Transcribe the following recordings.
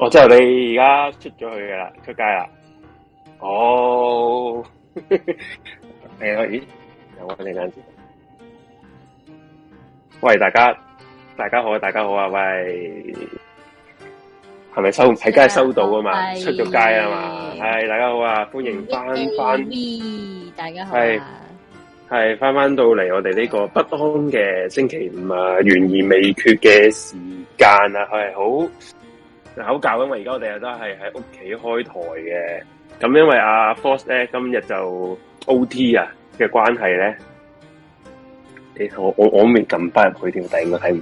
哦，即係你而家出咗去嘅啦，出街啦。哦，係啊，咦？我搵你間字。喂，大家，大家好啊，大家好啊，喂，係咪收喺街收到啊嘛？的出咗街啊嘛？係，大家好啊，歡迎翻翻，的大家好，啊，係，係翻翻到嚟我哋呢個不安嘅星期五啊，懸而未決嘅時間啊，係好。好教，因為而家我哋都係喺屋企開台嘅，咁因為阿 Force 咧今日就 OT 啊嘅關係咧，我我我未撳翻入去添，但我睇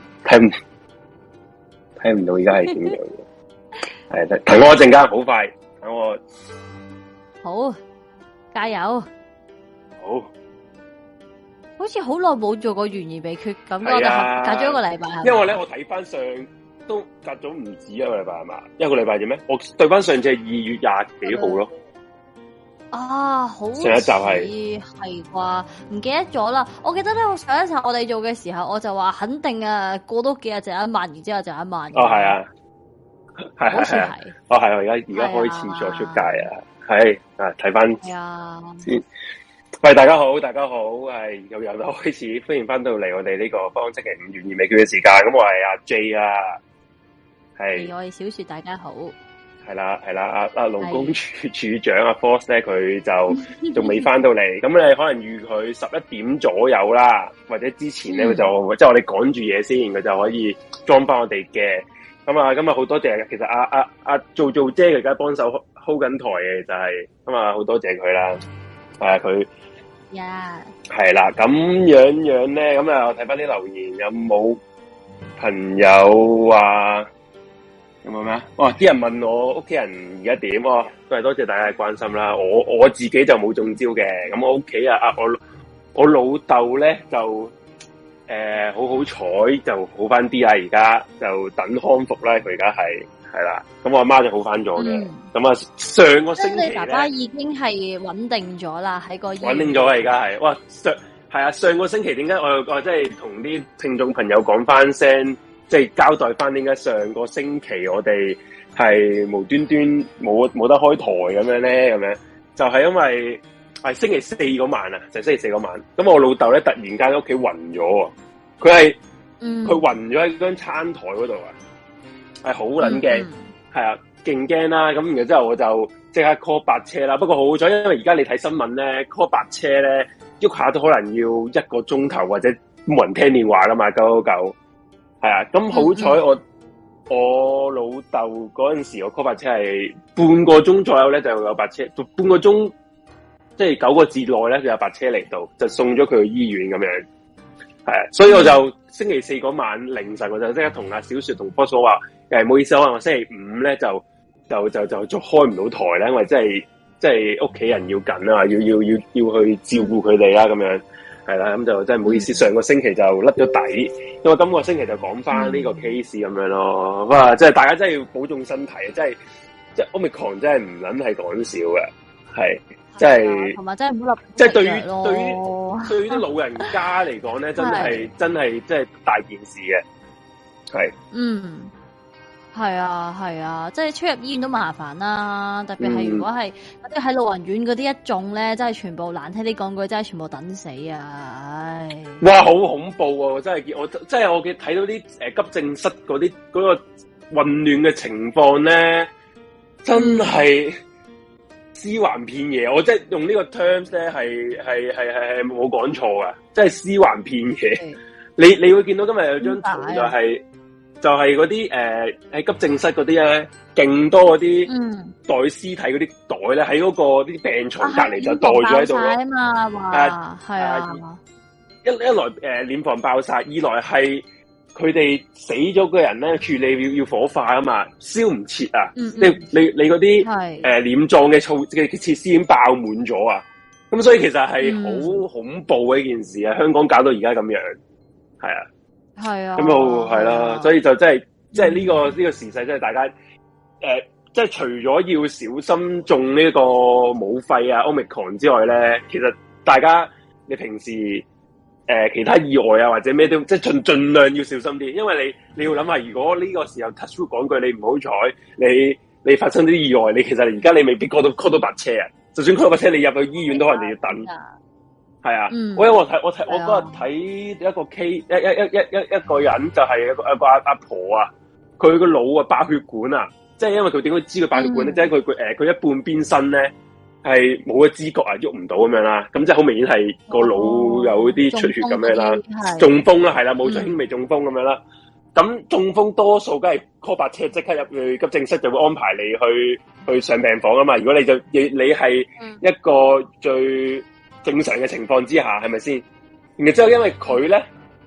唔唔到而家係點樣嘅，係 等我一陣間，好快等我，好加油，好，好似好耐冇做過懸疑秘訣咁樣啊，我就隔咗一個禮拜，因為咧我睇翻上。都隔咗唔止一個禮拜係嘛？一個禮拜點咩？我對翻上次係二月廿幾號咯。啊，好上一集係係啩？唔記得咗啦。我記得咧，我上一集我哋做嘅時候，我就話肯定啊，過多幾日就一萬，然之後就一萬。哦，係啊，係係係啊，啊哦係，而家而家開始再出界啊，係啊，睇翻。啊、喂，大家好，大家好，係又由開始歡迎翻到嚟我哋呢個方星期五粵語未叫嘅時間。咁我係阿 J 啊。係是、哎、我哋小說，大家好。係啦，係啦，阿阿龍宮處處長阿 Force 咧，佢、啊、就仲未翻到嚟。咁 你可能預佢十一點左右啦，或者之前咧，佢就、嗯、即係我哋趕住嘢先，佢就可以裝翻我哋嘅。咁啊，咁啊，好多謝，其實阿阿阿做做姐佢而家幫手 hold 緊台嘅，就係咁啊，好多謝佢啦。係啊，佢係啦，咁 Yeah. 樣樣咧，咁啊，我睇翻啲留言有冇朋友啊？咁哇！啲、哦、人問我屋企人而家點？都、哦、係多謝大家嘅關心啦。我我自己就冇中招嘅。咁我屋企啊，我我老豆咧就誒好好彩，就好翻啲啦。而家就等康復啦。佢而家係係啦。咁我阿媽就好翻咗嘅。咁啊、嗯，上個星期咧，爸爸已經係穩定咗啦。喺個醫院，穩定咗而家係哇上係啊上個星期點解我我即係同啲聽眾朋友講翻聲？即係交代翻，點解上個星期我哋係無端端冇冇得開台咁樣咧？咁樣就係、是、因為係星期四嗰晚啊，就是、星期四嗰晚，咁我老豆咧突然間喺屋企暈咗啊！佢係，佢暈咗喺張餐台嗰度啊，係好撚驚，係啊，勁驚啦！咁然之後我就即刻 call 白車啦。不過好彩，因為而家你睇新聞咧，call 白車咧，喐下都可能要一個鐘頭或者冇人聽電話啦嘛，九九九。係啊，咁好彩我我老豆嗰陣時我 call 白車係半個鐘左右咧，就有白車，半個鐘即係九個字內咧就有白車嚟到，就送咗佢去醫院咁樣。係啊，所以我就星期四嗰晚凌晨我就即刻同阿小雪同波嫂話，誒、欸、唔好意思啊，我星期五咧就就就就就開唔到台咧，因為即係即係屋企人要緊啊，要要要要去照顧佢哋啦咁樣。係啦，咁就真係唔好意思，嗯、上個星期就甩咗底，因為今個星期就講翻呢個 case 咁樣咯。咁即係大家真係要保重身體啊！真係，即係 omicron 真係唔捻，係講笑嘅，係即係，同埋真係唔好立，即係對於對於對於啲老人家嚟講咧，真係真係即係大件事嘅，係嗯。係啊，係啊，即係出入醫院都麻煩啦，啊，特別係如果係啲喺老人院嗰啲一眾咧，真係全部難聽啲講句，真係全部等死啊！唉，哇，好恐怖，啊，真係我真係我嘅睇到啲誒、呃、急症室嗰啲嗰個混亂嘅情況咧，真係屍橫遍野，我即係用這個呢個 terms 咧，係係係係冇講錯啊，即係屍橫遍野。你你會見到今日有張圖就係。就係嗰啲誒喺急症室嗰啲咧，勁多嗰啲袋屍體嗰啲袋咧，喺嗰、嗯嗰個啲病床隔籬就袋咗喺度啊！嘛，係啊，一一來誒，殮、呃、房爆晒；二來係佢哋死咗嘅人咧，處理要要火化啊嘛，燒唔切啊！你你你嗰啲誒殮葬嘅措嘅設施已經爆滿咗啊！咁所以其實係好恐怖嘅一件事啊！嗯、香港搞到而家咁樣，係啊。係啊，咁又係啦，啊啊、所以就真、就、係、是，即係呢個呢、呢個時勢，即係大家，誒、嗯，即係、呃就是、除咗要小心中呢個武肺啊、Omicron 之外咧，其實大家你平時誒、呃、其他意外啊或者咩都，即係盡盡量要小心啲，因為你你要諗下，如果呢個時候 touch wood 講句你唔好彩，你你，你發生啲意外，你其實而家你未必過到 call 到白車啊，就算 call 白車，你入去醫院都可能你要等。係啊，喂！我睇我睇我嗰日睇一個 K，一一一一一一,一,一個人就係一個誒個阿婆，婆啊，佢個腦啊爆血管啊，即係因為佢點解知佢爆血管咧？嗯、即係佢佢誒佢一半邊身咧係冇咗知覺啊，喐唔到咁樣啦，咁即係好明顯係個腦有啲出血咁樣啦，哦，中風啦係啦，冇咗輕微中風咁樣啦。咁、嗯、中風多數梗係 call 白車，即刻入去急症室就會安排你去去上病房啊嘛。如果你就你你係一個最。嗯正常嘅情況之下係咪先？然之後因為佢咧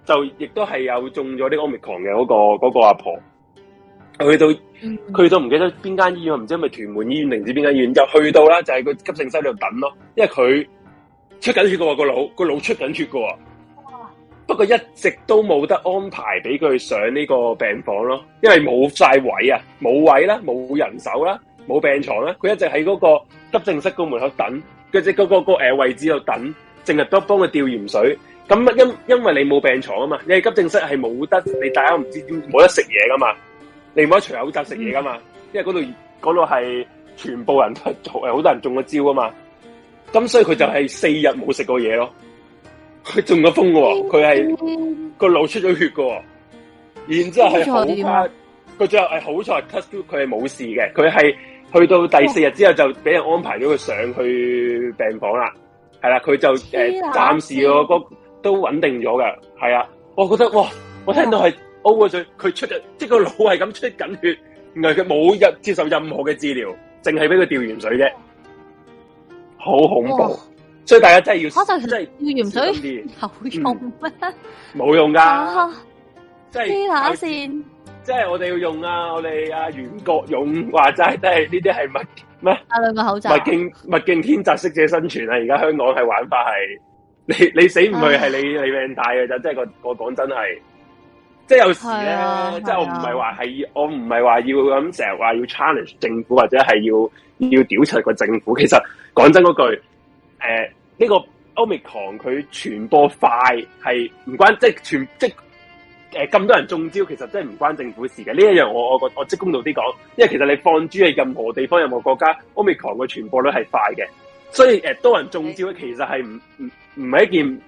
就亦都係有中咗啲 omicron 嘅嗰、嗰個、嗰個嗰個阿婆，去到佢、嗯嗯、到唔記得邊間醫院，唔知係咪屯門醫院定唔知邊間醫院？就去到啦，就係、係、個急症室度等咯。因為佢出緊血嘅喎，個腦個腦出緊血嘅喎。不過一直都冇得安排俾佢上呢個病房咯，因為冇晒位啊，冇位啦，冇人手啦，冇病床啦。佢一直喺嗰個急症室個門口等。佢只、嗰個、嗰個個誒位置度等，淨係幫幫佢吊鹽水。咁因因為你冇病床啊嘛，你係急症室係冇得，你大家唔知點，冇得食嘢噶嘛，你唔可以除口罩食嘢噶嘛。因為嗰度嗰度係全部人都係好多人中咗招啊嘛。咁所以佢就係四日冇食過嘢咯。佢中咗風嘅，佢係個腦出咗血嘅。然之後係好，佢最後係好彩，c a t 佢係冇事嘅，佢係。去到第四日之後就俾人安排咗佢上去病房啦，係啦，佢就誒暫了時個都穩定咗噶，係啦了，我覺得哇，我聽到係 O 個嘴，佢出嘅即個腦係咁出緊血，原來佢冇任接受任何嘅治療，淨係俾佢吊鹽水啫，好恐怖，哇所以大家真係要、就是、真係吊鹽水好用咩？啊。冇、嗯、用噶，黐下線。的了即係我哋要用啊！我哋啊，袁國勇話齋即係呢啲係物咩？這些是啊兩個口罩物競物競天擇，適者生存啊！而家香港係玩法係你你死唔去係你、嗯、你命大嘅就，即係個我講真係，即係有時咧，是啊、即係我唔係話係，我唔係話要咁成日話要 challenge 政府或者係要要屌出個政府。其實講真嗰句，誒、呃、呢、這個 Omicron 佢傳播快係唔關，即係傳即。誒，咁、呃、多人中招，其實真係唔關政府嘅事嘅。呢一樣我我我我即公道啲講，因為其實你放諸喺任何地方、任何國家，Omicron 嘅傳播率係快嘅。所以誒、呃，多人中招其實係唔唔唔係一件乜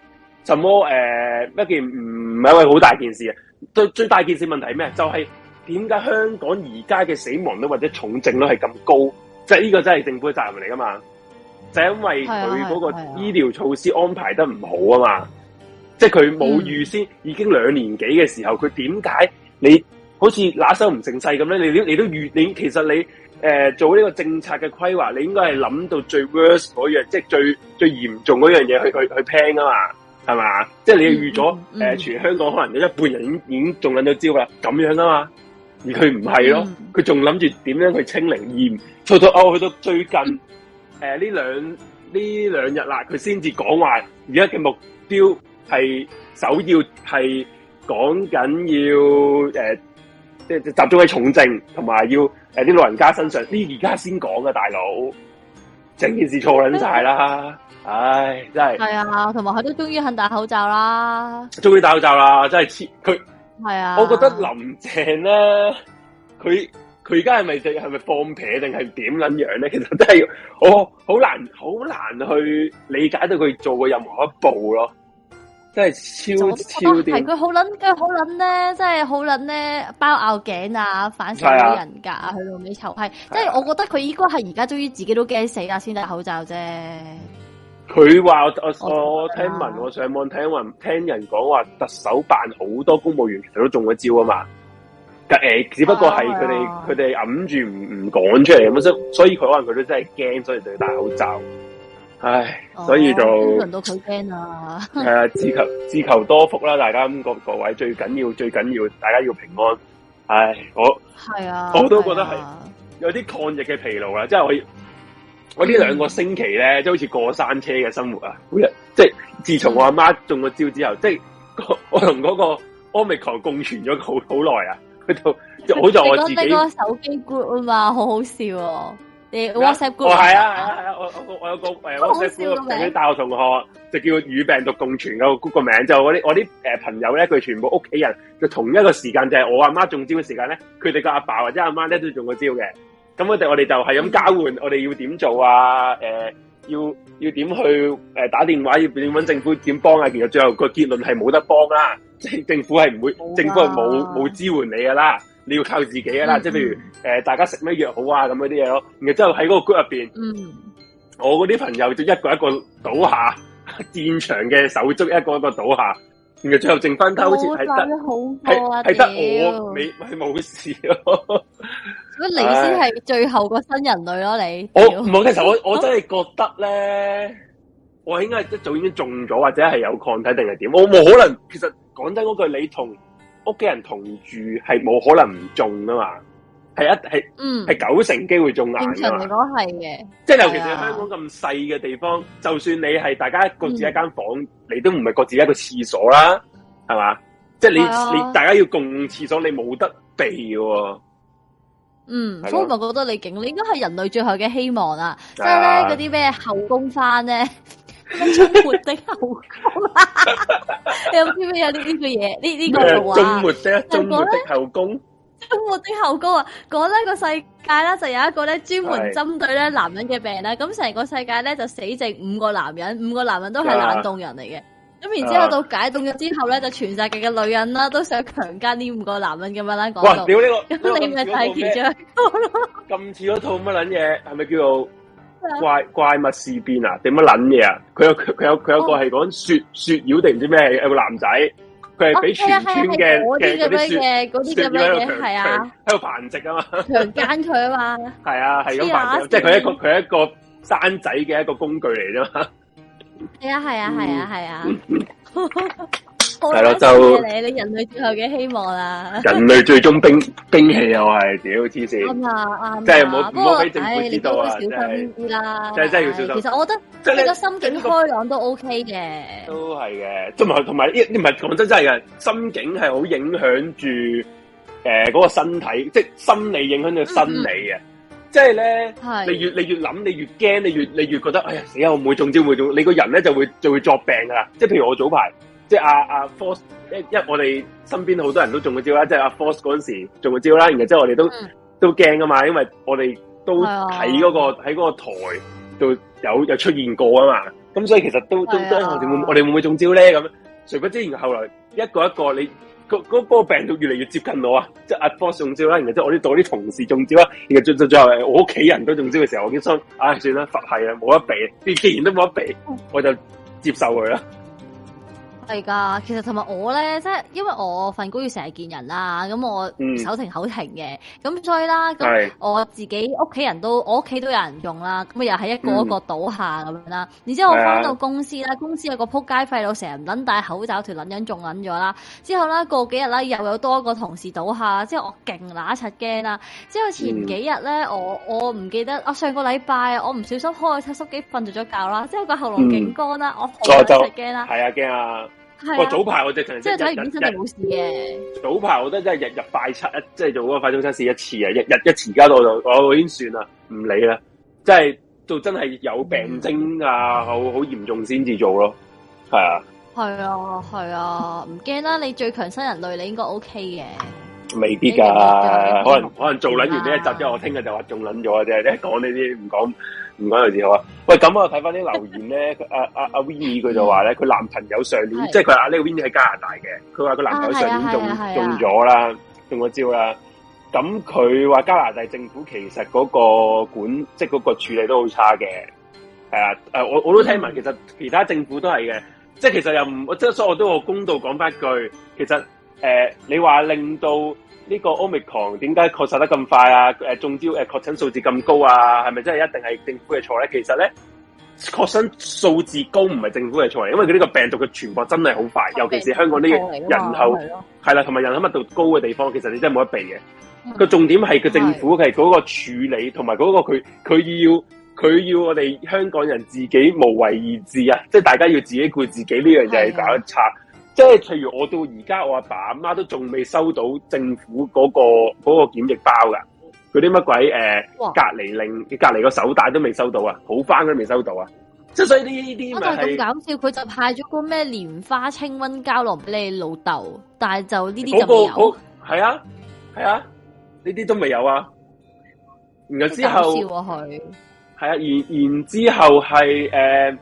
嘢誒、呃，一件唔係係一個好大件事嘅。最最大件事問題係咩？就係點解香港而家嘅死亡率或者重症率係咁高？即係呢個真係政府嘅責任嚟㗎嘛？就係、因為佢嗰個醫療措施安排得唔好啊嘛。即係佢冇預先、嗯、已經兩年幾嘅時候，佢點解你好似揦手唔成勢咁咧？你你都預你其實你誒、呃、做呢個政策嘅規劃，你應該係諗到最 worst 嗰樣，即、就、係、是、最最嚴重嗰樣嘢去去去 plan 啊嘛，係嘛？嗯、即係你預咗誒，全香港可能有一半人已經已經中咗招啦，咁樣啊嘛。而佢唔係咯，佢仲諗住點樣去清零，而到到去、哦、到最近誒呢、呃、兩呢兩日啦，佢先至講話而家嘅目標。係首要係講緊要誒，即、呃、係集中喺重症同埋要誒啲、呃、老人家身上呢？而家先講嘅大佬，整件事錯捻晒啦！Hey. 唉，真係係啊，同埋佢都終於肯戴口罩啦，終於戴口罩啦！真係黐佢。係啊，我覺得林鄭咧，佢佢而家係咪係咪放屁定係點捻樣咧？其實真係我好難好難去理解到佢做過任何一步咯。真係超超掂！係佢好撚，佢好撚咧，真係好撚咧，包拗頸啊，反手人噶、啊，去到你頭係，即係、啊、我覺得佢應該係而家終於自己都驚死啦，先戴口罩啫。佢話我，我，我聽聽聞，我上網聽聞，聽人講話特首辦好多公務員其實都中咗招啊嘛。但係誒，只不過係佢哋佢哋揞住唔唔講出嚟，咁，所以所以佢可能佢都真係驚，所以就要戴口罩。唉，oh, 所以就輪到佢驚啊！係啊，自求自求多福啦、啊，大家各各位最緊要最緊要，大家要平安。唉，我係啊，我都覺得係有啲抗疫嘅疲勞啦，即係、啊、我我呢兩個星期咧，即係 好似過山車嘅生活啊！每日 即係自從我阿媽中咗招之後，嗯、即係我同嗰個 Omicron 共存咗好好耐啊！佢就你就好在我自己。你嗰手機 group 啊嘛，好好笑、哦。WhatsApp 係啊係、哦、啊，啊，啊，啊我我我有個誒 WhatsApp group，大學同學就叫與病毒共存個個名就，我啲我啲誒朋友咧，佢全部屋企人就同一個時間就係、是、我阿媽中招嘅時間咧，佢哋個阿爸或者阿媽咧都中咗招嘅。咁我哋我哋就係咁交換我哋要點做啊誒要要點去誒打電話要點搵政府點幫啊，其實最後個結論係冇得幫啦，即係政府係唔會、啊、政府係冇冇支援你噶啦。你要靠自己啦，即係、嗯、譬如誒、呃，大家食咩藥好啊，咁嗰啲嘢咯。然之後喺嗰 group 入邊，嗯、我嗰啲朋友就一個一個倒下，戰場嘅手足一個一個倒下，然之後最後剩翻，好似係得好係得我，事你係冇事咯。果你先係最後個新人類咯，你？我唔係，了其實我我真係覺得咧，我應該一早已經中咗，或者係有抗體定係點？我冇可能。其實講真嗰句，你同。屋企人同住係冇可能唔中噶嘛，係一係嗯係九成機會中硬噶嘛。正常嚟講係嘅，即係尤其是香港咁細嘅地方，啊、就算你係大家各自一間房，嗯、你都唔係各自一個廁所啦，係嘛？即係你、啊、你大家要共廁所，你冇得避喎、啊。嗯，噉我、啊、覺得你勁，你應該係人類最後嘅希望啦、啊。即係咧，嗰啲咩後宮翻咧。終末 的後宮、啊，你有知唔知有呢呢個嘢？呢呢個話終末的終末的後宮，終末的後宮啊！講呢、這個世界啦，就有一個咧專門針對咧男人嘅病啦。咁成是個世界咧就死剩五個男人，五個男人都係冷凍人嚟嘅。咁、啊、然之後到解凍咗之後咧，就全世界嘅女人啦都想強奸呢五個男人咁樣啦講到，咁你咪睇完咗咁似嗰套乜卵嘢，係咪叫做？怪怪物事變啊！點樣撚嘢啊？佢有佢係有佢有個係講雪雪妖定唔知咩？有個男仔，佢係俾全村嘅嗰啲咁樣嘅嗰啲咁樣嘢，係啊，喺度繁殖啊嘛，強姦佢啊嘛，係啊係咁繁殖，即係佢一個佢一個生仔嘅一個工具嚟啫嘛，係啊係啊係啊係啊。係咯，就你人類最後嘅希望啦。人類最終兵兵器又係，屌黐線。啱啊， 啱啊，就唔好俾政府知道啊，不過唉，你要小心啲啦。即係真係要小心。其實我覺得即係你個心境開朗都 OK 嘅。都係嘅，同埋同埋呢，唔係講真，真係嘅心境係好影響住誒嗰個身體，即係心理影響到生理嘅。即係咧，你越你越諗，你越驚，你越你越覺得哎呀死啊！我唔會中招，唔會中，你個人咧就會就會作病噶啦。即係譬如我早排。即係阿阿 Force，一一我哋身邊好多人都中過招啦，即係阿 Force 嗰陣時中過招啦，然後之後我哋都、嗯、都驚㗎嘛，因為我哋都睇嗰、嗰個喺嗰、嗯、個台度有有出現過啊嘛，咁所以其實都、嗯、都當我哋會、嗯、我哋會唔會中招咧？咁，殊不知然後來一個一個你嗰嗰個病毒越嚟越接近我啊！即係阿 Force 中招啦，然後即係我呢度啲同事中招啦，然後最最後我屋企人都中招嘅時候，我驚心，唉、哎，算啦，佛系啊，冇得避，既然都冇得避，我就接受佢啦。係噶，其實同埋我咧，即係因為我份工要成日見人啦，咁我手停口停嘅，咁、嗯、所以啦，咁的我自己屋企人都我屋企都有人中啦，咁又係一個一個倒下咁樣啦。嗯、然之後我翻到公司啦的公司有個撲街廢佬，成日唔卵戴口罩條撚樣仲撚咗啦。之後咧，過幾日啦又有多個同事倒下，即係我勁乸柒驚啦。之後前幾日咧、嗯，我我唔記得我上個禮拜我唔小心開七濕機瞓住咗覺啦，之後個喉嚨勁乾啦，嗯、我好乸柒驚啦，係啊，驚啊！我早排我只陳，即係睇如果真係冇事嘅。早排我覺得真係日日快測，一，即係做嗰個快速測試一次啊，日日一次，而家我就我已經算啦，唔理啦。即係做真係有病徵啊，好好嚴重先至做咯。係啊，係啊，係啊，唔驚啦。你最強新人類你應該 O K 嘅，未必噶，可能可能做捻完呢一集之後，我聽日就話仲捻咗啊，即係咧講呢啲唔講。唔講又好啊。喂，咁我睇翻啲留言咧，阿阿阿 Winnie 佢就話咧，佢男朋友上年即係佢阿呢個 Winnie 喺加拿大嘅，佢話佢男朋友上年中、啊啊、中咗了啦、啊，中咗招啦。咁佢話加拿大政府其實嗰個管，即係嗰個處理都好差嘅。係啊、嗯，誒、uh,，我我都聽聞，其實其他政府都係嘅。即係其實又唔，即係所以我都我公道講翻句，其實誒、呃，你話令到。呢個 Omicron 點解確診得咁快啊？誒中招誒確診數字咁高啊？係咪真係一定係政府嘅錯咧？其實咧確診數字高唔係政府嘅錯，因為佢呢個病毒嘅傳播真係好快，尤其是香港呢個人口係啦，同埋人口密度高嘅地方，其實你真係冇得避嘅。個重點係個政府係嗰個處理同埋嗰個佢佢要佢要我哋香港人自己無為而治啊！即係大家要自己顧自己呢樣嘢搞拆。這個即係，譬如我到而家，我阿爸阿媽都仲未收到政府嗰、嗰個嗰、嗰個檢疫包噶，佢啲乜鬼誒、呃、哇隔離令，隔離個手帶都未收到啊，好翻都未收到啊！即係所以呢啲，我就係咁搞笑，佢就派咗個咩蓮花清瘟膠囊俾你老豆，但係就呢啲就冇、嗰個係啊係啊，呢啲、啊啊、都未有啊。然後之後，係啊，啊，然後然之後係誒。呃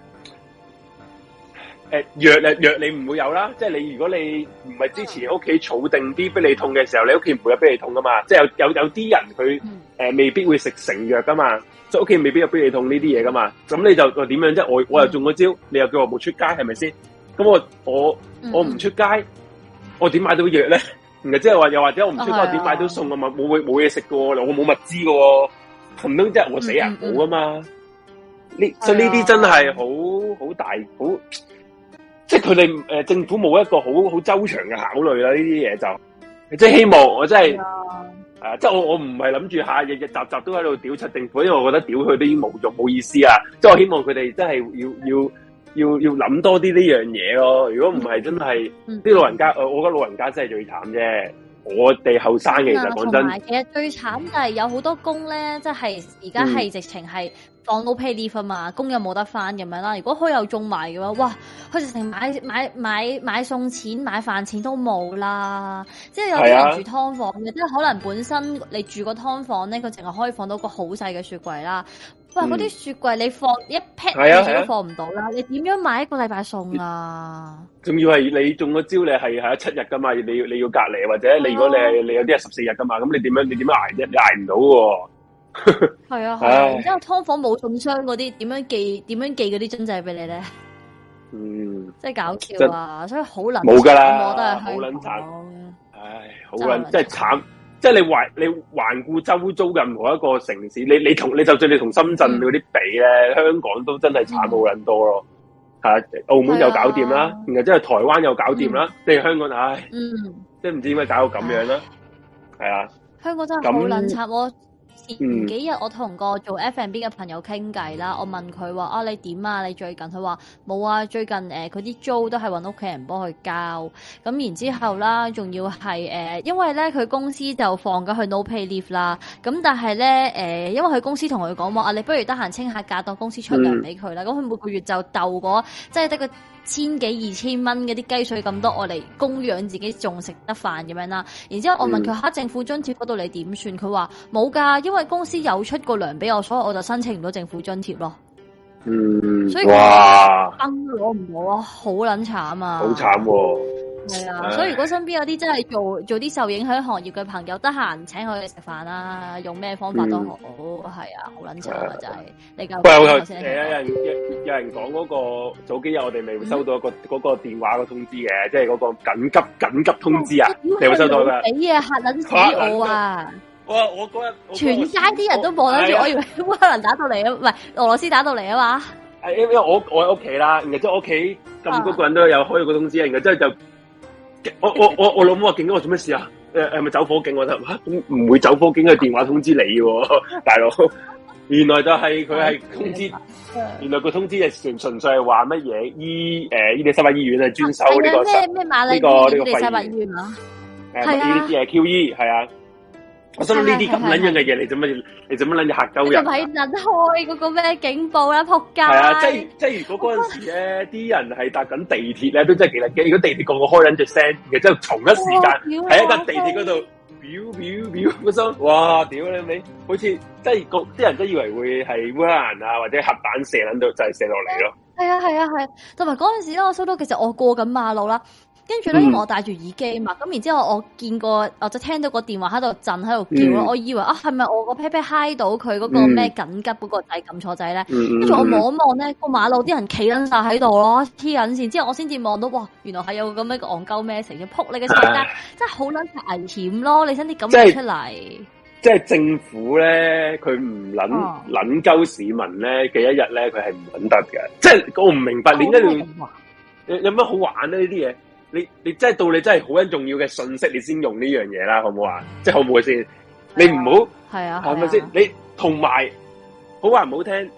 誒，藥藥、呃、你唔會有啦，即係你如果你唔係之前屋企儲定啲必理痛嘅時候，你屋企唔會有必理痛噶嘛？即係有有有啲人佢誒、嗯呃、未必會食成藥噶嘛，即係屋企未必有必理痛呢啲嘢噶嘛？咁你就點樣？即係我我又中咗招，嗯、你又叫我冇出街，係咪先？咁我我我唔出街，嗯、我點買到藥咧？唔 係即係話又或者我唔出街，嗯、我點買到餸啊？冇冇冇嘢食嘅，我冇物資嘅，咁樣即係我死人冇啊嘛，呢呢啲真係好好大好。即係佢哋誒，政府冇一個好好周詳嘅考慮啦，呢啲嘢就即係希望我的、哎呀我，我真係誒，即係我我唔係諗住下日日集集都喺度屌七政府，因為我覺得屌佢都已經無用冇意思啊！嗯、即係我希望佢哋真係要要要要諗多啲呢樣嘢咯、哦。如果唔係，真係啲老人家誒，我覺得老人家真係最慘啫。我哋後生嘅其實講真，其實最慘就係有好多工咧，即係而家係直情係放到 no pay leave 啊嘛，嗯、工又冇得返，咁樣啦。如果佢又中埋嘅話，哇！佢直情買買買買餸錢、買飯錢都冇啦。即係有啲人住劏房嘅，即係、啊、可能本身你住個劏房咧，佢淨係可以放到個好細嘅雪櫃啦。哇！嗰啲雪櫃你放一劈，你都放唔到啦，你點樣買一個禮拜送啊？仲要係你中咗招，你係係七日噶嘛？你要你要隔離，或者你如果你係你有啲係十四日噶嘛？咁你點樣你點樣挨啫？你挨唔到喎？係啊，係啊，因為劏房冇中傷嗰啲，點樣寄點樣寄嗰啲樽仔俾你咧？嗯，真係搞笑啊！所以好撚，冇噶啦，我都係香唉，好撚真係慘。即係你環你環顧周遭任何一個城市，你你同你就算你同深圳嗰啲比咧，嗯、香港都真係慘到冇人多咯。係啊、嗯，澳門又搞掂啦，嗯、然後即係台灣又搞掂啦，即係、嗯、香港唉，即係唔知點解搞到咁樣啦，係唉、嗯、啊，香港真係慘到卵慘前幾日我同個做 F and B 嘅朋友傾偈啦，我問佢話：啊，你點啊？你最近佢話冇啊，最近誒佢啲租都係搵屋企人幫佢交，咁、嗯、然之後啦，仲要係誒、呃，因為咧佢公司就放咗佢 no pay leave 啦，咁但係咧誒，因為佢公司同佢講話，啊你不如得閒清下假，當公司出糧俾佢啦，咁佢每個月就斗嗰即係得個。千幾二千蚊嗰啲雞碎咁多，我嚟供養自己仲食得飯咁樣啦。然之後我問佢：哈、嗯、政府津貼嗰度你點算？佢話冇噶，因為公司有出個糧俾我，所以我就申請唔到政府津貼咯。嗯，所以佢話燈攞唔到啊，好捻哇慘啊，好慘、啊。係啊，所以如果身邊有啲真係做做啲受影響行業嘅朋友，得閒請佢哋食飯啊，用咩方法都好，係啊，好捻慘仔。喂喂，好有人有有人講嗰個早幾日我哋未收到一個嗰個電話嘅通知嘅，即係嗰個緊急緊急通知啊！你有收到噶？哎呀，嚇捻死我啊！我我嗰日全山啲人都望緊住，我以為烏克蘭打到嚟啊，唔係俄羅斯打到嚟啊嘛？係因為我我喺屋企啦，然後即係屋企咁多個人都有開到個通知，然後就。 我我我我老母話警我做咩事啊？誒誒，係咪走火警我得？唔會走火警嘅電話通知你，啊，大佬。原來就係佢係通知， 原來個通知嘅事純粹係話乜嘢？醫誒，呢啲三甲醫院係遵守呢個咩咩馬麗呢個呢，這個肺炎醫院咯？係啊，誒 QE 係啊。啊我收到呢啲咁撚樣嘅嘢你做乜？你做乜撚嘢嚇鳩人？就喺撚開嗰個咩警報啦！仆街。係啊，即係即係如果嗰陣時咧，啲不人係搭緊地鐵咧，都真係幾撚驚。如果地鐵個個開緊隻聲，其實真係同一時間喺一間地鐵嗰度，表表表，我心哇屌你你，好似即係嗰啲人都以為會係烏蘭啊，或者核彈射撚到就係射落嚟咯。係啊，係啊，係。同埋嗰陣時咧，我收到其實我過緊馬路啦。跟住咧，因為我戴住耳機嘛，咁然後之後我見過，我就聽到個電話喺度震，喺度叫咯。嗯、我以為啊，係咪我的屁個 pat pat 嗨到佢嗰個咩緊急嗰個掣撳錯掣咧？跟住、嗯、我望一望咧，個馬路啲人企緊晒喺度咯，黐緊線。之後我先至望到，哇！原來係有咁樣一個戇鳩咩，成日撲你嘅身架，啊、真係好捻危險咯！你整啲咁嘅出嚟來、啊，即係政府咧，佢唔捻捻鳩市民咧嘅一日咧，佢係唔穩得嘅。即係我唔明白，點解你有咩好玩呢？呢啲嘢？你你真係到你真係好緊重要嘅信息，你先用呢樣嘢啦，好唔好啊？即係好唔好先？你唔好係啊，係咪先？你同埋好話唔好聽，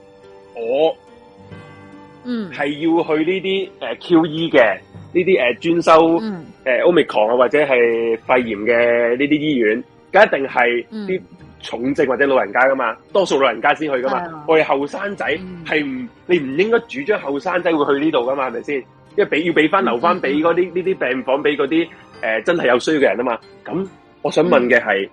我嗯係要去呢啲誒 Q E 嘅呢啲誒專修誒、嗯呃、Omicron 啊或者係肺炎嘅呢啲醫院，梗係一定係啲重症或者老人家噶嘛，多數老人家先去噶嘛。啊、我哋後生仔係唔你唔應該主張後生仔會去呢度噶嘛，係咪先？因為俾要俾翻留翻俾嗰啲呢啲病房俾嗰啲誒真係有需要嘅人啊嘛，咁我想問嘅係、嗯、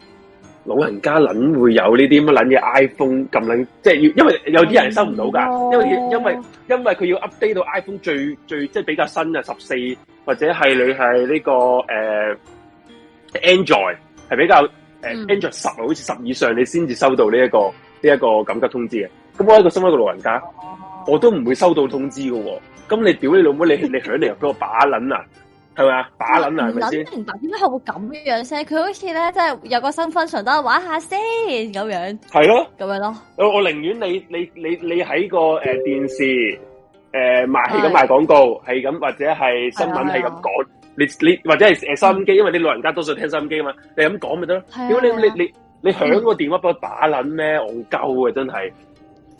老人家撚會有呢啲乜撚嘢 iPhone 咁撚，即係要因為有啲人收唔到噶、嗯，因為因為因為佢要 update 到 iPhone 最最即係比較新呀十四或者係你係呢、這個誒、呃、Android 係比較誒、呃嗯、Android 十好似十以上你先至收到呢、這、一個呢一、這個緊急通知嘅，咁我一個身一個老人家，我都唔會收到通知噶、哦。咁你屌你老母，你你響嚟又俾我把撚啊，係咪啊？把撚啊，係咪先？諗明白點解係會咁嘅樣先？佢好似咧，即係有個新婚，想都玩下先咁樣。係咯，咁樣咯。我我寧願你你你你喺個誒電視誒賣戲，咁賣廣告係咁，或者係新聞係咁講。你你或者係誒收音機，因為啲老人家都想聽收音機啊嘛。你咁講咪得咯。如果你你你響個電話俾我把撚咩？戇鳩啊，真係！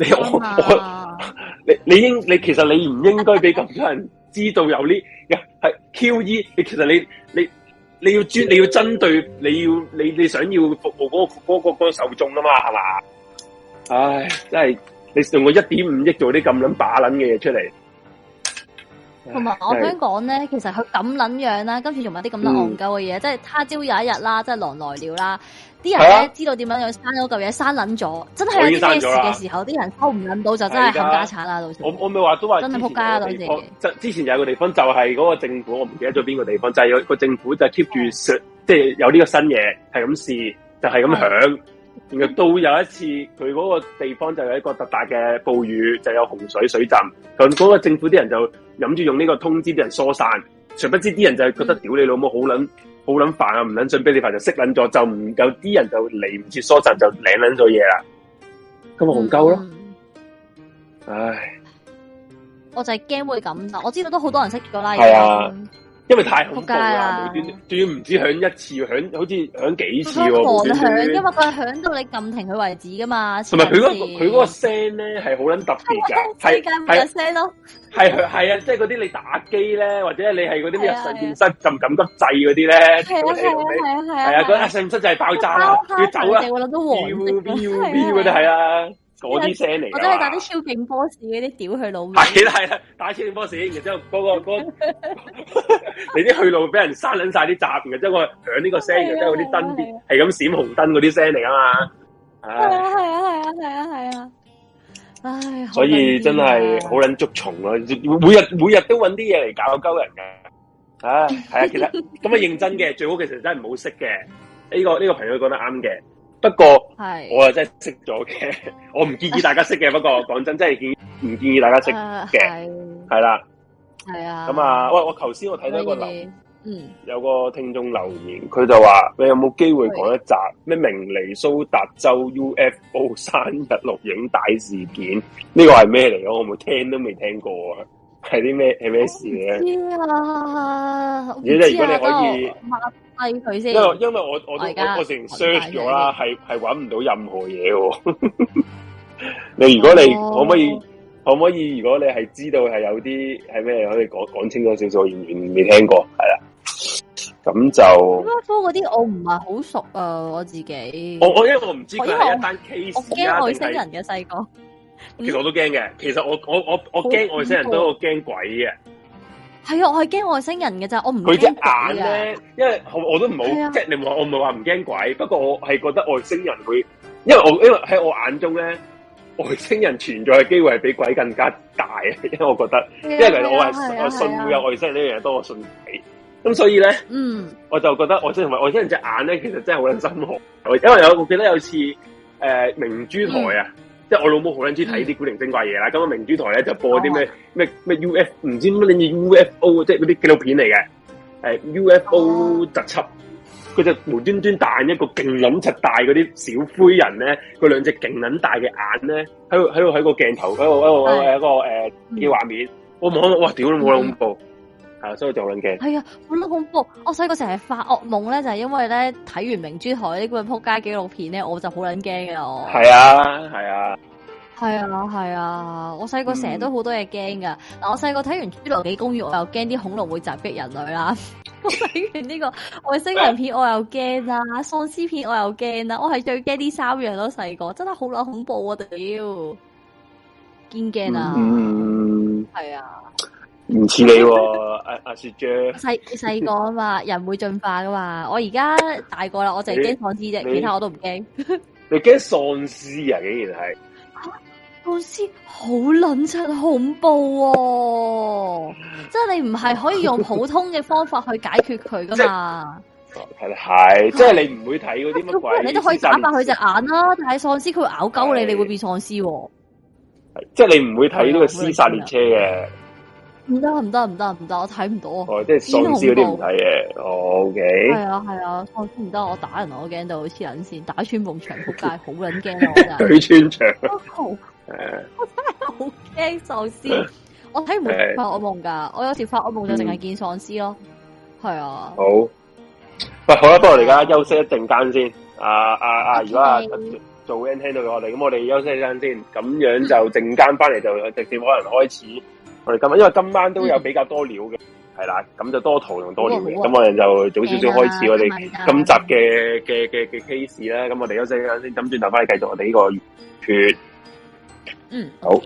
你我我，你你應你其實你唔應該俾咁多人知道有呢嘅係 QE，你其實你你你要專你要針對你要你你想要服務嗰、嗰、嗰個個受眾啊嘛，係嘛？唉，真係你用我一點五億做啲咁卵把卵嘅嘢出嚟。同埋我想講咧，其實佢咁捻樣啦，今次仲有啲咁撚戇鳩嘅嘢，即係他朝有一日啦，即係狼來了啦。啲人咧知道點樣樣生咗嚿嘢，生捻咗，真係有啲事嘅時候，啲人收唔撚到就真係冚家產啦，老實。我我咪話都話真係撲街啊！老實。之前有個地方就係嗰個政府，我唔記得咗邊個地方，就係有個政府就 keep 住即係有呢個新嘢，係咁試，就係咁響。然後到有一次，佢嗰個地方就有一個特大嘅暴雨，就有洪水水浸。咁嗰個政府啲人就諗住用呢個通知啲人疏散，誰不知啲人就係覺得屌、嗯、你老母好捻好捻煩啊，唔捻准俾你煩就識捻咗，就唔夠啲人就嚟唔切疏散就領捻咗嘢啦。咁咪戇鳩咯？亂亂嗯、唉，我就係驚會咁，我知道都好多人識噶啦。係啊。因為太恐怖啦，仲要唔知響一次響，好似響幾次喎。狂響，因為佢響到你撳停佢為止噶嘛。同埋佢嗰個佢嗰個聲咧係好撚特別嘅，係係啊，即係嗰啲你打機咧，或者你係嗰啲咩實驗室撳撳得滯嗰啲咧，係啊係啊係啊係啊，嗰啲實驗室就係爆炸，要走啦。我會諗到黃係啊。嗰啲聲嚟，我都係打啲超勁波士嗰啲屌去路。係啦係啦，打超勁波士。然之後嗰個你啲去路俾人閂撚晒啲閘嘅，即係我響呢個聲，即係嗰啲燈啲係咁閃紅燈嗰啲聲嚟啊嘛，係啊係啊係啊係啊，啊。唉，所以真係好捻捉蟲啊。每日每日都揾啲嘢嚟搞鳩人嘅，唉，係啊，其實咁啊認真嘅，最好其實真係唔好識嘅，呢個呢個朋友講得啱嘅。不過，是我啊真係識咗嘅，我唔建議大家識嘅。 不過講真，真係建唔建議大家識嘅，係啦、uh, 了，係啊。咁啊，喂，我頭先我睇到一個留，嗯，有個聽眾留言，佢就話：嗯、你有冇機會講一集咩明尼蘇達州 UFO 生日錄影帶事件？呢、呢個係咩嚟？我冇聽都未聽過係咩、係咩事嘅啊，係啲咩咩事嘅？知啊，如果你可以。佢先，因為因為我我都我我成 search 咗啦，係係揾唔到任何嘢。 你如果你可唔、哦、可以可唔可以？如果你係知道係有啲係咩，可以講講清楚少少，我完全未聽過，係啦。咁就科嗰啲我唔係好熟啊，我自己。我我因為我唔知佢係一單 case，我驚外星人嘅細個。其實我都驚嘅，其實我我我我驚外星人都我驚鬼嘅。係啊，我係驚外星人嘅咋，我唔驚鬼佢，啊、隻眼咧，因為我，我都唔好，即係你話我唔係話唔驚鬼，不過我係覺得外星人佢，因為我因為喺我眼中咧，外星人存在嘅機會係比鬼更加大啊！因為我覺得，啊、因為嚟到我係、啊啊啊，我信會有，啊，外星人呢樣嘢，多過信鬼，咁所以咧，嗯，我就覺得外星物外星人隻眼咧，其實真係好有心胸。因為有我記得有次誒，呃、明珠台啊。嗯即係我老母好撚鍾意睇啲古靈精怪嘢啦，咁啊明珠台咧就播啲咩咩咩 U F 唔知乜嘢 U F O 即係嗰啲紀錄片嚟嘅，誒 U F O 特輯，佢就無端端彈一個勁撚柒大嗰啲小灰人咧，嗰兩隻勁撚大嘅眼咧喺度喺度喺個鏡頭喺度喺度喺個誒嘅畫面，我望一望哇，屌都冇咁恐怖！Mm hmm. 係啊，所以就撚驚。係啊，好恐怖！我細個成日發惡夢咧，就係、是、因為咧睇完《明珠台》呢啲咁嘅扑街紀錄片咧，我就好撚驚嘅我。係啊，係啊。係啊，係啊！我細個成日都好多嘢驚噶。嗱、嗯，但我細個睇完《侏羅紀公園》，我又驚啲恐龍會襲擊人類啦、 這個。我睇完呢個外星人片，我又驚啊。喪屍片我又驚啊。我係最驚呢三樣咯，細個真係好撚恐怖啊！屌、嗯，堅驚啊！嗯，係啊。唔似你喎，阿阿雪姐。細細個啊嘛，人會進化噶嘛。我而家大個啦，我就係驚喪屍啫，其他我都唔驚。你驚喪屍啊？竟然係？喪屍好捻柒恐怖喎！即係你唔係可以用普通嘅方法去解決佢噶嘛？係係，即係你唔會睇嗰啲乜鬼？你都可以眨白佢隻眼啦。但係喪屍佢會咬鳩你，你會變喪屍。係，即係你唔會睇呢個屍殺列車嘅。唔得唔得唔得唔得，我睇唔到啊！即係喪屍嗰啲唔睇嘅。O K。係啊係啊，喪屍唔得，我打人我驚到黐撚線，打穿夢牆扑街，好撚驚啊！對穿牆，好，我真係好驚喪屍。我睇唔明發噩夢噶，我有時發噩夢就淨係見喪屍咯，係啊。好，喂好啦，不如我哋而家休息一陣間先。啊，啊，啊，如果做 an 聽到嘅我哋，咁我哋休息一陣先，咁樣就陣間翻嚟就直接可能開始。我哋今晚，因為今晚都有比較多料嘅，係啦、嗯，咁就多圖同多料嘅，咁、啊、我哋就早少少開始我哋今集嘅嘅嘅嘅 case 啦，咁我哋休息下先，咁轉頭翻嚟繼續我哋呢個脫，嗯，好。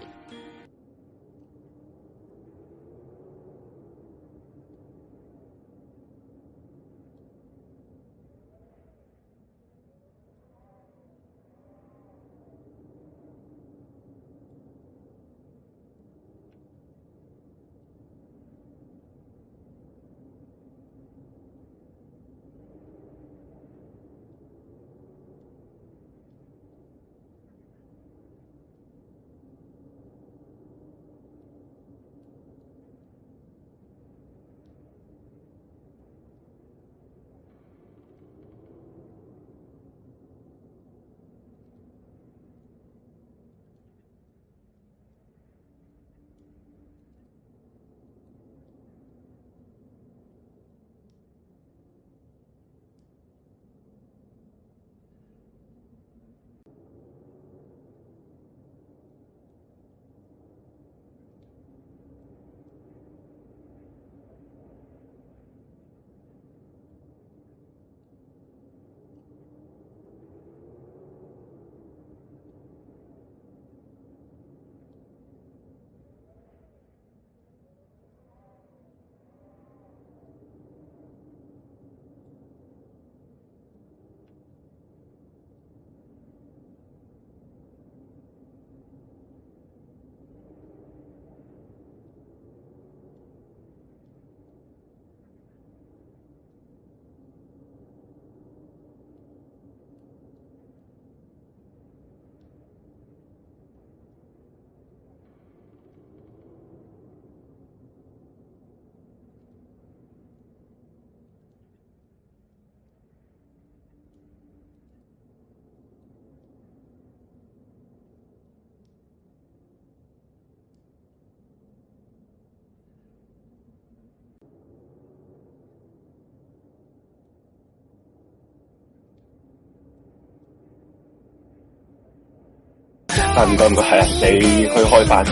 得唔得唔得，係啊！你去開飯，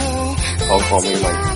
我講俾你。哦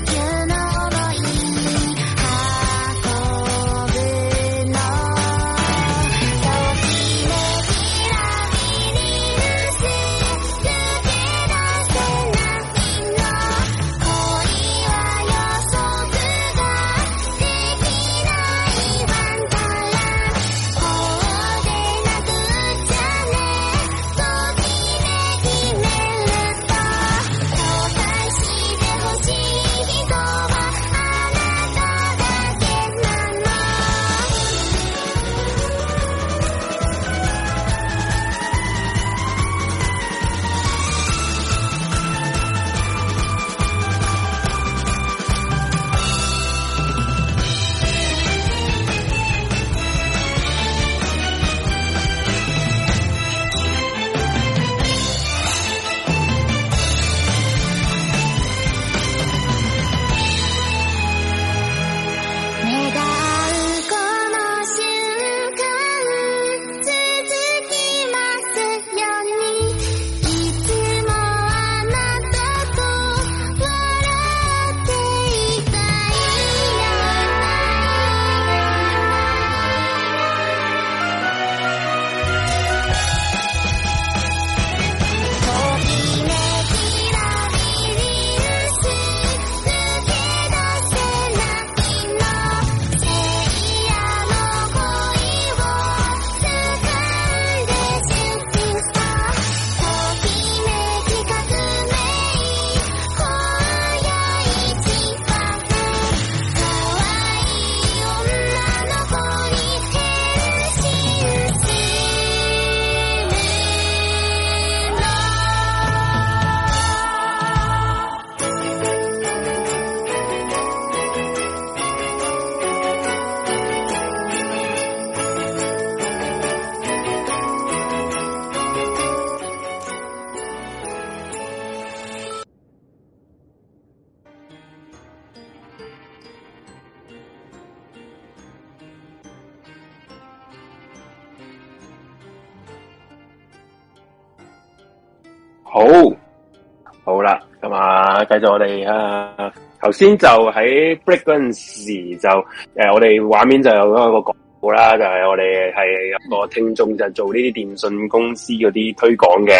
繼續我哋啊，頭先就喺 break 嗰陣時就誒、啊，我哋畫面就有一個廣告啦，就係、是、我哋係有個聽眾就做呢啲電信公司嗰啲推廣嘅，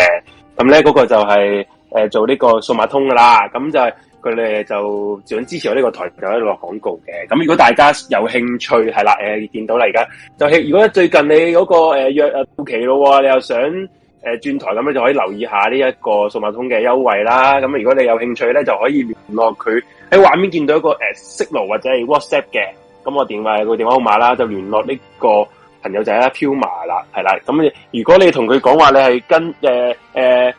咁咧嗰個就係、是、誒、啊、做呢個數碼通噶啦，咁就佢哋就想支持我呢個台，就喺度落廣告嘅。咁如果大家有興趣，係啦，誒、啊、見到啦，而家就係、是、如果最近你嗰、那個誒、啊、約誒到期咯，你又想。誒，轉台咁樣就可以留意下呢一個數碼通嘅優惠啦。咁如果你有興趣咧，就可以聯絡佢，喺畫面見到一個誒 signal 或者係 WhatsApp 嘅。咁我電話係佢電話號碼啦，就聯絡呢個朋友仔啦，Puma 啦，係啦。咁如果你同佢講話，你係跟誒誒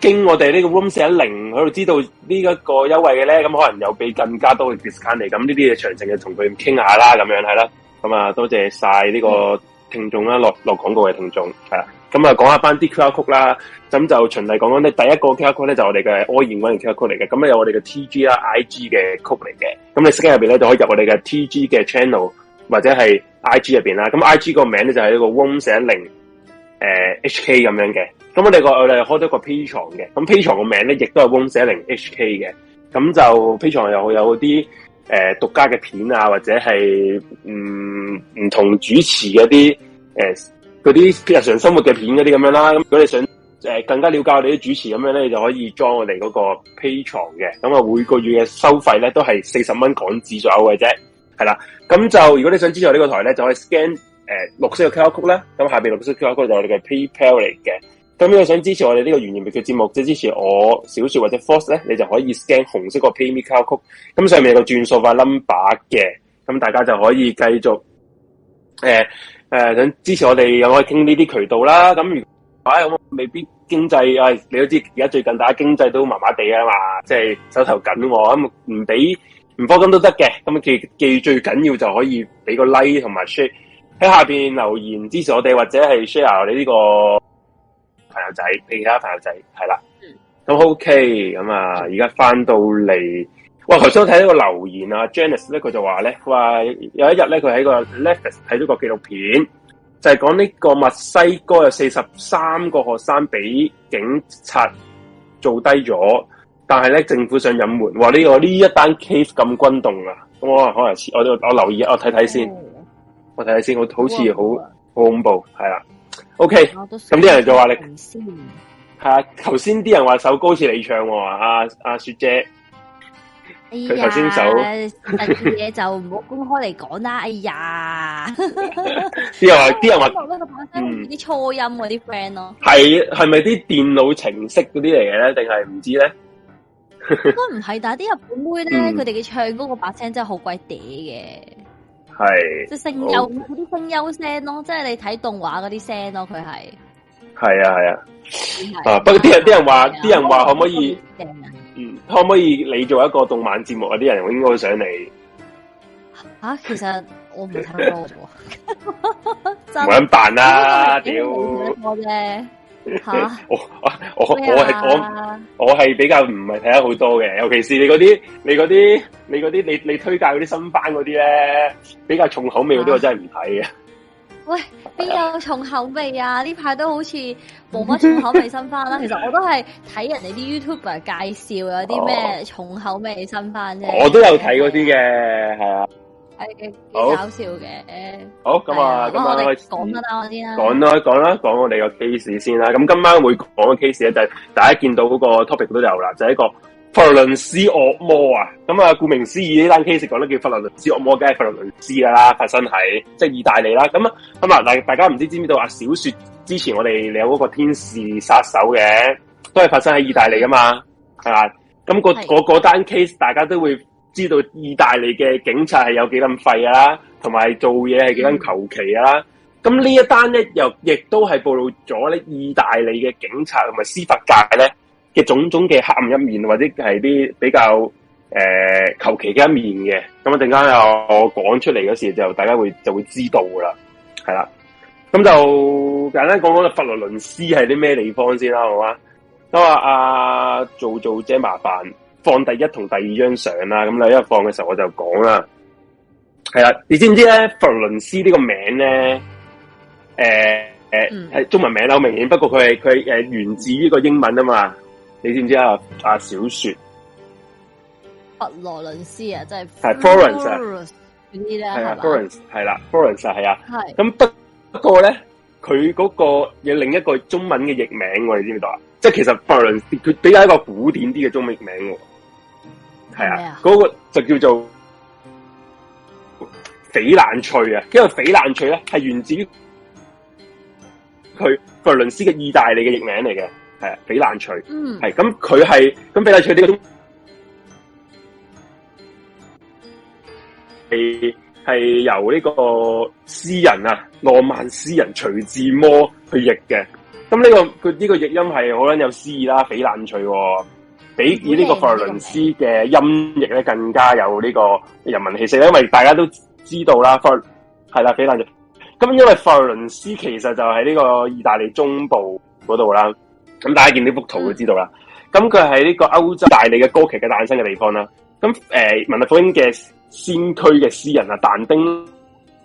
經我哋呢個 room 四一零喺度知道優呢一個優惠嘅咧，咁可能又俾更加多嘅 discount 嚟。咁呢啲嘢詳情就，同佢傾下啦，咁樣，係啦。咁啊，多謝晒呢個聽眾、嗯、啦，落落廣告嘅聽眾，係啦。咁啊，講下翻啲 o d 曲啦。咁就循例講講呢，第一個 o d 曲咧，就是、我哋嘅哀 QR c o d 曲嚟嘅。咁咧有我哋嘅 T G 啦、I G 嘅曲嚟嘅。咁你私家入面咧就可以入我哋嘅 T G 嘅 channel 或者係 I G 入面啦。咁 I G 個名咧就係一個 o 舍寫誒 H K 咁樣嘅。咁我哋個，我哋開咗個 P 床嘅。咁 P 床個名咧亦都係汪寫玲 H K 嘅。咁就 P 床又有啲誒、呃、獨家嘅片啊，或者係唔唔同主持嗰啲嗰啲日常生活嘅片嗰啲咁樣啦，咁如果你想誒、呃、更加了解我哋啲主持咁樣咧，你就可以裝我哋嗰個 Patreon 嘅，咁啊每個月嘅收費咧都係四十蚊港紙左右嘅啫，係啦，咁就如果你想支持我呢個台咧，就可以 scan 誒、呃、綠色嘅 QR code 啦，咁下邊綠色 QR code 就我哋嘅 PayPal 嚟嘅。咁如果想支持我哋呢、這個語言比較節目，即係支持我小說或者 Force 咧，你就可以 scan 紅色個 PayMe QR code，咁上面有個轉數法 number 嘅，咁大家就可以繼續誒。呃誒，想、嗯、支持我哋，有可以傾呢啲渠道啦。咁如啊，我、哎、未必經濟啊，你都知而家最近大家經濟都麻麻地啊嘛，即、就、係、是、手頭緊喎。咁唔俾唔課金都得嘅，咁記記最緊要就可以俾個 like 同埋 share 喺下面留言支持我哋，或者係 share 你呢個朋友仔畀其他朋友仔，係啦。咁 OK，咁、嗯、啊，而家翻到嚟。哇！頭先我睇到個留言啊，Janice 咧佢就話咧，佢話有一日咧佢喺個 Netflix 睇到個紀錄片，就係講呢個墨西哥有四十三個學生俾警察做低咗，但係咧政府想隱瞞，話呢、這個呢一單 case 咁轟動啊！咁我可能我都我留意，我睇睇先，我睇睇先，好好似好好恐怖，係啦。OK，咁啲人就話你係啊，頭先啲人話首歌似你唱，阿、啊、阿、啊、雪姐。佢哎呀，誒，嘢就唔好公開嚟講啦。哎呀，啲人話，啲人話，嗯，啲初音嗰啲 friend 咯。係係咪啲電腦程式嗰啲嚟嘅咧？定係唔知咧？應該唔係，但係啲日本妹咧，佢哋嘅唱歌個把聲真係好鬼嗲嘅。係。即係聲優，啲聲優聲咯，即係你睇動畫嗰啲聲咯，佢係。係啊係啊，啊不過啲人啲人話，啲人話可唔可以？嗯，可唔可以你做一個動漫節目啊？啲人應該會想你。啊，其實我唔睇得多嘅，唔想 的扮啊！屌樣我嘅我啊 我我係我我係比較唔係睇得好多嘅，尤其是你嗰啲你嗰啲你啲你你推介嗰啲新番嗰啲咧，比較重口味嗰啲，啊、我真係唔睇嘅。喂，邊有重口味啊？呢排都好似冇乜重口味新番啦。 其實我都係睇人哋啲 YouTuber 介紹有啲咩重口味新番啫。我都有睇嗰啲嘅，係啊，係幾搞笑嘅。好，咁啊，咁啊，開始講啦啱啲啦。講啦，講啦，講我哋個 case 先啦。咁今晚會講嘅 case 咧，就係、大家見到嗰個 topic 都有啦，就係、係、一個，佛羅倫斯惡魔啊，咁啊，顧名思義，呢單 case 講得叫佛羅倫斯惡魔，梗係佛羅倫斯噶啦，發生喺即係意大利啦。咁啊，咁啊，大大家唔知知唔知道啊？小說之前我哋有嗰個天使殺手嘅，都係發生喺意大利噶嘛，係咪？咁個嗰嗰單 case，大家都會知道意大利嘅警察係有幾咁廢啊，同埋做嘢係幾咁求其啊。咁、嗯、呢一單咧，又亦都係暴露咗咧，意大利嘅警察同埋司法界咧。嘅種種嘅黑暗一面，或者係啲比較誒求其嘅一面嘅，咁我陣間有講出嚟嗰時，就大家會就會知道噶啦，係啦。咁就簡單講講，佛羅倫斯係啲咩地方先啦，好嘛？咁啊，阿做做姐麻煩放第一同第二張相啦。咁第一放嘅時候，我就講啦，係啦。你知唔知咧？佛羅倫斯呢個名咧，誒誒係中文名好明顯。不過佢係佢誒源自於個英文啊嘛。你知唔知啊？啊，小雪，佛羅倫斯啊，真係係 Florence，係啊 Florence 係啦 Florence 係啊，咁不不過咧，佢嗰個有另一個中文嘅譯名，我哋知唔知道啊？即係其實 Florence 佢比較一個古典啲嘅中文譯名，係啊，嗰、啊、個就叫做翡冷翠啊，因為翡冷翠咧係源自於佢佛羅倫斯嘅意大利嘅譯名嚟嘅。係啊，翡冷翠嗯，係咁佢係咁翡冷翠呢個係係由呢個詩人啊，浪漫詩人徐志摩去譯嘅。咁呢、這個佢呢個譯音係好啦，有詩意啦，翡冷翠，哦，比以呢個佛倫斯嘅音譯咧更加有呢個人文氣息啦。因為大家都知道啦，佛係啦，翡冷翠咁，因為佛倫斯其實就喺呢個意大利中部嗰度啦。咁大家見呢幅圖就知道啦。咁佢係呢個歐洲大利嘅歌劇嘅誕生嘅地方啦。咁誒、呃，文藝復興嘅先驅嘅詩人啊，但丁啦，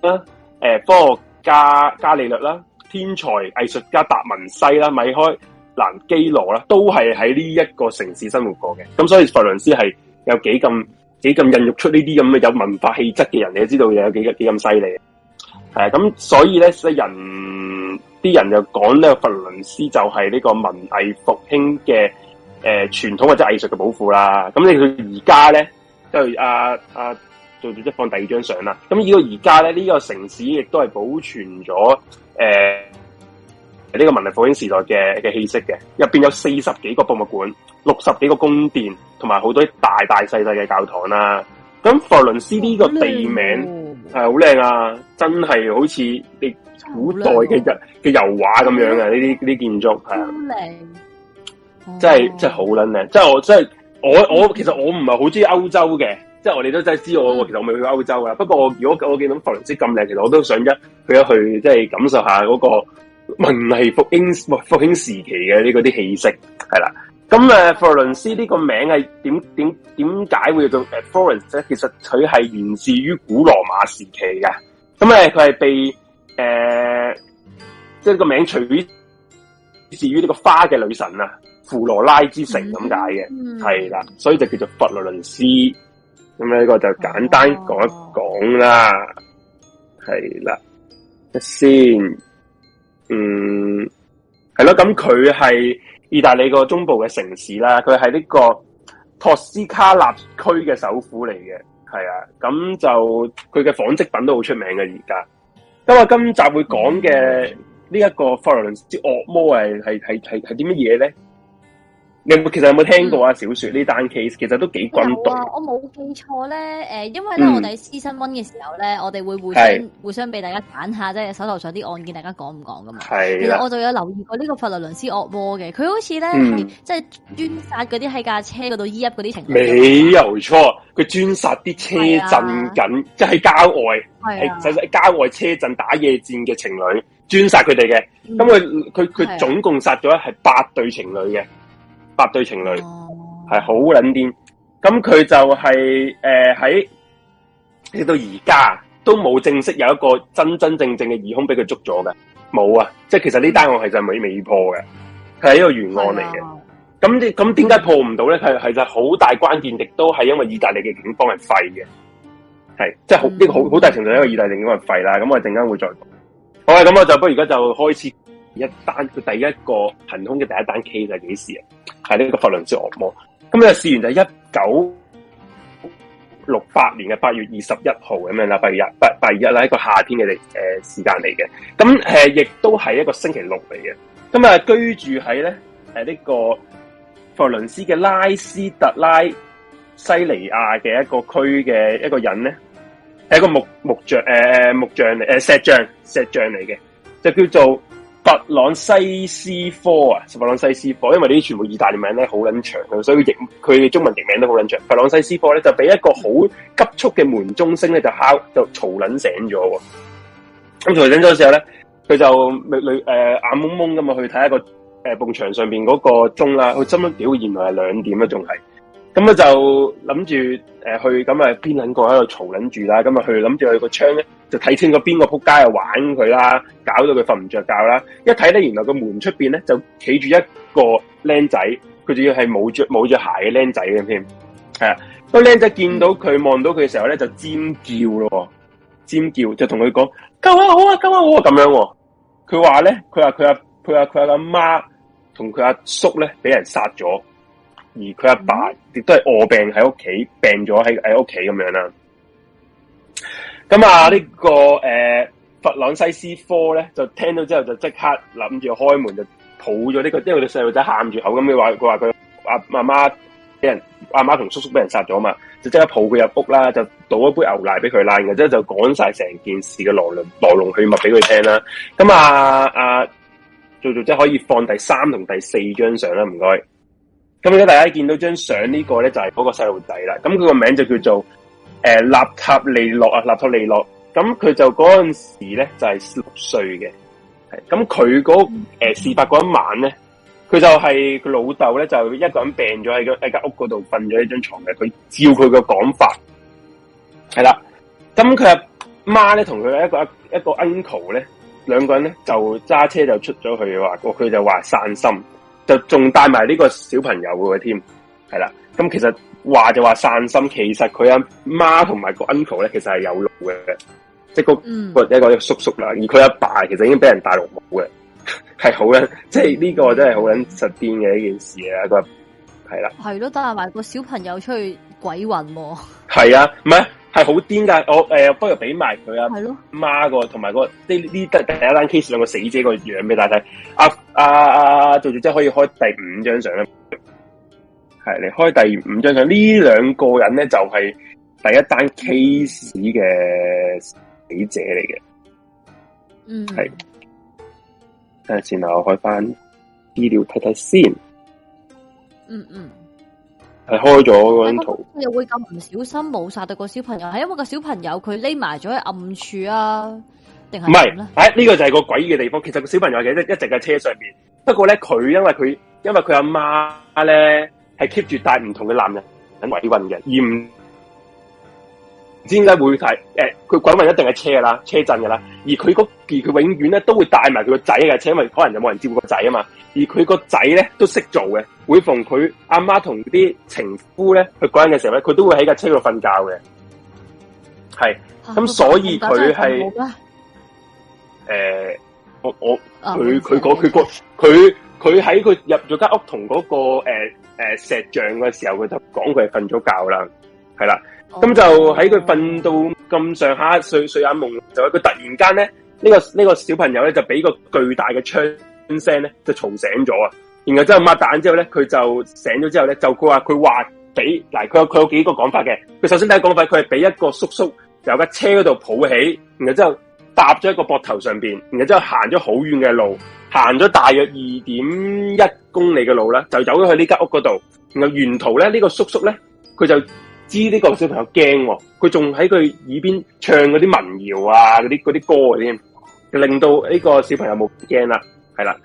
誒、呃，科學家伽利略啦，天才藝術家達文西啦，米開蘭基羅啦，都係喺呢一個城市生活過嘅。咁所以佛羅倫斯係有幾咁幾咁孕育出呢啲咁嘅有文化氣質嘅人，你知道又有幾咁幾咁犀利。係咁所以咧，人。啲人就講呢個佛倫斯就係呢個文藝復興嘅誒傳統或者藝術嘅寶庫啦。咁你去而家咧就阿、是、啊，做住即放第二張相啦。咁呢個而家咧呢個城市亦都係保存咗誒呢個文藝復興時代嘅嘅氣息嘅。入邊有四十幾個博物館、六十幾個宮殿，同埋好多啲大大細細嘅教堂啦。咁佛倫斯呢個地名，哦。係好靚啊！真係好似你古代嘅、哦、油嘅油畫咁樣嘅呢啲呢啲建築係啊，真係真係好撚靚！即係我即係我我其實我唔係好中意歐洲嘅，即係我哋都真係知道我、嗯、其實我未去歐洲噶。不過我如果我見到佛羅倫斯咁靚，其實我都想一去一去，即係感受下嗰個文藝復興唔係復興時期嘅呢嗰啲氣息係啦。咁誒，佛羅倫斯呢個名係點點點解會叫做誒 Florence 咧？其實佢係源自於古羅馬時期嘅，咁誒佢係被誒即係個名取自於呢個花嘅女神啊，芙羅拉之城咁解嘅，係啦、嗯嗯，所以就叫做佛羅倫斯。咁呢個就簡單講一講啦，係啦、哦，一先，嗯，係咯，咁佢係。意大利個中部嘅城市啦，佢係呢個托斯卡納區嘅首府嚟嘅，係啊，咁就佢嘅紡織品都好出名嘅。而家咁啊，今集會講嘅呢一個佛 n c e 之惡魔係係係係係啲乜嘢咧？你其實有冇聽過啊？小說呢單 case 其實都幾轟動。我冇記錯咧，誒，因為咧我哋私身温嘅時候咧，我哋會互相互相俾大家揀下，即係手頭上啲案件，大家講唔講噶嘛？其實我就有留意過呢個佛羅倫斯惡魔嘅，佢好似咧即係專殺嗰啲喺架車嗰度依約嗰啲情侶。未有錯，佢專殺啲車震緊，即係郊外，係實實郊外車震打夜戰嘅情侶，專殺佢哋嘅。咁佢佢佢總共殺咗係八對情侶嘅。八對情侶係好捻癲，咁佢就係誒喺直到而家都冇正式有一個真真正正嘅疑凶俾佢捉咗嘅，冇啊！即係其實呢單案係就係未未破嘅，佢係一個懸案嚟嘅。咁點咁點解破唔到咧？係係實好大關鍵，亦都係因為意大利嘅警方係廢嘅，係即係好呢個好好大程度係因為意大利警方係廢啦。咁我陣間會再講。好啊，咁我就不如而家就開始。一單佢第一個行凶嘅第一單 K 就係幾時啊？係呢個佛倫斯惡魔。咁咧試完就一九六八年嘅八月二十一號咁樣啦，拜日拜二日啦，一個夏天嘅嚟誒時間嚟嘅。咁誒亦都係一個星期六嚟嘅。咁啊居住喺咧誒呢個佛倫斯嘅拉斯特拉西尼亞嘅一個區嘅一個人咧，係一個木木像誒誒木像嚟誒石像石像嚟嘅，就叫做。佛朗西斯科啊，佛朗西斯科，因為呢啲全部意大利名咧好捻長，所以譯佢嘅中文譯名，名都好捻長。佛朗西斯科咧就俾一個好急促嘅門鐘聲咧就敲就嘈捻醒咗。咁嘈醒咗時候咧，佢就誒眼蒙蒙咁啊去睇一個誒，埲牆上邊嗰個鐘啦，佢針咧錶原來係兩點啊，仲係。咁咧就諗住誒去，咁啊邊撚個喺度嘈撚住啦，咁啊去諗住去個窗咧就睇清個邊個仆街啊玩佢啦，搞到佢瞓唔着覺啦。一睇咧，原來個門出邊咧就企住一個僆仔，佢仲要係冇着冇著鞋嘅僆仔咁添。係啊，個僆仔見到佢望、嗯、到佢嘅時候咧就尖叫咯，尖叫就同佢講：救啊好啊救啊好啊咁樣、哦。佢話咧，佢話佢阿佢話佢阿媽同佢阿叔咧俾人殺咗。而佢阿爸亦都係臥病喺屋企，病咗喺喺屋企咁樣啦。咁啊，呢、這個誒、呃，佛朗西斯科咧就聽到之後就即刻諗住開門就抱咗呢、這個，因為個細路仔喊住口咁嘅話，佢話佢阿媽媽俾人阿媽同叔叔俾人殺咗嘛，就即刻抱佢入屋啦，就倒一杯牛奶俾佢奶，然之後即係就講晒成件事嘅來龍來龍去脈俾佢聽啦。咁啊，阿做做即係可以放第三同第四張相啦，唔該。咁而家大家見到張相呢個咧就係嗰個細路仔啦，咁佢個名就叫做誒納塔利洛啊，納塔利洛。咁佢就嗰陣時咧就係六歲嘅，係咁佢嗰誒事發嗰一晚咧，佢就係佢老豆咧就一個人病咗喺間屋嗰度瞓咗喺張床嘅。佢照佢嘅講法係啦，咁佢阿媽咧同佢一個一一個 uncle 咧，兩個人咧就揸車就出咗去話，我佢就話散心。就仲帶埋呢個小朋友嘅添，係啦。咁其實話就話散心，其實佢阿媽同埋個 uncle 咧，其實係有路嘅，即、就、係、是、個一個叔叔啦。嗯、而佢阿爸，爸其實已經俾人帶綠帽嘅，係好捻，嗯、即係呢個真係好捻實癲嘅一件事啊！佢係啦，係咯，帶埋個小朋友出去鬼混，係啊，咩？係好癲噶我誒，欸、我不如俾埋佢啊媽個同埋個呢呢第第一單 case 兩個死者個樣俾大家睇。阿阿阿，做住真可以開第五張相啦。係嚟，開第五張相，呢兩個人咧就係、是、第一單 case 嘅死者嚟嘅。嗯，係。誒，先啦，我開翻資料睇睇先。嗯嗯。係開咗嗰張圖，又會咁唔小心冇殺到個小朋友，係因為個小朋友佢匿埋咗喺暗處啊，定係唔係？係呢、啊呢個就係個詭異嘅地方。其實個小朋友其實一直喺車上邊，不過咧佢因為佢因為佢阿媽咧係 keep 住帶唔同嘅男人等鬼混嘅，而唔知點解會係誒？佢滾運一定係車噶啦，車震噶啦。而佢嗰而佢永遠咧都會帶埋佢個仔嘅，因為可能有冇人照顧個仔啊嘛。而佢個仔咧都識做嘅。每逢佢阿媽同啲情夫咧去滾嘅時候咧，佢都會喺架車度瞓覺嘅。係咁，所以佢係誒，我我佢佢講佢個佢佢喺佢入咗間屋同嗰、那個誒誒、呃呃、石像嘅時候，佢就講佢係瞓咗覺啦，係啦。咁、嗯嗯、就喺佢瞓到咁上下睡睡眼夢，嗯、就佢突然間咧，呢、這個呢、這個小朋友咧就俾個巨大嘅槍聲咧就嘈醒咗啊！然後之後擘大眼之後咧，佢就醒咗之後咧，就佢話佢話俾嗱，佢有佢有幾個講法嘅。佢首先第一講法，佢係俾一個叔叔由架車嗰度抱起，然後之後搭咗一個膊頭上邊，然後之後行咗好遠嘅路，行咗大約二點一公里嘅路啦，就走咗去呢間屋嗰度。然後沿途咧，呢、這個叔叔咧，佢就。知呢個小朋友驚，佢仲喺佢耳邊唱嗰啲民謠啊，嗰啲嗰啲歌嘅添，令到呢個小朋友冇驚啦，係啦。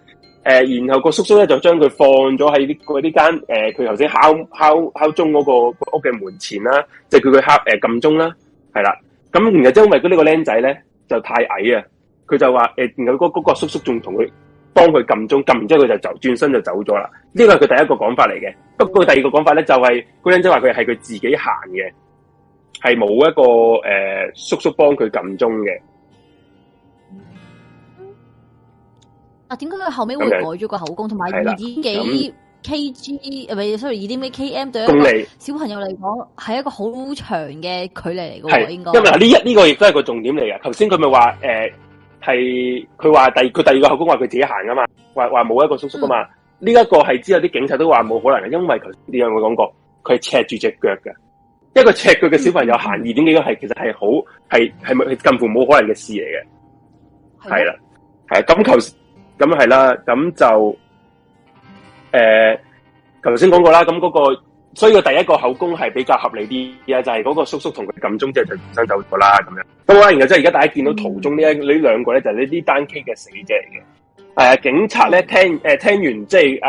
誒、呃，然後個叔叔咧就將佢放咗喺呢個呢間誒，佢頭先敲敲敲鐘嗰、嗰個屋嘅門前啦，即係叫佢敲誒撳鐘啦，係、呃、啦。咁、嗯、然後因為嗰呢個僆仔咧就太矮啊，佢就話誒、呃，然後嗰、那、嗰、個嗰個叔叔仲同佢。幫佢撳鐘，撳完之後佢就走，轉身就走咗啦。呢個係佢第一個講法嚟嘅。不過第二個講法咧就係姑娘仔話佢係佢自己行嘅，係冇一個誒、呃、叔叔幫佢撳鐘嘅。啊，點解佢後尾會改咗個口供？同埋二點幾 K G，sorry 二點幾 K M，對一個小朋友嚟講係一個好長嘅距離嚟嘅喎。的應該因為呢一呢個亦都係個重點嚟嘅。頭先佢咪話誒。呃係佢話第佢第二個口供話佢自己行噶嘛，話話冇一個叔叔噶嘛，呢一、嗯、個係之後啲警察都話冇可能嘅，因為佢呢樣我講過，佢係赤住隻腳嘅，一個赤腳嘅小朋友行二點幾個係，其實係好係係咪係近乎冇可能嘅事嚟嘅，係啦的，係咁頭咁係啦，咁、啊、就誒頭先講過啦，咁嗰、那個。所以個第一個口供係比較合理啲，而家就係、是、嗰個叔叔同佢撳鐘，即係就全身、是、走咗啦咁樣。好、嗯、啦，然後即係而家大家見到途中呢一呢兩個咧，就係呢啲單 K 嘅死者嚟嘅、呃。警察咧聽誒、呃、聽完，即係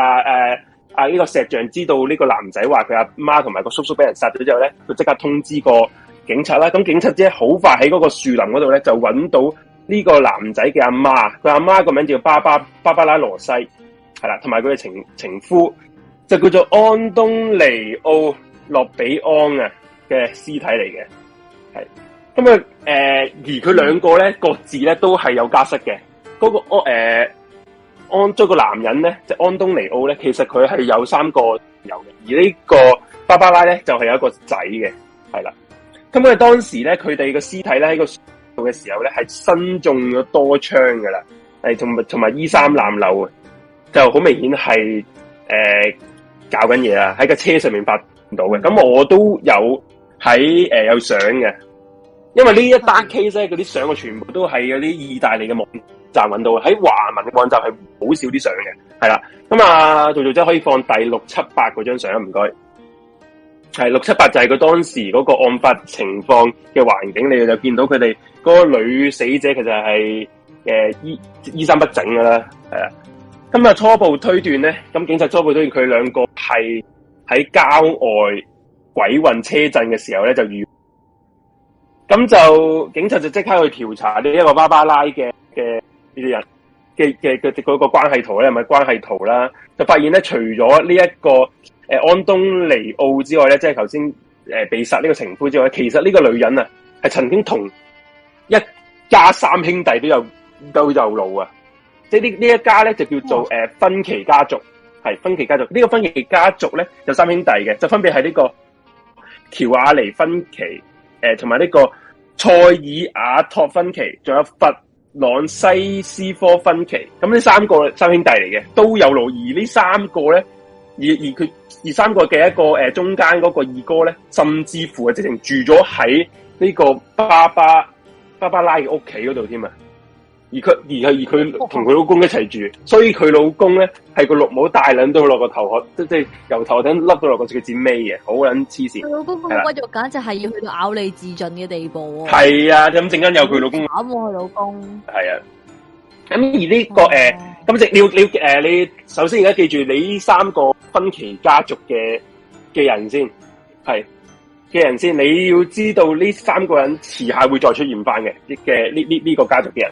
阿誒呢個石像知道呢個男仔話佢阿媽同埋個叔叔俾人殺咗之後咧，佢即刻通知個警察啦。咁警察即係好快喺嗰個樹林嗰度咧就揾到呢個男仔嘅阿媽，媽，佢阿媽個名叫巴巴芭芭拉羅西，係啦，同埋佢嘅情情夫。就叫做安東尼奧洛比安啊嘅屍體嚟嘅，係咁啊，誒、呃，而佢兩個咧，各自咧都係有家室嘅。嗰、那個誒，安、呃、咗、這個男人咧，即、就、係、是、安東尼奧咧，其實佢係有三個朋友嘅。而這個伯伯呢個芭芭拉咧，就係、是、有一個仔嘅，係啦。咁啊，當時咧，佢哋個屍體咧，喺個度嘅時候咧，係身中咗多槍噶啦，係同埋同埋衣衫襤褸啊，就好明顯係誒。呃搞緊嘢啊！喺架車上面拍唔到嘅，咁我都有喺誒、呃、有相嘅，因為呢一單 case 咧，嗰啲相我全部都係有啲意大利嘅網站揾到嘅，喺華文嘅網站係好少啲相嘅，係啦。咁啊做做姐可以放第六七八嗰張相，唔該，係六七八就係佢當時嗰個案發情況嘅環境，你哋就見到佢哋嗰個女死者其實係誒、呃、醫醫生不整噶啦，係啦。咁日初步推斷咧，咁警察初步推斷佢兩個係喺郊外鬼混車震嘅時候咧，就遇咁就警察就即刻去調查呢一個芭芭拉嘅嘅呢啲人嘅嘅嘅嗰個關係圖咧，係咪關係圖啦，就發現咧，除咗呢一個誒安東尼奧之外咧，即係頭先誒被殺呢個情夫之外，其實呢個女人啊，係曾經同一家三兄弟都有都有路啊。呢呢一家咧就叫做誒芬奇家族，係芬奇家族。呢個芬奇家族咧有三兄弟嘅，就分別係呢個喬瓦尼芬奇，誒同埋呢個塞爾瓦托芬奇，仲有弗朗西斯科芬奇。咁呢三個三兄弟嚟嘅，都有勞兒。呢三個咧，而而佢二三個嘅一個誒中間嗰個二哥咧，甚至乎係直情住咗喺呢個巴巴芭芭拉嘅屋企嗰度添啊！而佢而佢而佢同佢老公一齊住，所以佢老公咧係個綠帽大捻到落個頭殼，即即由頭頂笠到落個佢隻尾嘅，好捻黐線。佢老公嘅骨肉簡直係要去到咬你至盡嘅地步。係啊，咁陣間有佢老公咬我，佢老公係啊。咁而呢、這個誒，咁即你要你欸，你首先而家記住你呢三個分歧家族嘅嘅人先係嘅人先，你要知道呢三個人遲下會再出現翻嘅嘅呢呢呢個家族嘅人。.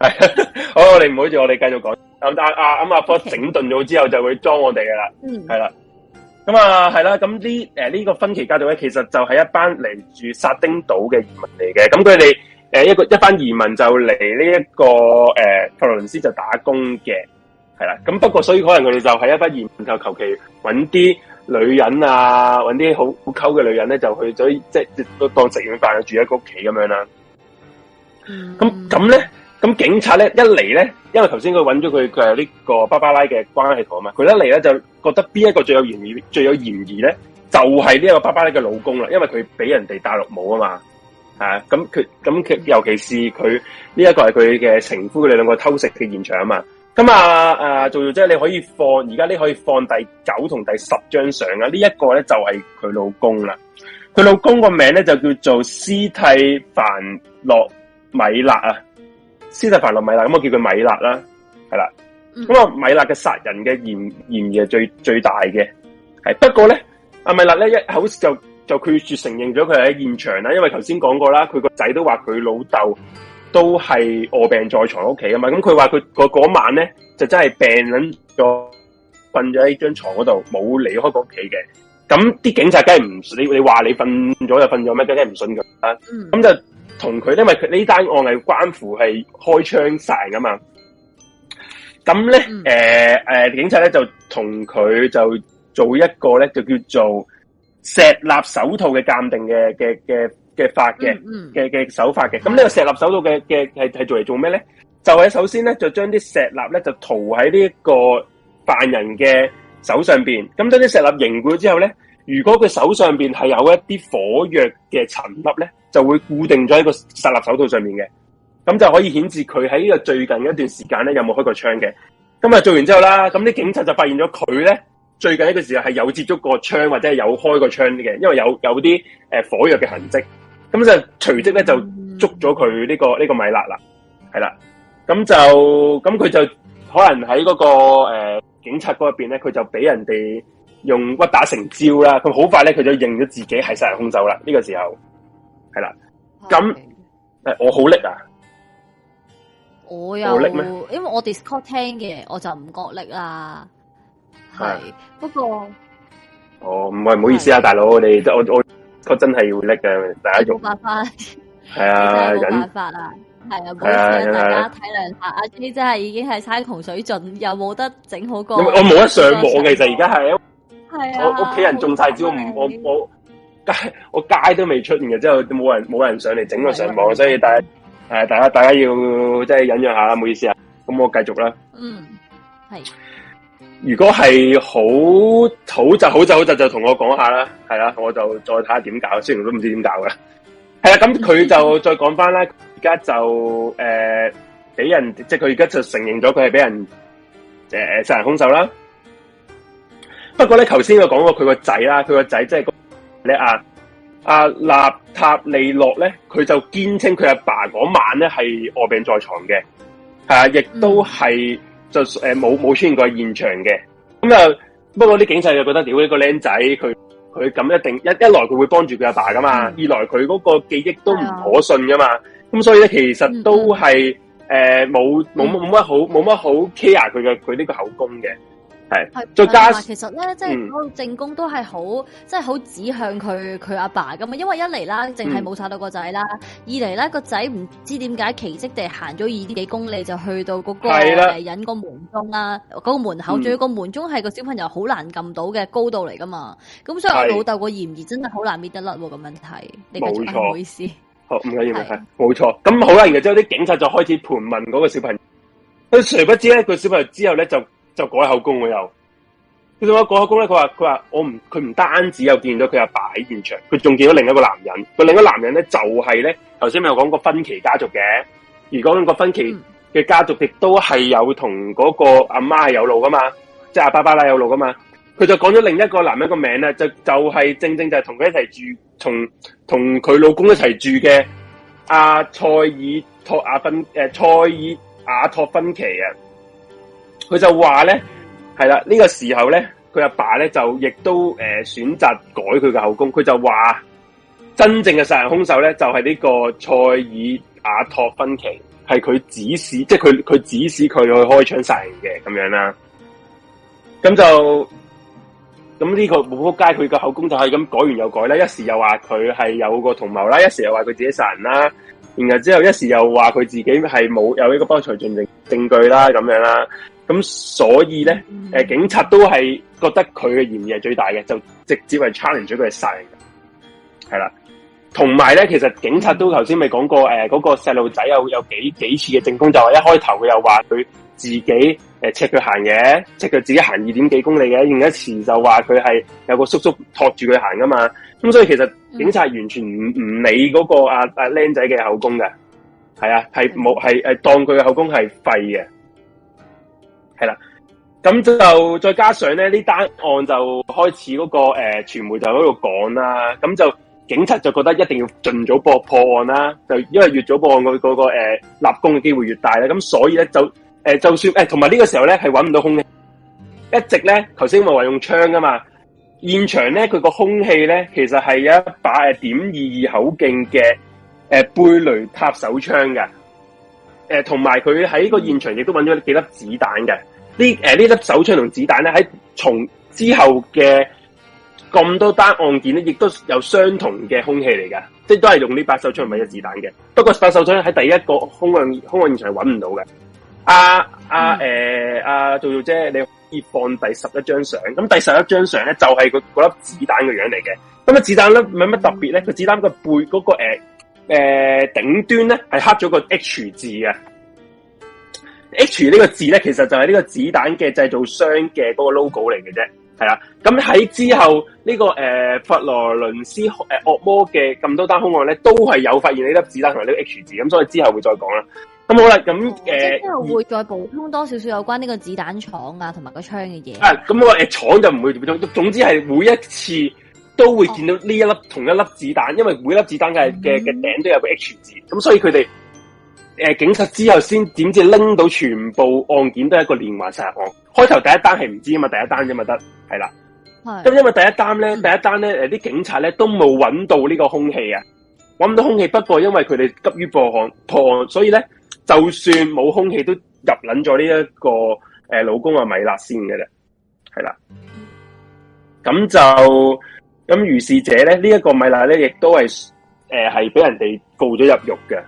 係 好，我哋唔好似我哋繼續講。阿阿阿阿科整頓咗之後，就會裝我哋噶啦。 嗯，係啦。咁啊，係啦。咁呢？誒、呃，呢、這個分歧家族咧，其實就係一班嚟住薩丁島嘅移民嚟嘅。咁佢哋誒一個一班移民就嚟呢一個誒佛羅倫斯就打工嘅。係啦。咁不過，所以可能佢哋就係一班移民，就求其揾啲女人啊，揾啲好好溝嘅女人咧，就去咗即係即係當食完飯就住喺個屋企咁樣啦。咁咁咧？咁警察咧一嚟咧，因為頭先佢揾咗佢佢呢個芭芭拉嘅關係圖啊嘛，佢一嚟咧就覺得邊一個最有嫌疑，最有嫌疑咧，就係呢一個芭芭拉嘅老公啦，因為佢俾人哋戴綠帽啊嘛，咁佢咁佢尤其是佢呢一個係佢嘅情夫，佢哋兩個偷食嘅現場啊嘛，咁啊，啊做做即係你可以放而家你可以放第九同第十張相啊，這個、呢一個咧就係，是，佢老公啦，佢老公個名咧就叫做斯蒂凡洛米勒啊。斯特凡林米勒，咁我叫佢米勒啦，係啦，咁啊、嗯、米勒嘅殺人嘅嫌嫌疑係最最大嘅。係不過咧阿米勒咧一口就就拒絕承認咗佢喺現場啦，因為頭先講過啦，佢個仔都話佢老豆都係臥病在床屋企啊嘛，咁佢話佢嗰晚咧就真係病緊咗，瞓咗喺張床嗰度，冇離開過屋企嘅，咁啲警察梗係唔信你說你話你瞓咗就瞓咗咩？梗係唔信噶，咁、嗯、就。同佢，因為佢呢單案係關乎係開槍晒噶嘛，咁咧，誒誒，警察咧就同佢就做一個咧，就叫做石蠟手套嘅鑑定嘅嘅嘅嘅法嘅，嘅嘅手法嘅。咁呢個石蠟手套嘅嘅係係做嚟做咩咧？就係首先咧就將啲石蠟咧就塗喺呢一個犯人嘅手上邊，咁將啲石蠟凝固之後咧。如果佢手上邊係有一啲火藥嘅塵粒咧，就會固定咗喺個石蠟手套上面嘅，咁就可以顯示佢喺呢個最近一段時間咧有冇開過槍嘅。咁啊做完之後啦，咁啲警察就發現咗佢咧，最近一個時候係有接觸過槍或者係有開過槍嘅，因為有有啲誒火藥嘅痕跡。咁就隨即咧就捉咗佢呢個呢、這個米勒啦，係啦，咁就咁佢就可能喺嗰、那個誒、呃、警察嗰邊咧，佢就俾人哋。用屈打成招啦，咁好快咧，佢就認咗自己係殺人凶手啦。呢個時候係啦，咁我好叻啊！我又叻咩？因為我 Discord 聽嘅，我就唔覺力啦。係不過，哦，唔係唔好意思啊，大佬，我我我真係要叻嘅，大家用。冇辦法，係啊，忍。冇辦法啊，係啊，大家體諒下，阿 J 真係已經係山窮水盡，又冇得整好個，我冇得上網嘅，其實而家係。我屋企人中晒招，唔我我，我街我街都未出現嘅，之後冇人冇人上嚟整個上網，的所以大家係、嗯、大家大家要即係忍讓下啦，唔好意思啊。咁我繼續啦。嗯，係。如果係好好就好就好就就同我講下啦，係啦，我就再睇下點搞，雖然都唔知點搞嘅。係啦，咁佢就再講翻啦。而家就誒俾、呃、人，即係佢而家就承認咗佢係俾人誒殺、呃、人凶手啦。不過咧，頭先我講過佢個仔啦，佢個仔即係個叻啊！阿、啊、納塔利洛咧，佢就堅稱佢阿爸嗰晚咧係臥病在床嘅，係啊，亦都係就誒冇冇出現過現場嘅。咁、嗯、啊，不過啲警察，就覺得，屌呢個僆仔，佢佢咁一定一一來，佢會幫住佢阿爸噶嘛，嗯、二來佢嗰個記憶都唔可信噶嘛。咁、啊、所以咧，其實都係誒冇冇冇乜好冇乜好 care 佢嘅佢呢個口供嘅。係，做揸。就就是，其實咧，即係嗰個正宮都係好，即係好指向佢佢阿爸噶嘛。因為一嚟啦，淨係冇殺到個仔啦；嗯、二嚟咧，個仔唔知點解奇跡地行咗二點幾公里就去到嗰個係啦，引個門中啦。嗰個門口仲要個門中係個小朋友好難撳到嘅高度嚟噶嘛。咁所以我老豆個嫌疑真係好難搣得甩個問題。冇錯好唔該，唔該、哦，冇錯。咁是好啦，然之後啲警察就開始盤問嗰個小朋友。咁誰不知咧，個小朋友之後咧就。就改口供。我又，佢同我講口供呢，咧，佢話佢話我唔佢唔單止又見到佢阿爸喺現場，佢仲見到另一個男人，佢另一個男人咧就係、是、咧，頭先咪有講過芬奇家族嘅，而講個芬奇嘅家族亦都係有同嗰個阿媽有路噶嘛，即係阿爸爸啦有路噶嘛，佢就講咗另一個男人個名咧，就就係、是、正正就係同佢一齊住，同同佢老公一齊住嘅、啊啊、阿塞爾托阿芬誒塞爾亞托芬奇啊。佢就話咧，係啦，呢、這個時候咧，佢阿爸咧就亦都誒、呃、選擇改佢嘅口供。佢就話真正嘅殺人兇手咧，就係、是、呢個塞爾亞托芬奇，係佢指使，即係佢佢指使佢去開槍殺人嘅咁樣啦。咁就咁呢個冇撲街，佢個口供就係咁改完又改啦，一時又話佢係有個同謀啦，一時又話佢自己殺人啦，然後之後一時又話佢自己係冇有呢個包藏罪證證據啦咁樣啦。咁所以咧，嗯、警察都係覺得佢嘅嫌疑係最大嘅，就直接係 challenge 咗佢殺人。係啦，同埋咧，其實警察都頭先咪講過，嗰、呃嗰個細路仔有有幾幾次嘅證供，就係一開頭佢又話佢自己誒赤腳行嘅，赤、呃、赤腳自己行二點幾公里嘅，另一次就話佢係有個叔叔拖住佢行噶嘛。咁所以其實警察完全唔唔理嗰個阿阿僆仔嘅口供嘅，係啊，係冇係誒當佢嘅口供係廢嘅。係啦，咁就再加上咧，呢單案就開始嗰、那個誒，傳、呃、媒就喺度講啦，咁就警察就覺得一定要盡早破破案啦，就因為越早破案佢嗰、那個誒、呃、立功嘅機會越大啦，咁所以咧就誒、呃、就算誒同埋呢個時候咧係搵唔到空氣，一直咧頭先咪話用槍噶嘛，現場咧佢個空氣咧其實係有一把誒點二二口徑嘅誒貝雷塔手槍嘅誒，同埋佢喺個現場亦都搵咗幾粒子彈嘅，呃、彈呢誒呢粒手槍同子彈咧喺從之後嘅咁多單案件咧，亦都有相同嘅空氣嚟㗎，即係都係用呢把手槍嚟射子彈嘅。不過把手槍喺第一個空案空案現場揾唔到嘅。阿啊誒阿、啊呃啊、杜小姐，你可以放第十一張相。咁第十一張相咧就係嗰粒子彈嘅樣嚟嘅。咁啊子彈咧冇乜特別咧，個子彈，嗯個背嗰個誒。呃誒，頂、呃、端咧係刻咗個 H 字嘅，H 呢個字咧其實就係呢個子彈嘅製造商嘅嗰個 logo 嚟嘅啫，係啦。咁喺之後呢、這個誒、呃、佛羅倫斯誒惡魔嘅咁多單凶案咧，都係有發現呢粒子彈同埋呢個 H 字，咁所以之後會再講啦。咁好啦，咁誒，哦呃、之後會再補充多少少有關呢個子彈廠啊，同埋個槍嘅嘢。咁、啊、我誒廠就唔會補充，總之係每一次。都會見到呢一粒、oh. 同一粒子彈，因為每粒子彈嘅嘅嘅頂都有個 H 字，咁所以佢哋誒警察之後先點知拎到全部案件都係一個連環殺案。開頭第一單係唔知啊嘛，第一單啫嘛得係啦。咁 Yes. 因為第一單咧，第一單咧誒啲警察咧都冇揾到呢個空氣啊，揾唔到空氣。不過因為佢哋急於破案破案，所以咧就算冇空氣都入捻咗呢一個誒、呃、老公啊米辣先嘅啦，係啦，咁就。咁如是者咧，呢、這、一個米娜咧，亦都係誒係俾人哋告咗入獄嘅，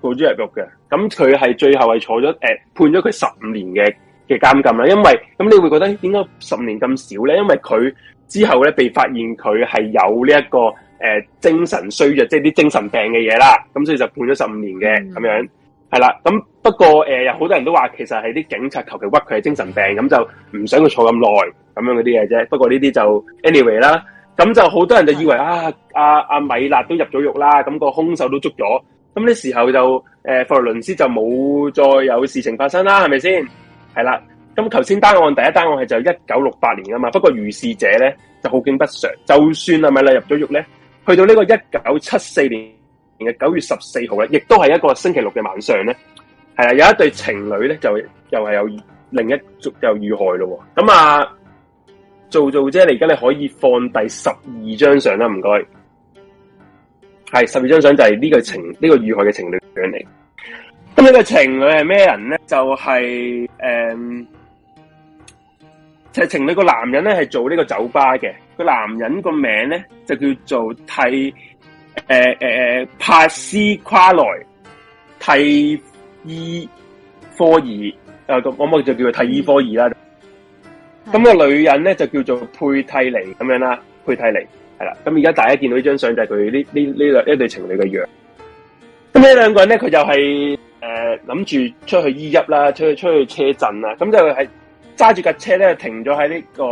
告咗入獄嘅。咁佢係最後係坐咗誒、呃、判咗佢十五年嘅嘅監禁啦。因為咁你會覺得點解十五年咁少咧？因為佢之後咧被發現佢係有呢、這、一個誒、呃、精神衰弱，即係啲精神病嘅嘢啦。咁所以就判咗十五年嘅咁、嗯、樣，係啦。咁不過誒、呃、有好多人都話，其實係啲警察求其屈佢係精神病，咁就唔想佢坐咁耐咁樣嗰啲嘢啫。不過呢啲就 anyway 啦。咁就好多人就以為啊，阿、啊、阿、啊、米納都入咗獄啦，咁、那個凶手都捉咗，咁呢時候就誒、呃、佛羅倫斯就冇再有事情發生啦，係咪先？係啦，咁頭先單案第一單案係就一九六八年噶嘛，不過如是者咧就好景不常，就算係、啊、米納入咗獄咧，去到個呢個一九七四年嘅九月十四號咧，亦都係一個星期六嘅晚上咧，係啊，有一對情侶咧就又係有另一又遇害咯，咁啊。做做啫，你而家你可以放第十二張相啦，唔該。係十二張相就係呢個情呢、呢個遇害嘅情侶樣嚟。咁呢個情侶係咩人咧？就係、係、誒，嗯即係、情侶個男人咧係做呢個酒吧嘅。個男人個名咧就叫做替誒誒帕斯夸萊替伊科爾，啊咁我咪就叫做替伊科爾啦。嗯咁個女人咧就叫做佩蒂尼咁樣啦，佩蒂尼係啦。咁而家大家見到呢張相就係佢呢呢呢對一對情侶嘅樣。咁呢兩個人咧，佢就係誒諗住出去醫泣啦，出去出去車震啦。咁就係揸住架車咧，停咗喺呢個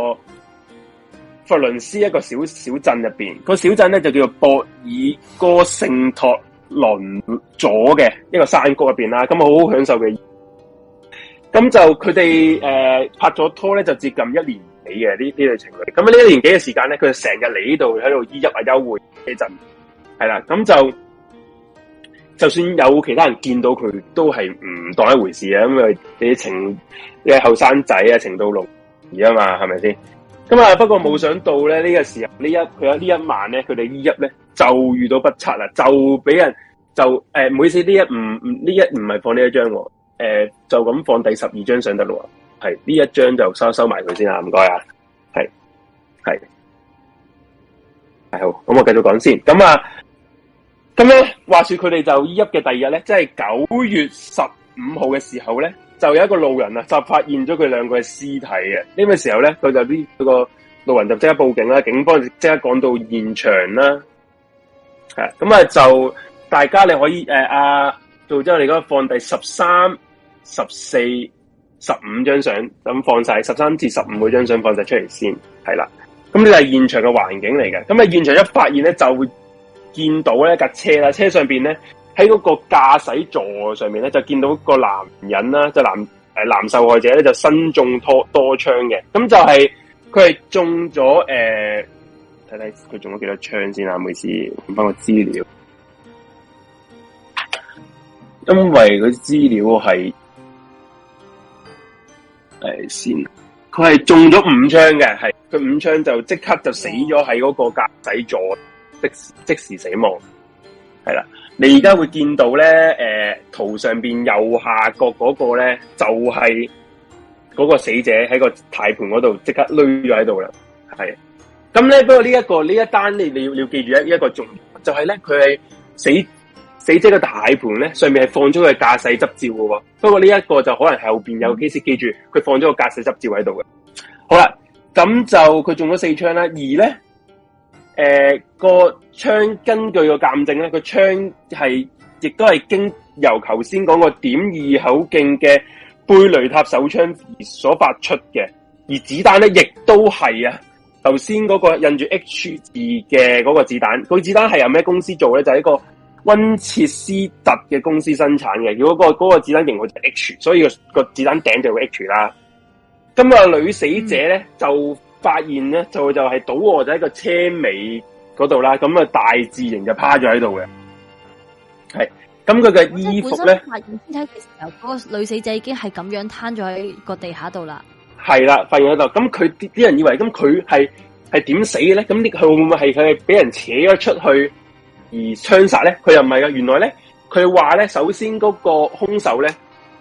佛倫斯一個小小鎮入邊。個小鎮咧就叫做博爾哥聖托倫佐嘅一個山谷入邊啦。咁啊，好好享受嘅。咁就佢哋誒拍咗拖咧，就接近一年幾嘅呢呢對情侶。咁呢一年幾嘅時間咧，佢就成日嚟呢度喺度依約啊，幽會嘅就係啦。咁就就算有其他人見到佢，都係唔當一回事啊。因為啲情嘅後生仔啊，情到濃時啊嘛，係咪先？咁啊，不過冇想到咧呢個時候，呢一佢有呢一晚咧，佢哋依約咧就遇到不測啦，就俾人就誒每次呢一唔唔呢一唔係放呢一張㗎。誒、呃，就咁放第十二張相得咯，係呢一張就收收埋佢先啊，唔該啊，係係係好，咁我繼續講先，咁啊，咁咧，話說佢哋就入嘅第二呢、就是、日咧，即係九月十五號嘅時候咧，就有一個路人啊，就發現咗佢兩個嘅屍體嘅，呢、這個時候咧，佢就呢嗰、那個路人就即刻報警啦，警方即刻趕到現場啦，係咁啊，就大家你可以誒，阿杜周你而家放第十三。十四、十五張相咁放晒，十三至十五嗰張相放晒出嚟先，係啦。咁呢就係現場嘅環境嚟嘅。咁啊，現場一發現咧，就會見到咧架車啦，車上邊咧喺嗰個駕駛座上面咧，就見到個男人啦，就男誒男受害者咧就身中多多槍嘅。咁就係佢係中咗誒，睇睇佢中咗幾多槍先啦，啊。每次，搵翻個資料，因為佢啲資料係。係先，佢係中咗五槍嘅，係佢五槍就即刻就死咗喺嗰個駕駛座即即時死亡，係啦。你而家會見到咧，誒，圖上邊右下角嗰個咧就係、是、嗰個死者喺個軚盤嗰度即刻瘀咗喺度啦，係。咁咧，不過呢、這、一個呢一、這個、單你你要你要記住一一個重點，就係咧佢係死。死者嘅大盤咧，上面係放咗個駕駛執照喎。不過呢一個就可能後邊有機師，記住佢放咗個駕駛執照喺度嘅。好啦，咁就佢中咗四槍啦。而咧，誒、呃那個槍，根據個鑑證咧，那個槍係亦都係經由頭先講個點二口徑嘅貝雷塔手槍所發出嘅。而子彈咧，亦都係啊，頭先嗰個印住 H 字嘅嗰個子彈，佢、那個、子彈係由咩公司做咧？就係、是、一個。溫切斯特嘅公司生產嘅，如果、嗰個嗰、嗰個子彈型號就 H，所以個個子彈頂就 H、嗰個 H 啦。咁啊，女死者咧、嗯、就發現咧就就係倒卧喺個車尾嗰度啦。咁啊，大字型就趴咗喺度嘅。係，咁佢嘅衣服咧，發現屍體嘅時候，嗰、嗰個女死者已經係咁樣攤咗喺個地下度啦。係啦，發現喺度。咁佢啲人以為是，咁佢係係點死呢？咧？咁呢，會唔會係佢係俾人扯咗出去？而槍殺咧，佢又唔係㗎。原來咧，佢話咧，首先嗰個兇手咧，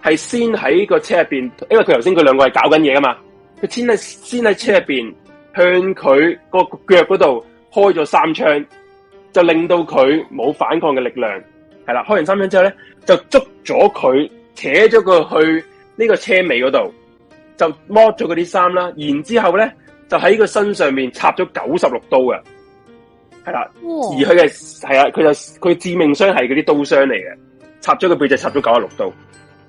係先喺個車入面，因為佢頭先佢兩個係搞緊嘢㗎嘛。佢先喺先喺車入面向佢個腳嗰度開咗三槍，就令到佢冇反抗嘅力量。係啦，開完三槍之後咧，就捉咗佢，扯咗佢去呢個車尾嗰度，就剝咗佢啲衫啦。然之後咧，就喺佢身上面插咗九十六刀嘅。係啦、啊，而佢嘅係啊，佢就佢致命傷係嗰啲刀傷嚟嘅，插咗個背脊插咗九十六刀，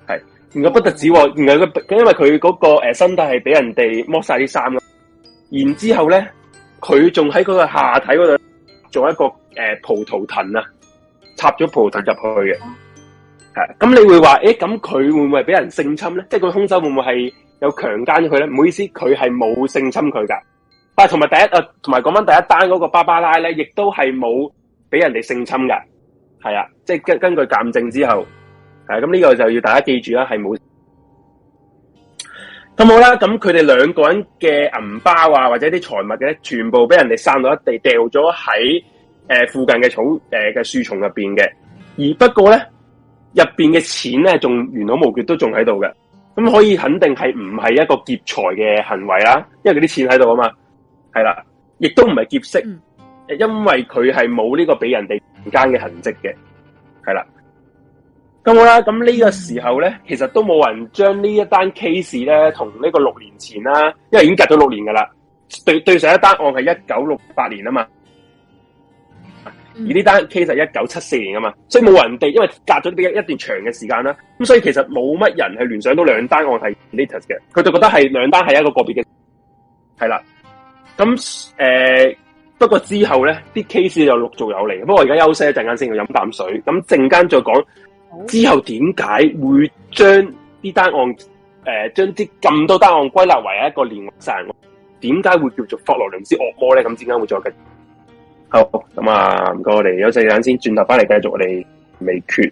係。唔係不特止，原來佢因為佢嗰個誒身體係俾人哋剝晒啲衫咯。然之後咧，佢仲喺嗰個下體嗰度做一個誒、呃、葡萄藤啊，插咗葡萄藤入去嘅。係，咁你會話誒，咁佢會唔會俾人性侵咧？即係個兇手會唔會係有強姦咗佢咧？唔好意思，佢係冇性侵佢噶。但係同埋第一啊，同埋講返第一單嗰個巴巴拉咧，亦都係冇俾人哋性侵嘅，係啊，即係根根據鑑證之後，係咁呢個就要大家記住啦，係冇咁好啦。咁佢哋兩個人嘅銀包啊，或者啲財物嘅，全部俾人哋散到一地，掉咗喺誒附近嘅草誒嘅樹叢入邊嘅，而不過咧入邊嘅錢咧，仲完好無缺，都仲喺度嘅，咁可以肯定係唔係一個劫財嘅行為啦、啊，因為佢啲錢喺度啊嘛。係啦，亦都唔係劫色，誒、嗯，因為佢係冇呢個俾人哋姦嘅痕迹嘅，係啦。咁好啦，咁呢個時候咧，嗯、其實都冇人將呢一單 case 咧，同呢個六年前啦，因為已經隔咗六年噶啦，對對上一單案係一九六八年啊嘛，嗯、而呢單 case 係一九七四年啊嘛，所以冇人哋因為隔咗比一段長嘅時間啦，咁所以其實冇乜人去聯想到兩單案係 latest 嘅，佢就覺得係兩單係一個個別嘅，係啦。咁誒、呃，不過之後咧，啲 case 又陸續有嚟。不過我而家休息一陣間先，要飲啖水，咁陣間再講之後點解會將啲單案誒，將啲咁多單案歸納為一個連環案，點解會叫做霍羅倫斯惡魔咧？咁陣間會再繼續。好，咁啊，唔該我哋休息陣先，轉頭翻嚟繼續我哋未決。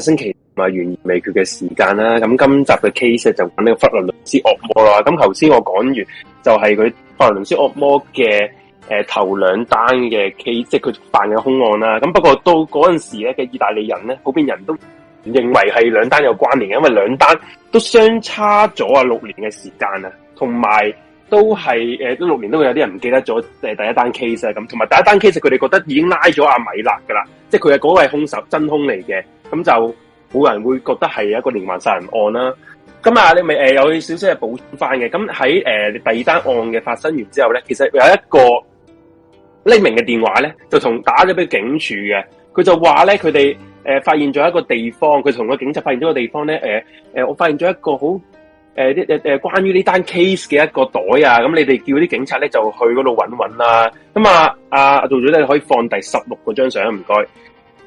星期五懸而未決嘅時間啦，咁今集嘅 case 就講呢個弗洛倫斯惡魔啦。咁頭先我講完就係佢弗洛倫斯惡魔嘅誒、呃、頭兩單嘅 case，即係佢辦嘅凶案啦。咁不過到嗰陣時咧嘅意大利人咧，普遍人都認為係兩單有關聯嘅，因為兩單都相差咗啊六年嘅時間啊，同埋都係誒都六年都會有啲人唔記得咗誒第一單 case 啊咁，同埋第一單 case 佢哋覺得已經拉咗阿米勒噶啦，即係佢係嗰位凶手真凶嚟嘅。咁就冇人會覺得係一個連環殺人案啦。咁啊，你咪誒、呃、有少少係補充翻嘅。咁喺誒第二單案嘅發生完之後咧，其實有一個匿名嘅電話咧，就同打咗俾警署嘅。佢就話咧，佢哋誒發現咗一個地方，佢同個警察發現咗個地方咧。誒、呃、誒、呃，我發現咗一個好誒誒誒，關於呢單 case 嘅一個袋找一找啊。咁、呃、你哋叫啲警察咧就去嗰度揾揾啦。咁啊，阿阿杜總咧可以放第十六個張相，唔該。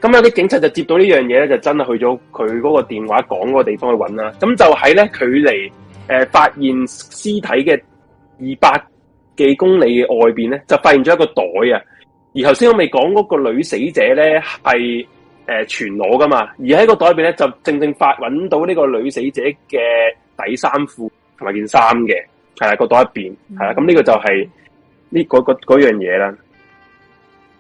咁有啲警察就接到呢樣嘢咧，就真係去咗佢嗰個電話講嗰個地方去揾啦。咁就喺咧距離誒、呃、發現屍體嘅二百幾公里外邊咧，就發現咗一個袋啊。而頭先我未講嗰個女死者咧係誒全裸噶嘛，而喺個袋入邊咧就正正發揾到呢個女死者嘅底衫褲同埋件衫嘅，係啦個袋入邊，係啦。咁呢個就係呢嗰個嗰樣嘢啦，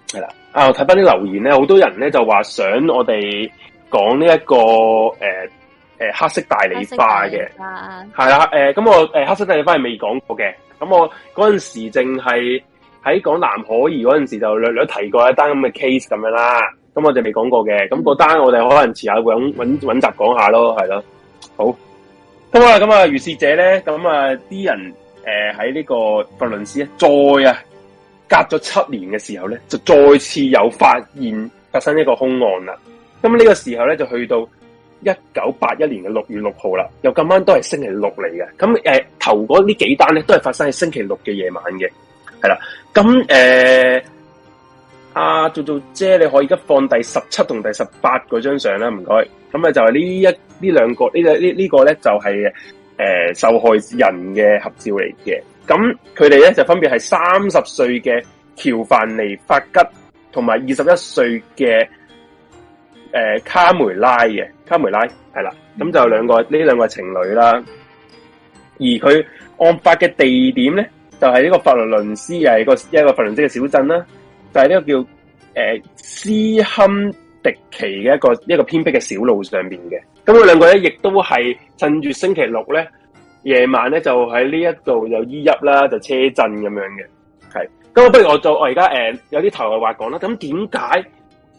係啦。啊！睇翻啲留言咧，好多人咧就話想我哋講呢一個誒誒、呃呃、黑色大理花嘅，係啦，誒咁我誒黑色大理花係未講過嘅，咁、嗯、我嗰陣時淨係喺講藍可兒嗰陣時就略略提過一單咁嘅 case 咁樣啦，咁、嗯、我哋未講過嘅，咁嗰單我哋可能遲下搵搵集講下咯，係咯，好。咁啊，咁啊，如是者咧，咁、嗯、啊，啲人誒喺呢個佛倫斯啊，再啊。隔咗七年嘅時候咧，就再次有發現發生一個兇案啦。咁呢個時候咧，就去到一九八一年嘅六月六號啦。又今晚都係星期六嚟嘅。咁誒、呃，頭嗰呢幾單咧，都係發生喺星期六嘅夜晚嘅，係啦。咁誒，阿做做姐，你可以而家放第十七同第十八個張相啦，唔該。咁啊就係呢一呢兩個呢、這個呢呢個咧，就係、是、誒、呃、受害人嘅合照嚟嘅。咁佢哋咧就分別係三十歲嘅喬凡尼法吉同埋二十一歲嘅、呃、卡梅拉嘅卡梅拉，係啦，咁就兩個呢兩個情侶啦。而佢案發嘅地點咧，就係、是、呢個佛羅倫斯，嘅、就、係、是、一個一個法倫斯嘅小鎮啦，就係、是、呢個叫誒、呃、斯堪迪奇嘅一個一個偏僻嘅小路上面嘅。咁佢兩個咧，亦都係趁住星期六咧，夜晚咧就喺呢一度有醫凹啦，就車震咁樣嘅，係咁不如我就我而家誒有啲題外話講啦，咁點解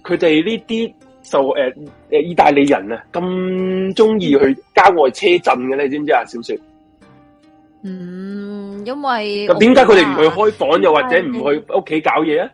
佢哋呢啲受誒誒、呃呃、意大利人啊咁中意去郊外車震嘅咧？你知唔知啊？小雪？嗯，因為點解佢哋唔去開房又、啊、為或者唔去屋企搞嘢啊？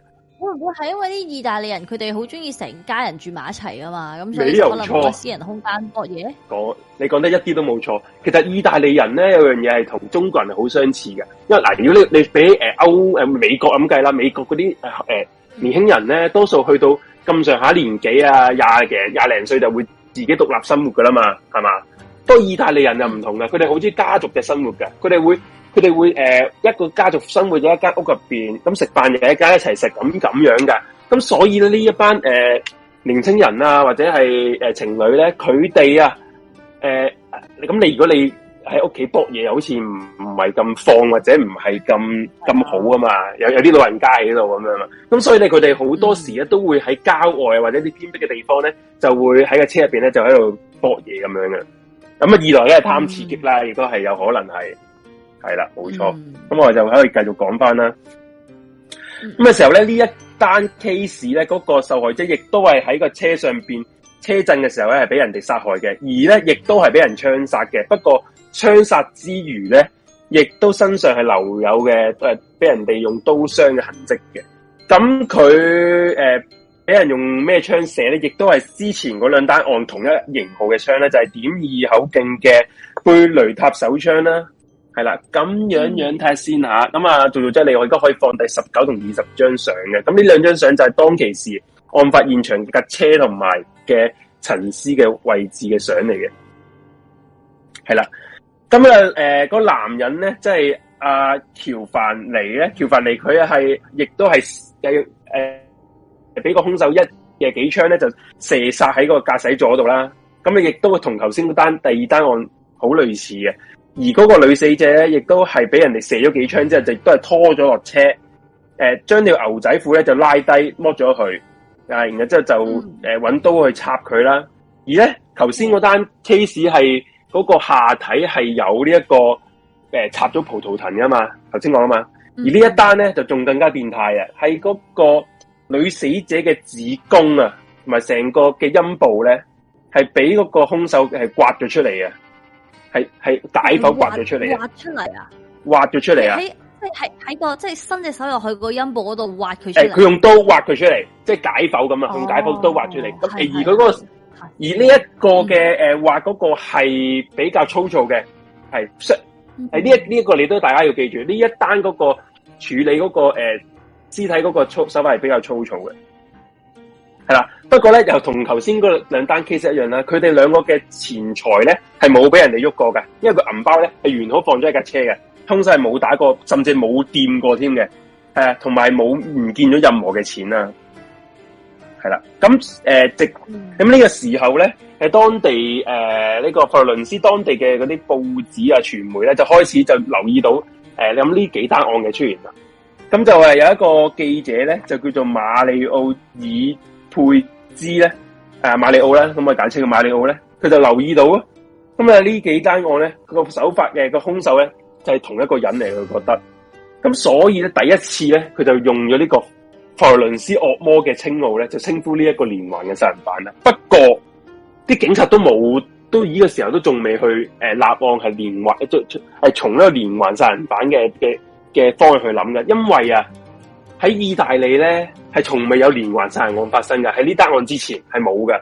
係因為啲意大利人佢哋好中意成家人住埋一齊噶嘛，咁你又可能私人空間多嘢。講你講得一啲都冇錯。其實意大利人咧有樣嘢係同中國人係好相似嘅，因為嗱，如果你你俾誒歐誒美國咁計啦，美國嗰啲誒誒年輕人咧，多數去到咁上下年紀啊，廿嘅廿零歲就會自己獨立生活噶啦嘛，係嘛？不過意大利人就唔同嘅，佢哋好似家族嘅生活嘅，佢哋會。佢哋會誒、呃、一個家族生活喺一間屋入邊，咁食飯又喺一間一齊食咁咁樣嘅。咁、嗯、所以呢一班誒、呃、年青人啊，或者係誒、呃、情侶咧，佢哋啊誒，咁、呃、你如果你喺屋企博嘢，又好似唔唔係咁放或者唔係咁咁好啊嘛。有有啲老人家喺度咁樣嘛。咁、嗯、所以咧，佢哋好多時咧都會喺郊外或者啲偏僻嘅地方咧，就會喺個車入邊咧就喺度博嘢咁樣嘅。咁、嗯、啊，嗯、二來咧係貪刺激啦，亦都係有可能係。係啦，冇錯，咁、嗯、我就喺度繼續講翻啦。咁嘅、嗯、時候咧，呢一單 case 咧，嗰、那個受害者亦都係喺個車上邊車震嘅時候咧，係俾人哋殺害嘅，而咧亦都係俾人槍殺嘅。不過槍殺之餘咧，亦都身上係留有嘅，誒，俾人哋用刀傷嘅痕迹嘅。咁佢誒，俾、呃、人用咩槍射咧？亦都係之前嗰兩單案同一型號嘅槍咧，就係、是、點二口徑嘅貝雷塔手槍啦。係啦，咁樣樣睇下先吓，咁啊做做真你我而家可以放第十九同二十張相嘅，咁呢兩張相就係當其時案發現場架車同埋嘅陳屍嘅位置嘅相嚟嘅。係啦，咁啊誒個男人咧，即係阿喬凡尼咧，喬凡尼佢係亦都係誒誒，俾、呃、個兇手一嘅幾槍咧，就射殺喺個駕駛座度啦。咁啊，亦都同頭先嗰單第二單案好類似嘅。而嗰個女死者咧，亦都係俾人哋射咗幾槍之後，就都係拖咗落車。誒、呃，將條牛仔褲咧就拉低剝咗佢，啊，然後之後就誒搵、嗯呃、刀去插佢啦。而咧頭先嗰單 case 係嗰、嗯、個下體係有呢、這、一個誒、呃、插咗葡萄藤噶嘛，頭先講啊嘛。嗯、而呢一單咧就仲更加變態啊，係嗰個女死者嘅子宮啊，同埋成個嘅陰部咧，係俾嗰個兇手係刮咗出嚟嘅。係解剖刮咗出嚟，啊！挖出嚟啊！挖咗出嚟啊！喺即係喺個即係伸隻手入去個陰部嗰度挖佢。誒，佢用刀挖佢出嚟，即係解剖咁啊，用解剖刀挖出嚟。咁、哦、而佢是嗰個，是而呢一個嘅、誒、挖、呃、嗰個係比較粗糙嘅，係，係呢一呢一、嗯、這個你都大家要記住，呢一單嗰個處理嗰、嗰個誒屍、呃、體嗰個粗手法係比較粗糙嘅。係啦，不過咧又同頭先嗰兩單 case 一樣啦。佢哋兩個嘅錢財咧係冇俾人哋喐過嘅，因為個銀包咧係完好放咗一架車嘅，通常係冇打過，甚至冇掂過添嘅。誒，同埋冇唔見咗任何嘅錢啦、啊。係啦，咁誒，直咁呢個時候咧，喺當地誒呢、呃呢個佛羅倫斯當地嘅嗰啲報紙啊、傳媒咧，就開始就留意到誒，有、呃、呢幾單案嘅出現啦。咁就係有一個記者咧，就叫做馬里奧爾。配置咧，誒、啊，馬里奧啦，咁啊，簡稱個馬里奧咧，佢就留意到啊。咁啊，呢幾單案咧，佢個手法嘅個兇手咧，就係、是、同一個人嚟，佢覺得，咁所以咧，第一次咧，佢就用咗呢個佛羅倫斯惡魔嘅稱號咧，就稱呼呢一個連環嘅殺人犯啦。不過啲警察都冇，都呢個時候都仲未去誒、呃、立案係連環，係從呢個連環殺人犯嘅嘅嘅方向去諗嘅，因為啊，喺意大利咧。係從未有連環殺人案發生嘅，喺呢單案之前係冇嘅。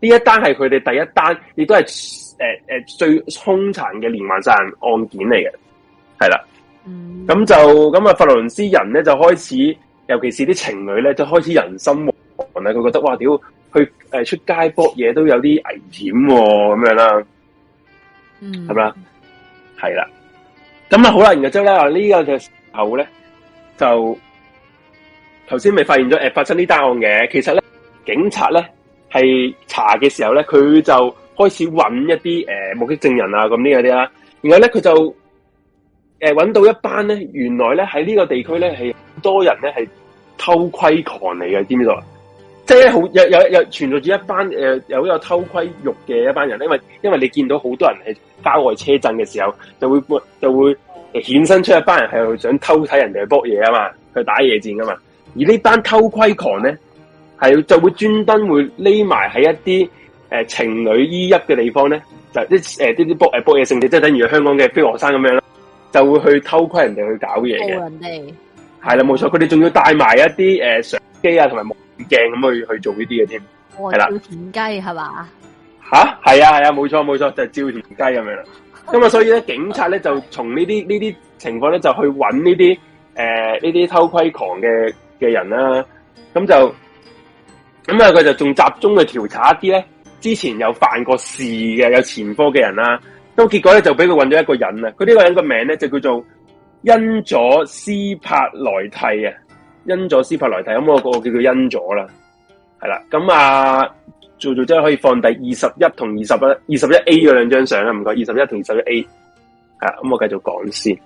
呢一單係佢哋第一單，亦都係誒誒最兇殘嘅連環殺人案件嚟嘅，係啦。咁、嗯、就咁啊，佛羅倫斯人咧就開始，尤其是啲情侶咧，就開始人心惶惶啦。佢覺得哇，屌，去、呃、誒出街搏嘢都有啲危險咁、哦、樣啦。嗯，係咪啊？係啦。咁啊，好啦，然之後咧，呢個嘅時候咧就。頭先咪發現咗誒、呃，發生呢單案嘅，其實咧警察咧係查嘅時候咧，佢就開始揾一啲誒、呃、目擊證人啊，咁呢嗰啲啦，然後咧佢就誒揾、呃、到一班咧，原來咧喺呢個地區咧係多人咧係偷窺狂嚟嘅，知唔知道啊？即係好有有有存在住一班誒、呃、有有偷窺慾嘅一班人，因為因為你見到好多人喺郊外車震嘅時候，就會就會顯現出一班人係想偷睇人哋去搏嘢啊嘛，去打野戰噶嘛。而呢班偷窺狂咧，係就會專登會匿埋喺一啲誒情侶依一嘅地方咧，就啲誒啲啲博誒博嘢聖地，即係等於香港嘅飛鵝山咁樣啦，就會去偷窺人哋去搞嘢嘅，係啦、哦，冇錯，佢哋仲要帶埋一啲誒相機啊，同埋望鏡咁去去做呢啲嘢添，係啦、哦，照田雞係嘛？吓，係啊，係啊，冇錯冇錯，就係、照田雞咁樣。咁啊、 嗯，所以咧，警察咧就從呢啲呢啲情況咧，就去揾呢啲誒呢啲偷窺狂嘅。嘅人啦，咁就咁啊，佢就仲集中去調查一啲咧，之前有犯過事嘅有前科嘅人啦、啊，咁結果咧就俾佢揾咗一個人啊，佢呢個人個名咧就叫做恩佐斯帕萊蒂啊，恩佐斯帕萊蒂，咁我我叫、啊、做恩佐啦，係啦，咁啊做做真係可以放第二十一同二十一二十一 A 嗰兩張相啦，唔該，二十一同二十一 A，係啦，咁我繼續講先，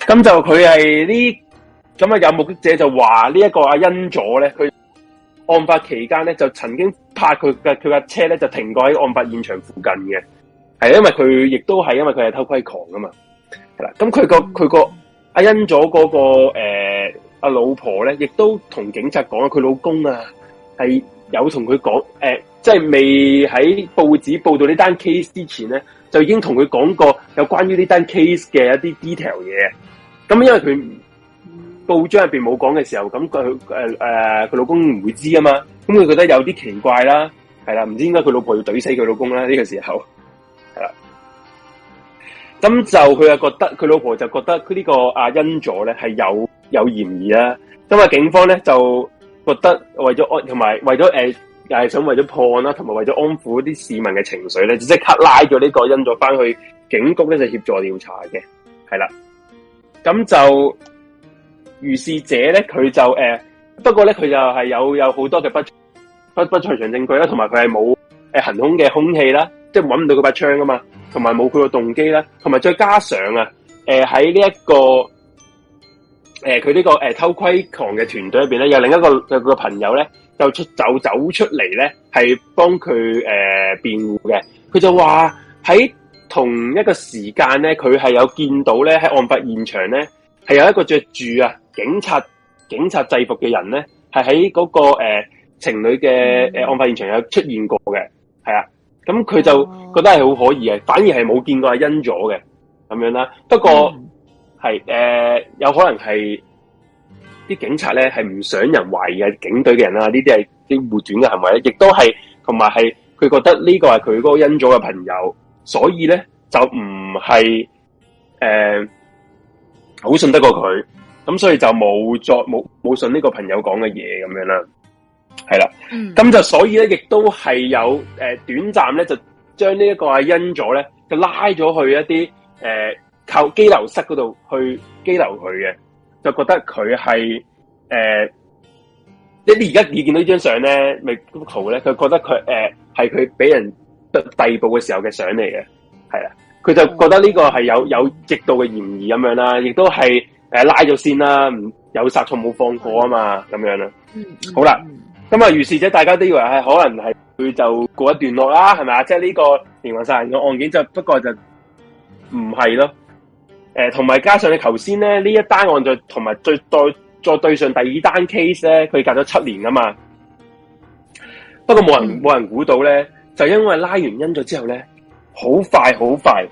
咁就佢係呢。咁啊，有目擊者就話呢一個阿恩佐咧，佢案發期間咧就曾經拍佢嘅佢架車咧，就停過喺案發現場附近嘅，係因為佢亦都係因為佢係偷窺狂啊嘛，係啦。咁佢個佢個阿恩佐嗰、那個誒阿、呃、老婆咧，亦都同警察講啊，佢老公啊係有同佢講，誒即係未喺報紙報道呢單 case 之前咧，就已經同佢講過有關於呢單 case 嘅一啲 detail 嘢。咁因為佢。報章入邊冇講嘅時候，咁佢誒誒，佢、呃、老公唔會知啊嘛。咁佢覺得有啲奇怪啦，係啦，唔知點解佢老婆要懟死佢老公啦呢、這個時候係啦。咁就佢啊覺得佢老婆就覺得佢、這個啊、呢個阿恩佐咧係有有嫌疑啦。咁啊，警方咧就覺得為咗安同埋為咗誒，又係、呃、想為咗破案啦，同埋為咗安撫啲市民嘅情緒咧，就即刻拉咗呢個恩佐翻去警局咧，就協助調查嘅係啦。咁就。如是者咧，佢就誒、呃，不過咧，佢就係有有好多嘅不不不，在場證據啦，同埋佢係冇誒行兇嘅兇器啦，即係揾唔到嗰把槍啊嘛，同埋冇佢個動機啦，同埋再加上啊，誒喺呢一個誒佢呢個誒、呃、偷窺狂嘅團隊入邊咧，有另一個有佢個朋友咧，就出走走出嚟咧，係幫佢誒、呃、辯護嘅。佢就話喺同一個時間咧，佢係有見到咧喺案發現場咧。係有一個着住啊警察警察制服嘅人咧，係喺嗰個誒、呃、情侶嘅誒案發現場有出現過嘅，係啊、嗯，咁佢就覺得係好可疑嘅，反而係冇見過阿恩佐嘅咁樣啦。不過係誒、嗯呃、有可能係啲警察咧係唔想人懷疑警隊嘅人啦、啊，呢啲係啲護短嘅行為，亦都係同埋係佢覺得呢個係佢嗰個恩佐嘅朋友，所以咧就唔係誒。呃好信得過佢，咁所以就冇作冇冇信呢個朋友講嘅嘢咁樣啦，係啦，咁、嗯、就所以咧，亦都係有誒、呃、短暫咧，就將呢一個阿欣咗咧，就拉咗去一啲誒扣羈留室嗰度去羈留佢嘅，就覺得佢係誒，即你而家你見到這張呢張相咧，咪幅圖咧，佢覺得佢誒係佢俾人逮捕嘅時候嘅相嚟嘅，係啦。佢就覺得呢個係有有極度嘅嫌疑咁樣啦，亦都係拉咗線啦，唔有殺錯冇放過啊嘛，咁樣啦。好啦，咁啊，於是者大家都以為係可能係佢就告一段落啦，係咪啊？即係呢個連環殺人嘅案件就，就不過就唔係咯。同、呃、埋加上你頭先咧，呢一單案就同埋再再再對上第二單 case 咧，佢隔咗七年噶嘛。不過冇人冇、嗯、人估到咧，就因為拉完因咗之後咧。好快好快，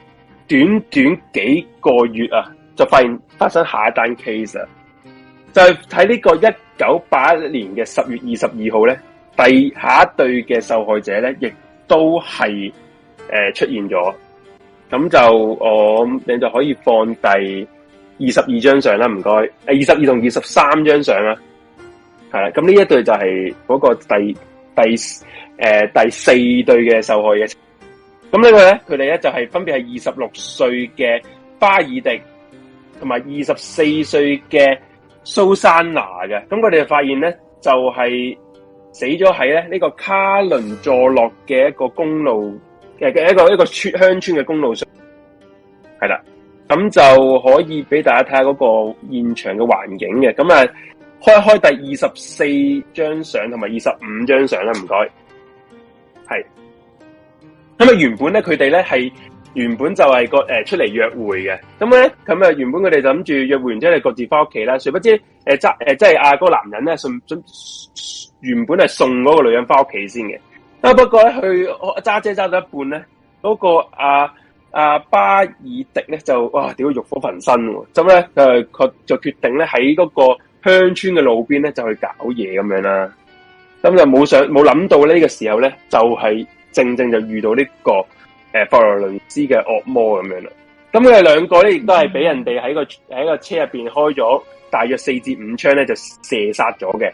短短幾個月啊，就發現發生下一單 case 啊。就係喺呢個一九八一年嘅十月二十二號咧，第下一對嘅受害者咧，亦都係誒、呃、出現咗。咁就我你就可以放第二十二張相啦，唔該。誒，二十二同二十三張相啦，係啦。咁呢一對就係嗰個第第誒、呃、第四對嘅受害嘅。咁呢個咧，佢哋咧就係分別係二十六歲嘅巴爾迪，同埋二十四歲嘅蘇珊娜嘅。咁佢哋發現咧，就係、是、死咗喺咧呢個卡倫坐落嘅一個公路嘅嘅一個一個鄉村鄉村嘅公路上，係啦。咁就可以俾大家睇下嗰個現場嘅環境嘅。咁啊，開開第二十四張相同埋二十五張相啦，唔該。咁啊，原本咧佢哋咧係原本就係個誒出嚟約會嘅，咁咧，咁啊原本佢哋就諗住約會完之後各自翻屋企啦，殊不知誒揸誒即係阿嗰個男人咧原本係送嗰個女人翻屋企先嘅，啊不過咧去揸車揸到一半咧，嗰、那個阿阿、啊啊、巴爾迪咧就哇屌欲火焚身，咁咧佢就決定咧喺嗰個鄉村嘅路邊咧就去搞嘢咁樣啦，咁就冇想冇諗到呢個時候咧就係、是。正正就遇到、這個呃、法羅個呢個誒佛羅倫斯嘅惡魔咁樣啦，咁佢哋兩個咧，亦都係俾人哋喺個喺個車入邊開咗大約四至五槍咧，就射殺咗嘅。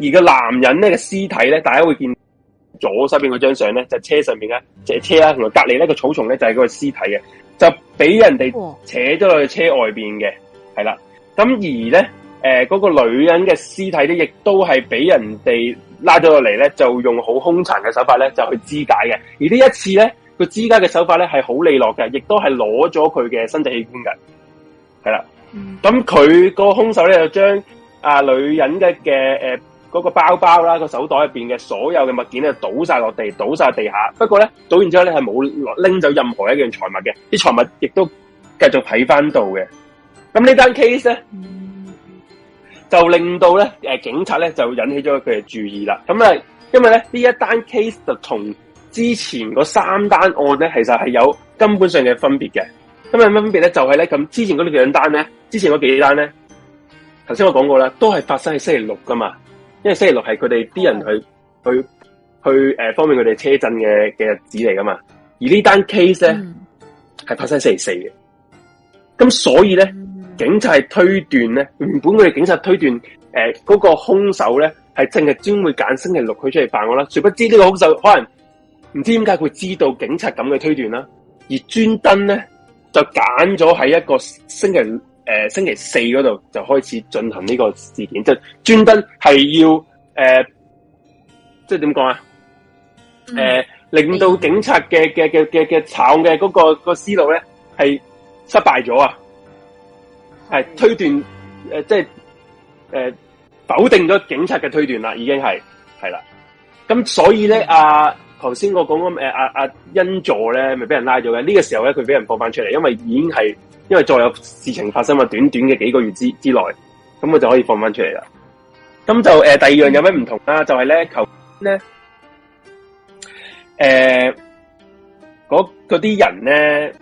而個男人咧嘅屍體咧，大家會見左手邊嗰張相咧，就是、車上面咧，即係車啦，同埋隔籬咧個草叢咧就係嗰個屍體嘅，就俾、是、人哋扯咗去車外邊嘅，係啦。咁而咧誒嗰個女人嘅屍體咧，亦都係俾人哋。拉咗落嚟咧，就用好兇殘嘅手法咧，就去肢解嘅。而呢一次咧，個肢解嘅手法咧係好利落嘅，亦都係攞咗佢嘅生殖器官嘅。係啦，咁佢個兇手咧就將啊女人嘅嘅誒嗰個包包啦、個手袋入邊嘅所有嘅物件咧倒晒落地，倒晒地下。不過咧倒完之後咧係冇拎走任何一樣財物嘅，啲財物亦都繼續睇翻到嘅。咁呢單 case 咧，嗯就令到咧，誒，警察咧就引起咗佢嘅注意啦。咁啊，因為咧呢一單 case 就同之前嗰三單案咧，其實係有根本上嘅分別嘅。咁啊，分別咧？就係咧，咁之前嗰兩單咧，之前嗰幾單咧，頭先我講過啦，都係發生喺星期六噶嘛。因為星期六係佢哋啲人去、嗯、去去誒、呃，方便佢哋車震嘅嘅日子嚟噶嘛。而呢單 case 咧係發生喺星期四嘅。咁所以咧。嗯警察係推斷咧，原本佢哋警察推斷，誒、呃、嗰、那個兇手咧，係淨係專會揀星期六佢出嚟犯案啦。殊不知呢個兇手可能唔知點解佢知道警察咁嘅推斷啦、啊，而專登咧，就揀咗喺一個星期誒、呃、星期四嗰度就開始進行呢個事件，即係專登係要誒、呃，即係點講啊？誒、呃，令到警察嘅嘅嘅嘅嘅炒嘅嗰個個思路咧，係失敗咗啊！係推斷，誒、呃，即係誒、呃，否定咗警察嘅推斷啦，已經係係啦。咁所以咧，阿頭先我講咁，誒、啊，阿阿恩助咧，咪俾人拉咗嘅。呢、這個時候咧，佢俾人放翻出嚟，因為已經係因為再有事情發生啊。短短嘅幾個月之之內，咁我就可以放翻出嚟啦。咁就誒、呃，第二樣有咩唔同啦？就係、是、咧，求咧，誒、呃，嗰啲人咧。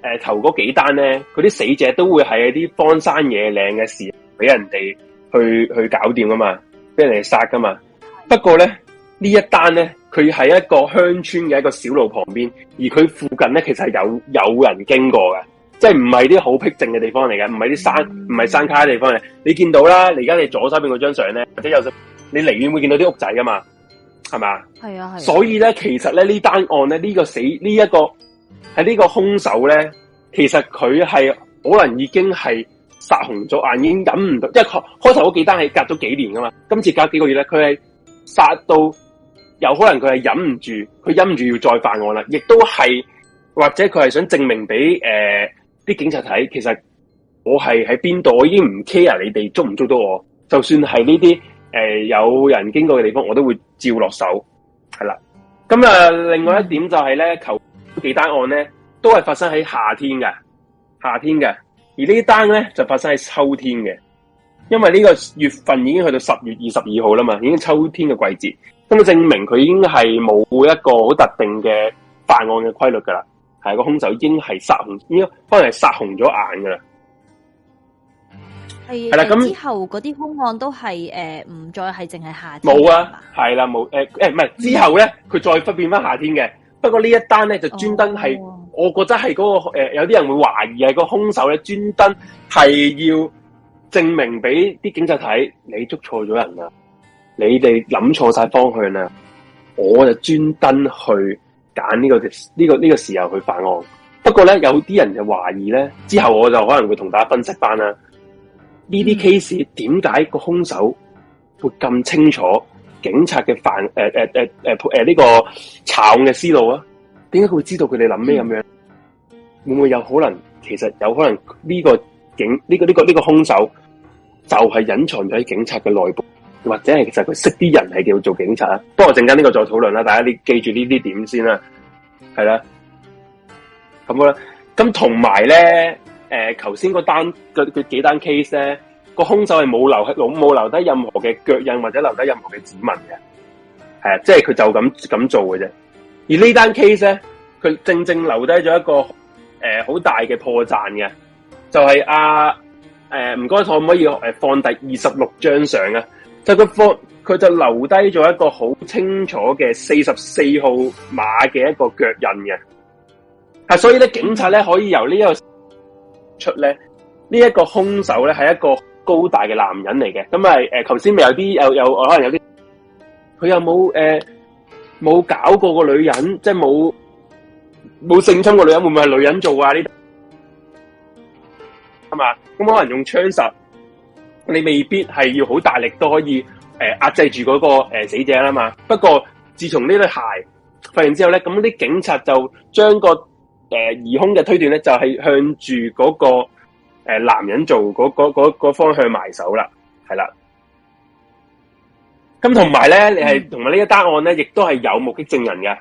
誒、呃，頭嗰幾單咧，佢啲死者都會喺一啲荒山野嶺嘅事俾人哋去去搞掂㗎嘛，俾人哋殺噶嘛。是的 不過咧，呢一單咧，佢係一個鄉村嘅一個小路旁邊，而佢附近咧，其實係有有人經過嘅，即係唔係啲好僻靜嘅地方嚟嘅，唔係啲山唔係、嗯嗯、山卡嘅地方嚟。你見到啦，你而家你左手邊嗰張相咧，或者右手，你寧願會見到啲屋仔噶嘛，係嘛？係啊，係。所以咧，其實咧，呢單案咧呢、這個死呢一、這個。喺呢個凶手咧，其實佢係可能已經係殺紅咗眼，已經忍唔到。因為開頭嗰幾單係隔咗幾年噶嘛，今次隔幾個月咧，佢係殺到有可能佢係忍唔住，佢忍唔住要再犯案啦。亦都係或者佢係想證明俾誒啲警察睇，其實我係喺邊度，我已經唔 care 你哋捉唔捉到我。就算係呢啲誒有人經過嘅地方，我都會照落手。係啦，咁啊，另外一點就係咧，求。幾單案咧都係發生喺夏天嘅，夏天嘅，而這呢單咧就發生喺秋天嘅，因為呢個月份已經去到十月二十二號啦嘛，已經秋天嘅季節，咁就證明佢已經係冇一個好特定嘅犯案嘅規律噶啦，係個凶手已經係殺紅，已經可能係殺紅咗眼噶啦。係係啦，咁之後嗰啲凶案都係誒，唔再係淨係夏天嘅。冇啊，係啦冇誒誒，唔係之後咧佢再分變翻夏天嘅。不過呢一單咧就專登係，我覺得係嗰個誒，有啲人會懷疑係個凶手咧專登係要證明俾啲警察睇，你捉錯咗人啦，你哋諗錯晒方向啦，我就專登去揀呢個呢個呢個時候去犯案。不過咧有啲人就懷疑咧，之後我就可能會同大家分析翻啦。呢啲 case 點解個凶手會咁清楚？警察嘅犯，誒誒誒誒誒呢個炒嘅思路啊，點解佢會知道佢哋諗咩咁樣？會唔會有可能，其實有可能呢個警呢個呢個呢個凶手就係隱藏咗喺警察嘅內部，或者係其實佢識啲人係叫做警察啊？不過陣間呢個再討論啦，大家你記住呢啲點先啦，係啦，咁好啦，咁同埋咧，誒、呃，頭先嗰單嗰嗰幾單 case 咧。個凶手係冇留冇冇留低任何嘅腳印或者留低任何嘅指紋嘅，係啊，即係佢就咁咁做嘅啫。而呢單 case 咧，佢正正留低咗一個誒好大嘅破綻嘅，就係啊，誒唔該，可唔可以誒放第二十六張相啊？就佢放佢就留低咗一個好清楚嘅四十四號碼嘅一個腳印嘅，係所以咧，警察咧可以由呢一個出咧呢一個凶手咧係一個。高大嘅男人嚟嘅，咁係誒，頭先咪有啲，有有可能有啲，佢有冇誒，冇搞過個女人，即係冇冇性侵個女人，會唔會係女人做啊？呢，係嘛，咁可能用槍殺，你未必係要好大力都可以誒壓制住嗰個誒死者啦嘛。不過自從呢對鞋發現之後咧，咁啲警察就將個誒疑凶嘅推斷咧，就係向住嗰個。誒，男人做嗰個方向埋手啦，係啦。咁同埋咧，你係同埋呢一單案咧，亦都係有目擊證人嘅。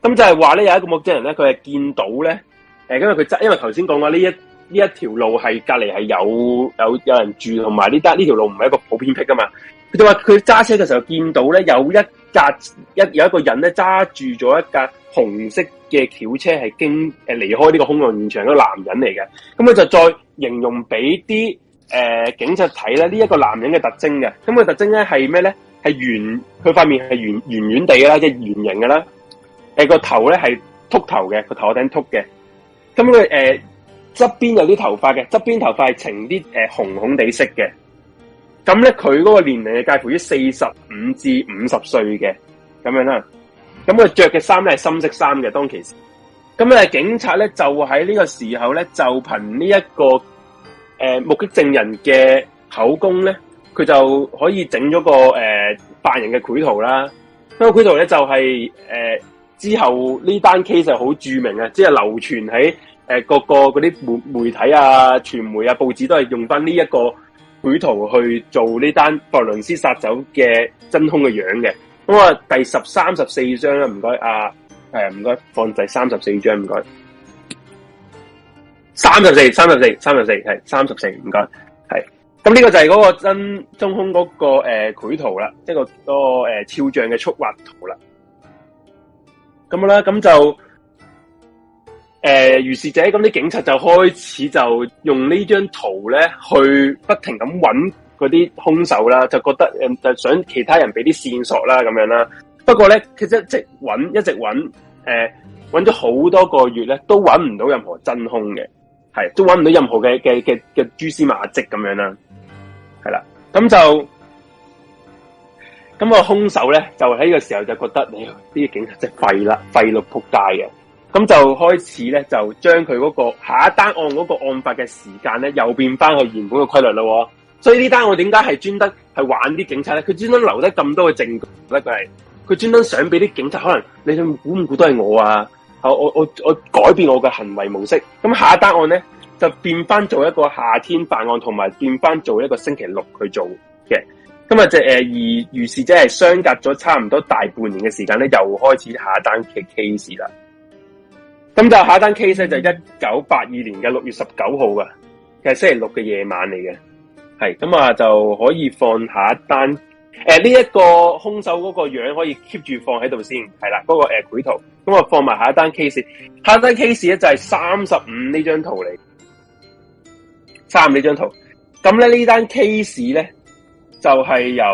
咁就係話咧，有一個目擊人咧，佢係見到咧，誒，因為佢揸，因為頭先講嘅呢一呢一條路係隔籬係有有有人住，同埋呢單呢條路唔係一個好偏僻噶嘛。佢就話佢揸車嘅時候見到咧，有一架一有一個人咧揸住咗一架紅色嘅轎車係經誒離開呢個凶案現場，一個男人嚟嘅，咁佢就再形容俾啲誒警察睇咧，呢一個男人嘅特徵嘅，咁佢特徵咧係咩咧？係圓，佢塊面係圓圓圓地啦，即係圓形噶啦，誒、呃、個頭咧係禿頭嘅，個頭頂禿嘅，咁佢誒側邊有啲頭髮嘅，側邊頭髮係呈啲誒紅紅地色嘅，咁咧佢嗰個年齡係介乎於四十五至五十歲嘅，咁樣啦。咁佢着嘅衫咧係深色衫嘅，當其時，咁咧警察咧就喺呢個時候咧就憑呢一個誒、呃、目擊證人嘅口供咧，佢就可以整咗個誒、呃、扮人嘅繪圖啦。那個、繪圖呢個繪圖咧就係、是、誒、呃、之後呢單 case 就好著名啊，即、就、係、是、流傳喺誒各個嗰啲媒媒體啊、傳媒啊、報紙都係用翻呢一個繪圖去做呢單博倫斯殺手嘅真凶嘅樣嘅。咁啊，第十三十四張啦，唔該，啊，誒，唔該，放第三十四張，唔該，三十四，三十四，三十四係三十四，唔該，係，咁呢個就係嗰個真中空嗰、嗰個誒繪、呃、圖啦，一、即係嗰個誒肖像嘅速畫圖啦，咁啦，咁就誒、呃、如是者，咁啲警察就開始就用呢張呢張圖咧去不停咁搵。嗰啲凶手啦，就覺得誒，就想其他人俾啲線索啦，咁樣啦。不過咧，其實即係揾，一直揾，誒，揾咗好多個月咧，都揾唔到任何真凶嘅，係，都揾唔到任何嘅嘅嘅嘅蛛絲馬跡咁樣啦。係啦，咁就咁個凶手咧，就喺呢個時候就覺得，誒，呢啲警察即係廢啦，廢到扑街嘅。咁就開始咧，就將佢嗰個下一單案嗰個案發嘅時間咧，又變翻去原本嘅規律咯。所以呢單案我點解係專登係玩啲警察咧？佢專登留得咁多嘅證據咧，佢係佢專登想俾啲警察，可能你想估唔估都係我啊？我我我我改變我嘅行為模式，咁下一單案咧就變翻做一個夏天辦案，同埋變翻做一個星期六去做嘅。咁日就誒、呃，而如是者係相隔咗差唔多大半年嘅時間咧，又開始下一單嘅 case 啦。咁就下一單 case 咧就一九八二年嘅六月十九號其係星期六嘅夜晚嚟嘅。係咁啊，就可以放下一單。誒、呃，呢、這、一個凶手嗰個樣可以 keep 住放喺度先，係啦。嗰、那個誒繪、呃、圖，咁我放埋下一單 case。下一單 case 咧就係三十五呢張圖嚟，三十五呢張圖。咁咧呢單 case 咧就係、是、由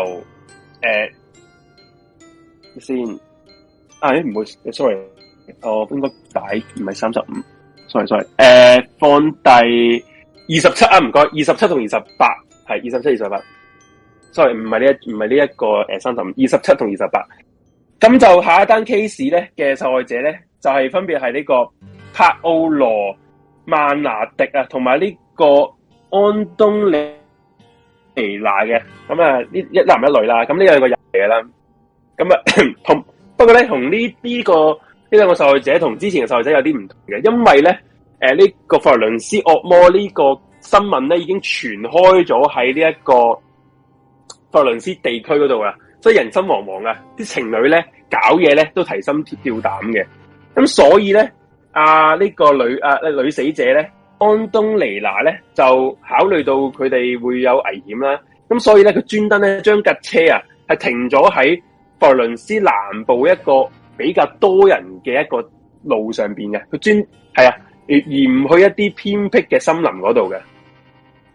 誒先，啊你唔會？sorry，我應該第唔係三十五，sorry sorry，誒、呃、放第二十七啊，唔該，二十七同二十八。係二十七、二十八，sorry 唔係呢一唔係呢一個誒三十五，二十七同二十八。咁就下一單 case 咧嘅受害者咧，就係、是、分別係呢個帕奧羅曼拿迪啊，同埋呢個安東尼皮娜嘅。咁啊，呢一男一女啦，咁呢兩個人嚟嘅啦。咁啊，同 不過咧，同呢呢個呢兩、這個、個受害者同之前嘅受害者有啲唔同嘅，因為咧，誒、呃、呢、這個佛羅倫斯惡魔呢、這個。新聞咧已經傳開咗喺呢一個佛羅倫斯地區嗰度啊，所以人心惶惶啊。啲情侶咧搞嘢咧都提心吊吊膽嘅。咁所以咧，阿呢個女啊女死者咧，安東尼娜咧就考慮到佢哋會有危險啦，咁所以咧佢專登咧將架車啊係停咗喺佛羅倫斯南部一個比較多人嘅一個路上邊嘅，佢專係啊而而唔去一啲偏僻嘅森林嗰度嘅。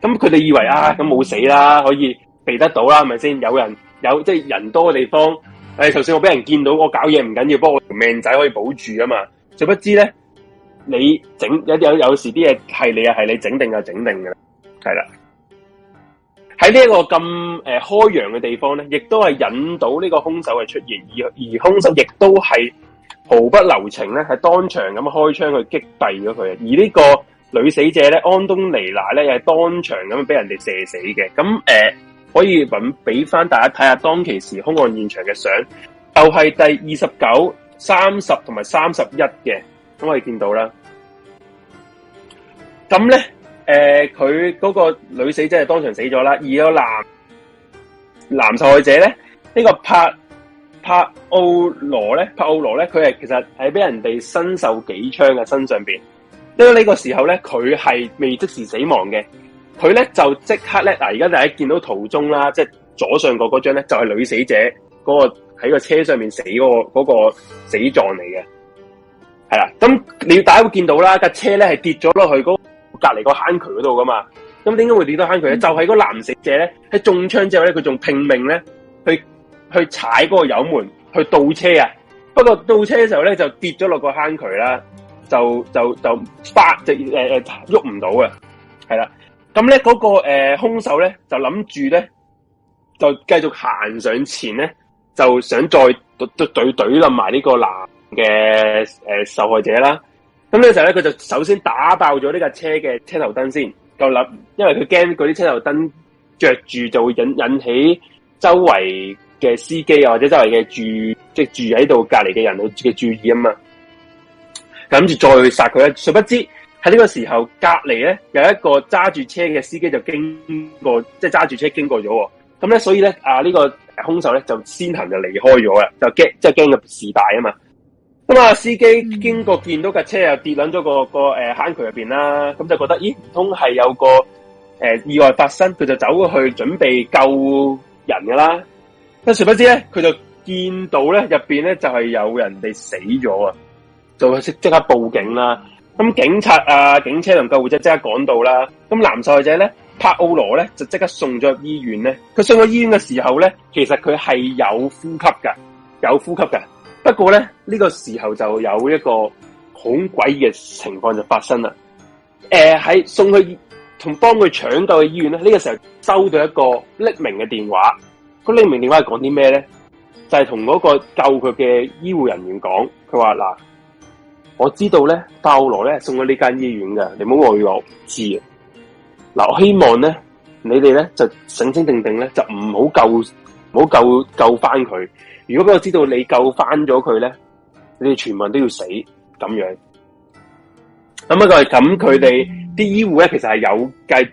咁佢哋以為啊，咁冇死啦，可以避得到啦，係咪先？有人有即係人多嘅地方，誒，就算我俾人見到我搞嘢唔緊要，不過我條命仔可以保住啊嘛！就不知咧，你整有有有時啲嘢係你啊，係你整定就整定噶啦，係啦。喺呢一個咁誒開揚嘅地方咧，亦都係引到呢個凶手嘅出現，而而凶手亦都係毫不留情咧，係當場咁開槍去擊斃咗佢啊！而呢個。女死者咧，安東尼娜咧又係當場咁俾人哋射死嘅。咁誒、呃，可以搵俾翻大家睇下當其時凶案現場嘅相，就係、是、第二十九、三十同埋三十一嘅，咁可以見到啦。咁咧，誒、呃，佢嗰個女死者係當場死咗啦，而個男男受害者咧，呢、這個帕帕奧羅咧，帕奧羅咧，佢係其實係俾人哋身受幾槍嘅身上邊。因為呢個時候咧，佢係未即時死亡嘅，佢咧就即刻咧嗱，而家就喺見到圖中啦，即係左上角嗰張咧就係女死者嗰、嗰個喺個車上面死嗰個嗰個死狀嚟嘅，係啦。咁你要大家會見到啦，架車咧係跌咗落去嗰隔籬個坑渠嗰度噶嘛。咁點解會跌到坑渠咧？就係、係、個男死者咧喺中槍之後咧，佢仲拼命咧去去踩嗰個油門去倒車啊。不過倒車嘅時候咧就跌咗落個坑渠啦。就就就發直誒誒喐唔到啊，係啦。咁咧嗰個誒兇手咧就諗住咧，就繼續行上前咧，就想再懟懟冧埋呢個男嘅、誒、呃、受害者啦。咁呢時候咧佢就首先打爆咗呢架車嘅車頭燈先，就諗，因為佢驚嗰啲車頭燈着住就會引引起周圍嘅司機啊或者周圍嘅住即係住喺度隔籬嘅人嘅注意啊嘛。諗住再殺佢呀，殊不知喺呢個時候，隔籬咧有一個揸住車嘅司機就經過，即係揸住車經過咗。咁咧，所以咧啊、這個、兇呢個凶手咧就先行就離開咗啦，就驚即係驚個事大啊嘛。咁、嗯、啊，嗯、司機經過見到架車又跌落咗個個誒、呃、坑渠入邊啦，咁就覺得咦，唔通係有個誒、呃、意外發生？佢就走過去準備救人噶啦。但係殊不知咧，佢就見到咧入邊咧就係、是、有人哋死咗啊！就即即刻報警啦。咁警察啊、警車同救護車即刻趕到啦。咁男受害者咧，帕奧羅咧就即刻送咗入醫院咧。佢送咗醫院嘅時候咧，其實佢係有呼吸嘅，有呼吸嘅。不過咧呢個時候，就有一個好詭異嘅情況就發生啦。誒、呃，喺送去同幫佢搶救嘅醫院咧，呢個時候收到一個匿名嘅電話。個匿名電話係講啲咩咧？就係同嗰個救佢嘅醫護人員講，佢話嗱。我知道咧，帕奧羅咧送咗呢間醫院嘅，你唔好話我，我知啊。嗱，我希望咧，你哋咧就醒醒定定咧，就唔好救，唔好救救翻佢。如果畀我知道你救翻咗佢咧，你哋全民都要死咁樣。咁一係咁，佢哋啲醫護咧，其實係有計誒，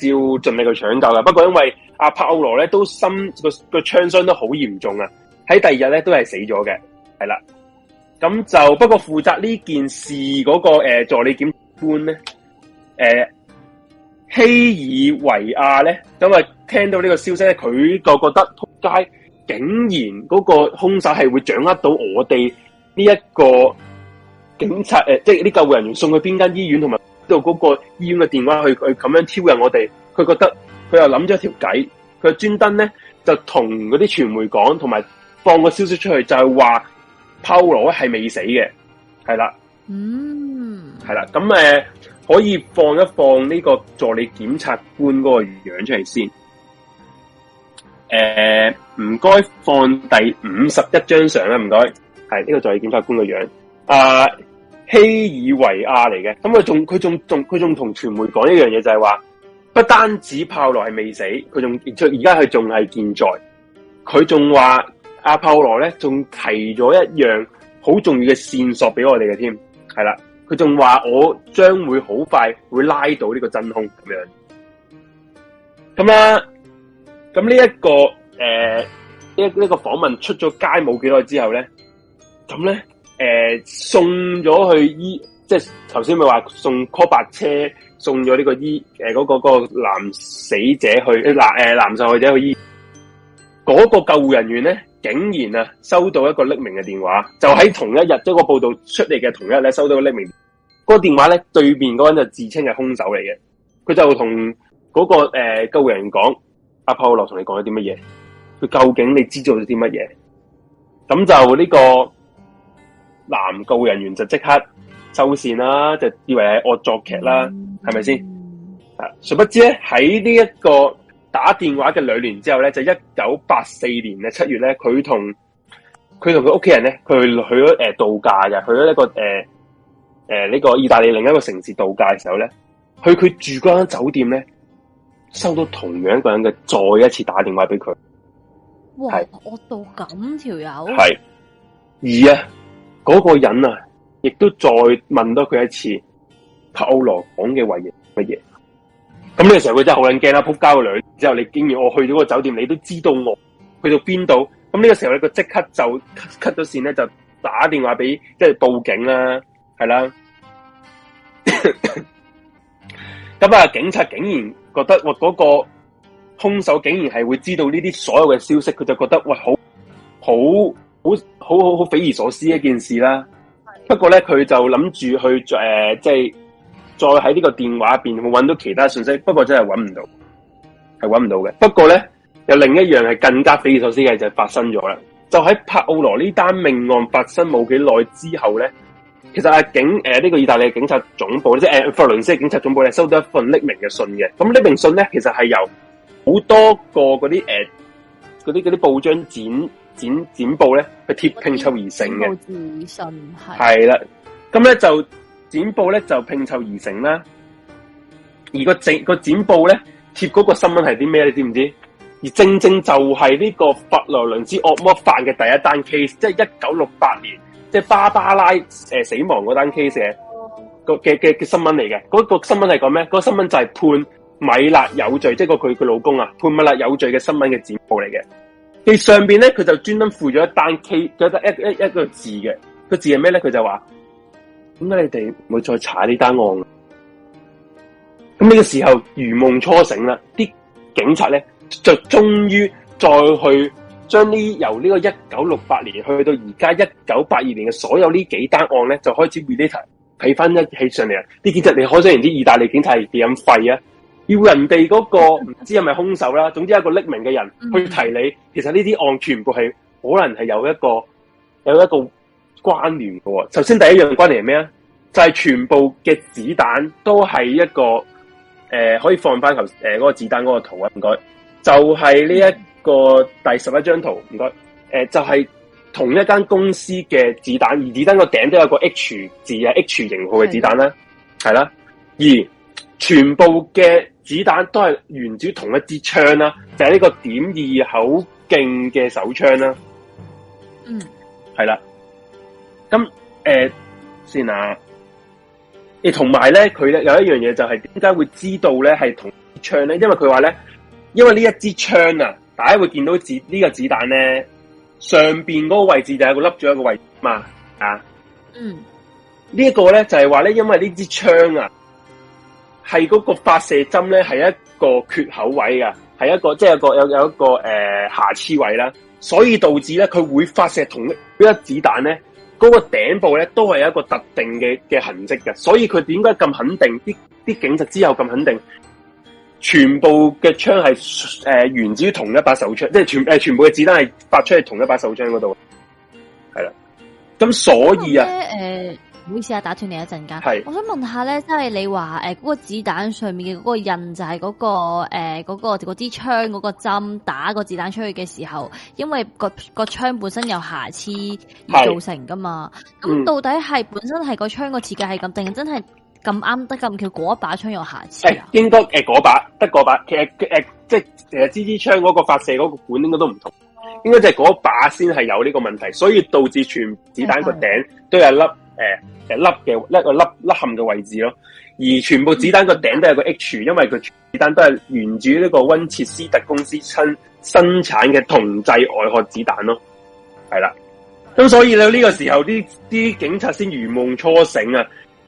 照、呃、盡力去搶救㗎。不過因為阿帕奧羅咧都心個個槍傷都好嚴重啊，喺第二日咧都係死咗嘅，係啦。咁就不過負責呢件事嗰、那個誒、呃、助理檢官咧，誒、呃、希爾維亞咧，咁啊聽到呢個消息咧，佢就覺得撲街，竟然嗰個兇手係會掌握到我哋呢一個警察誒，即係啲救護人員送去邊間醫院，同埋到嗰個醫院嘅電話去去咁樣挑釁我哋。佢覺得佢又諗咗條計，佢專登咧就同嗰啲傳媒講，同埋放個消息出去，就係話。炮羅係未死嘅，係啦，嗯，係啦，咁誒、呃，可以放一放呢個助理檢察官嗰個樣出嚟先。誒、呃，唔該，放第五十一張相啦，唔該，係呢、這個助理檢察官嘅樣，啊、呃，希爾維亞嚟嘅，咁佢仲佢仲仲佢仲同傳媒講一樣嘢，就係話，不單止炮羅係未死，佢仲而而家佢仲係健在，佢仲話。阿炮羅咧，仲提咗一樣好重要嘅線索俾我哋嘅添，係啦，佢仲話我將會好快會拉到呢個真空咁樣，咁啦，咁呢一個誒呢呢個訪、這個、問出咗街冇幾耐之後咧，咁咧誒送咗去醫，即係頭先咪話送 call 白車，送咗呢個醫誒嗰、呃那個、那個男死者去、呃、男誒男受害者去醫，嗰、那個救護人員咧。竟然啊，收到一個匿名嘅電話，就喺同一日，呢個報道出嚟嘅同一日咧，收到一個匿名嘅，嗰個電話咧，對面嗰個人就自稱係兇手嚟嘅。佢就同嗰、嗰個誒救護人員講：阿保羅同你講咗啲乜嘢？佢究竟你知道咗啲乜嘢？咁就呢、呢個男救護人員就即刻收線啦，就以為係惡作劇啦，係咪先？啊，殊不知咧喺呢一個，打電話嘅兩年之後咧，就一九八四年嘅七月咧，佢同佢同佢屋企人咧，佢去咗誒、呃、度假嘅，去咗一個誒誒呢個意大利另一個城市度假嘅時候咧，去佢住嗰間酒店咧，收到同樣一個人嘅再一次打電話俾佢。哇！我是到咁條友係而啊！嗰、那個人啊，亦都再問多佢一次，帕奧羅講嘅為乜嘢？咁呢個時候佢真係好撚驚啦，撲交個女之後，你竟然我去到個酒店，你都知道我去到邊度？咁呢個時候咧，佢即刻就 cut 咗線咧，就打電話俾即係報警啦，係啦。咁 啊，警察竟然覺得，我嗰、嗰個凶手竟然係會知道呢啲所有嘅消息，佢就覺得喂，好好好好好好好匪夷所思一件事啦。的不過咧，佢就諗住去誒、呃，即係。再喺呢個電話入邊，會揾到其他信息。不過真係揾唔到，係揾唔到嘅。不過咧，有另一樣係更加匪夷所思嘅，就係、發生咗啦。就喺帕奧羅呢單命案發生冇幾耐之後咧，其實阿、啊、警誒呢、呃這個意大利警察總部，即係、啊、誒佛羅倫斯嘅警察總部咧，收到一份匿名嘅信嘅。咁匿名信咧，其實係由好多個嗰啲誒嗰啲嗰啲報章剪剪剪，剪報咧去貼拼湊而成嘅。信係係啦，咁咧就。剪報咧就拼湊而成啦，而個正個剪報咧貼嗰個新聞係啲咩？你知唔知？而正正就係呢個佛羅倫斯惡魔犯嘅第一單 case，即係一九六八年，即係芭芭拉誒死亡嗰單 case 個嘅嘅嘅新聞嚟嘅。嗰個新聞係講咩？嗰個新聞就係判米勒有罪，即係個佢佢老公啊判米勒有罪嘅新聞嘅剪報嚟嘅。佢上邊咧佢就專登附咗一單 case，有一一一個字嘅，個字係咩咧？佢就話。點解你哋唔會再查呢單案？咁呢個時候如夢初醒啦，啲警察咧就終於再去將呢由呢個一九六八年去到而家一九八二年嘅所有幾呢幾單案咧，就開始 relate 睇翻一起上嚟啊！啲警察，你可想而知意大利警察係點廢啊！要人哋嗰、嗰個唔 知係咪兇手啦，總之一個匿名嘅人去提你，嗯、其實呢啲案全部係可能係有一個有一個。有一個關聯嘅，首先第一樣關聯係咩啊？就係、是、全部嘅子彈都係一個誒、呃，可以放翻頭誒嗰個子彈嗰個圖啊，唔該，就係、是、呢一個第十一張圖，唔該，誒、呃、就係、是、同一間公司嘅子彈，而子彈個頂都有個 H 字啊，H 型號嘅子彈啦，係啦是的，而全部嘅子彈都係源自同一支槍啦，就係、是、呢個點二口徑嘅手槍啦，嗯，係啦。咁誒，先啊！同埋咧，佢咧有，有一樣嘢就係點解會知道咧係同槍咧？因為佢話咧，因為呢一支槍啊，大家會見到子呢、呢個子彈咧，上邊嗰個位置就係個凹咗一個位嘛啊！嗯，呢一個咧就係話咧，因為呢支槍啊，係嗰個發射針咧係一個缺口位啊，係一個即係、有、個有有一個誒瑕疵位啦，所以導致咧佢會發射同一同一子彈咧。嗰個頂部咧都係一個特定嘅嘅痕跡嘅，所以佢點解咁肯定？啲啲警察之後咁肯定，全部嘅槍係誒、呃、源自於同一把手槍，即係全、呃、全部嘅子彈係發出去同一把手槍嗰度，係啦。咁所以啊誒唔好意思啊，打斷你一陣間。係是，我想問下咧，即係你話誒嗰個子彈上面嘅嗰個印就、那個，就係嗰個誒嗰個嗰支槍嗰個針打個子彈出去嘅時候，因為、那個個槍本身有瑕疵而造成噶嘛？咁是到底係本身係個槍個設計係咁定，嗯、真係咁啱得咁，蹺嗰一把槍有瑕疵？應該誒嗰把，得嗰把。其實誒、呃呃、即係其實支支槍嗰個發射嗰個管應該都唔同，應該就係嗰把先係有呢個問題，所以導致全子彈個頂都有粒。誒，一、呃、粒嘅一個粒粒陷嘅位置咯，而全部子彈個頂都係個 H，因為佢子彈都係源自呢個温徹斯特公司生生產嘅銅製外殼子彈咯，係啦。咁所以咧呢、呢個時候，呢啲警察先如夢初醒啊！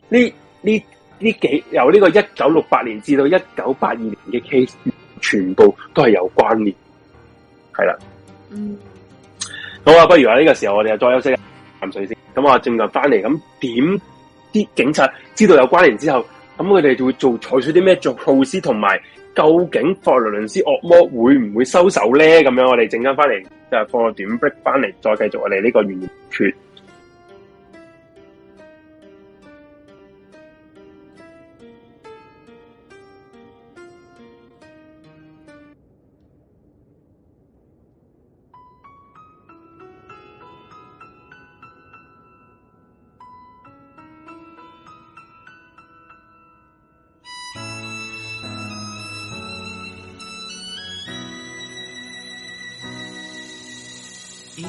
呢呢呢幾由呢個一九六八年至到一九八二年嘅 case，全部都係有關聯，係啦。嗯，好啊，不如喺呢個時候我哋又再休息。咁所以先，咁我正近翻嚟，咁點啲警察知道有關聯之後，咁佢哋就會做採取啲咩做措施，同埋究竟佛羅倫斯惡魔會唔會收手咧？咁樣我哋陣間翻嚟就放個短 break 翻嚟，再繼續我哋呢個圓缺。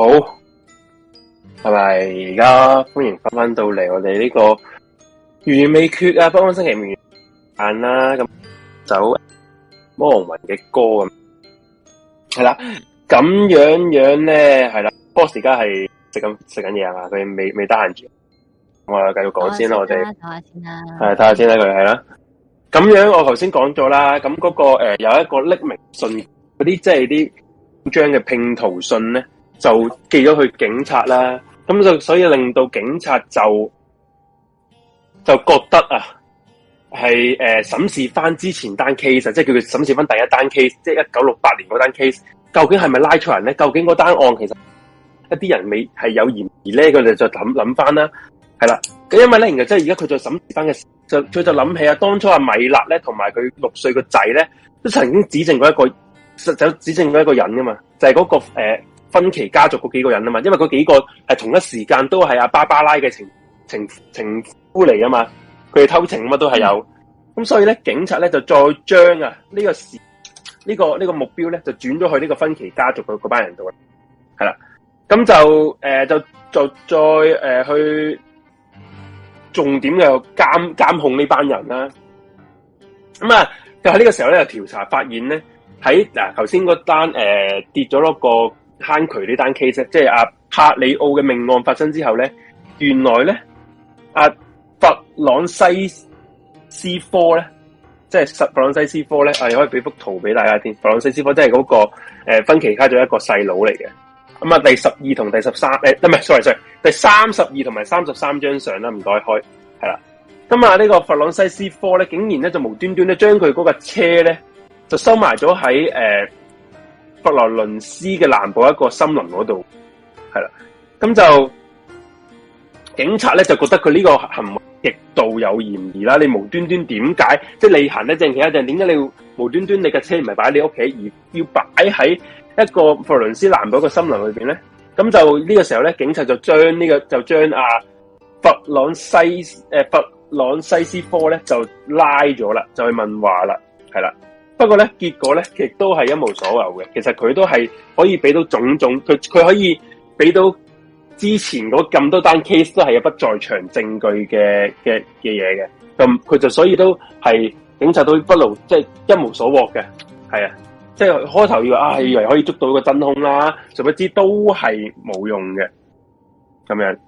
好，係咪而家歡迎翻翻到嚟我哋呢、這個完未缺啊，不枉星期五晚啦。咁走，魔王雲嘅歌咁，係啦。咁樣樣咧，係啦。不過而家係食緊食緊嘢啊，佢未未得閒住。我啊繼續講先啦、啊，我哋睇下先啦，係睇下先啦。佢係啦。咁樣我頭先講咗啦，咁嗰、那個誒、呃、有一個匿名信，嗰啲即係啲張嘅拼圖信咧。就寄咗去警察啦，咁就所以令到警察就就覺得啊，係誒審視翻之前單 case，即係叫佢審視翻第一單 case，即係一九六八年嗰單 case，究竟係咪拉錯人咧？究竟嗰單案其實一啲人未係有嫌疑咧，佢哋就諗諗翻啦，係啦。咁因為咧，而家即係而家佢再審視翻嘅，就佢就諗起啊，當初阿米勒咧同埋佢六歲個仔咧，都曾經指證過一個，就指證過一個人噶嘛，就係嗰個誒。呃芬奇家族嗰幾個人啊嘛，因為嗰幾個係、呃、同一時間都係阿芭芭拉嘅情情情夫嚟啊嘛，佢哋偷情咁都係有，咁、嗯、所以咧警察咧就再將啊呢、呢個時呢、呢個呢、呢個目標咧就轉咗去呢個芬奇家族嘅嗰班人度啦，係啦，咁就誒、呃、就就，就再誒、呃、去重點嘅監監控呢班人啦、啊，咁啊就喺呢個時候咧就調查發現咧喺嗱頭先嗰單誒跌咗嗰、那個。慳渠呢單 case 即係阿帕里奧嘅命案發生之後咧，原來咧阿佛朗西斯科咧、那個，即係佛朗西斯科咧，啊可以俾幅圖俾大家添。佛朗西斯科即係嗰個誒分其卡咗一個細佬嚟嘅。咁、嗯、啊，第十二同第十三誒，唔、哎、係，sorry，sorry，第三十二同埋三十三張相啦，唔該開，係啦。咁、嗯、啊、呢、這個佛朗西斯科咧，竟然咧就無端端咧將佢嗰架車咧就收埋咗喺誒。呃佛羅倫斯嘅南部一個森林嗰度，係啦，咁就警察咧就覺得佢呢個行為極度有嫌疑啦。你無端端點解，即係、就是、你行得正，企得正，點解你要無端端你架車唔係擺喺你屋企，而要擺喺一個佛羅倫斯南部一個森林裏邊咧？咁就呢、這個時候咧，警察就將呢、這個就將阿、啊、佛朗西誒、啊、佛朗西斯科咧就拉咗啦，就去問話啦，係啦。不過咧，結果咧亦都係一無所有嘅。其實佢都係可以俾到種種，佢佢可以俾到之前嗰咁多單 case 都係有不在場證據嘅嘅嘅嘢嘅。咁佢就所以都係警察都不勞，即係一無所獲嘅。係啊，即係開頭以為啊，以為可以捉到個真凶啦，殊不知都係冇用嘅。咁樣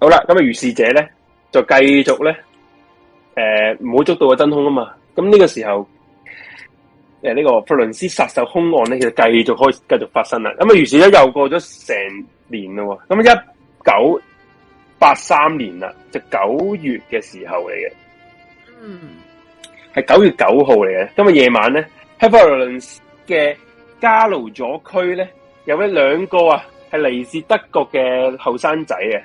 好啦，咁啊如是者咧就繼續咧，誒唔好捉到個真凶啊嘛。咁呢個時候。誒，呢個佛倫斯殺手凶案咧，其實繼續開繼續發生啦。咁啊，於是咧又過咗成年咯，咁一九八三年啦，就九月嘅時候嚟嘅，嗯，係九月九號嚟嘅。今日夜晚咧，喺佛倫斯嘅加盧佐區咧，有咗兩個啊，係嚟自德國嘅後生仔啊，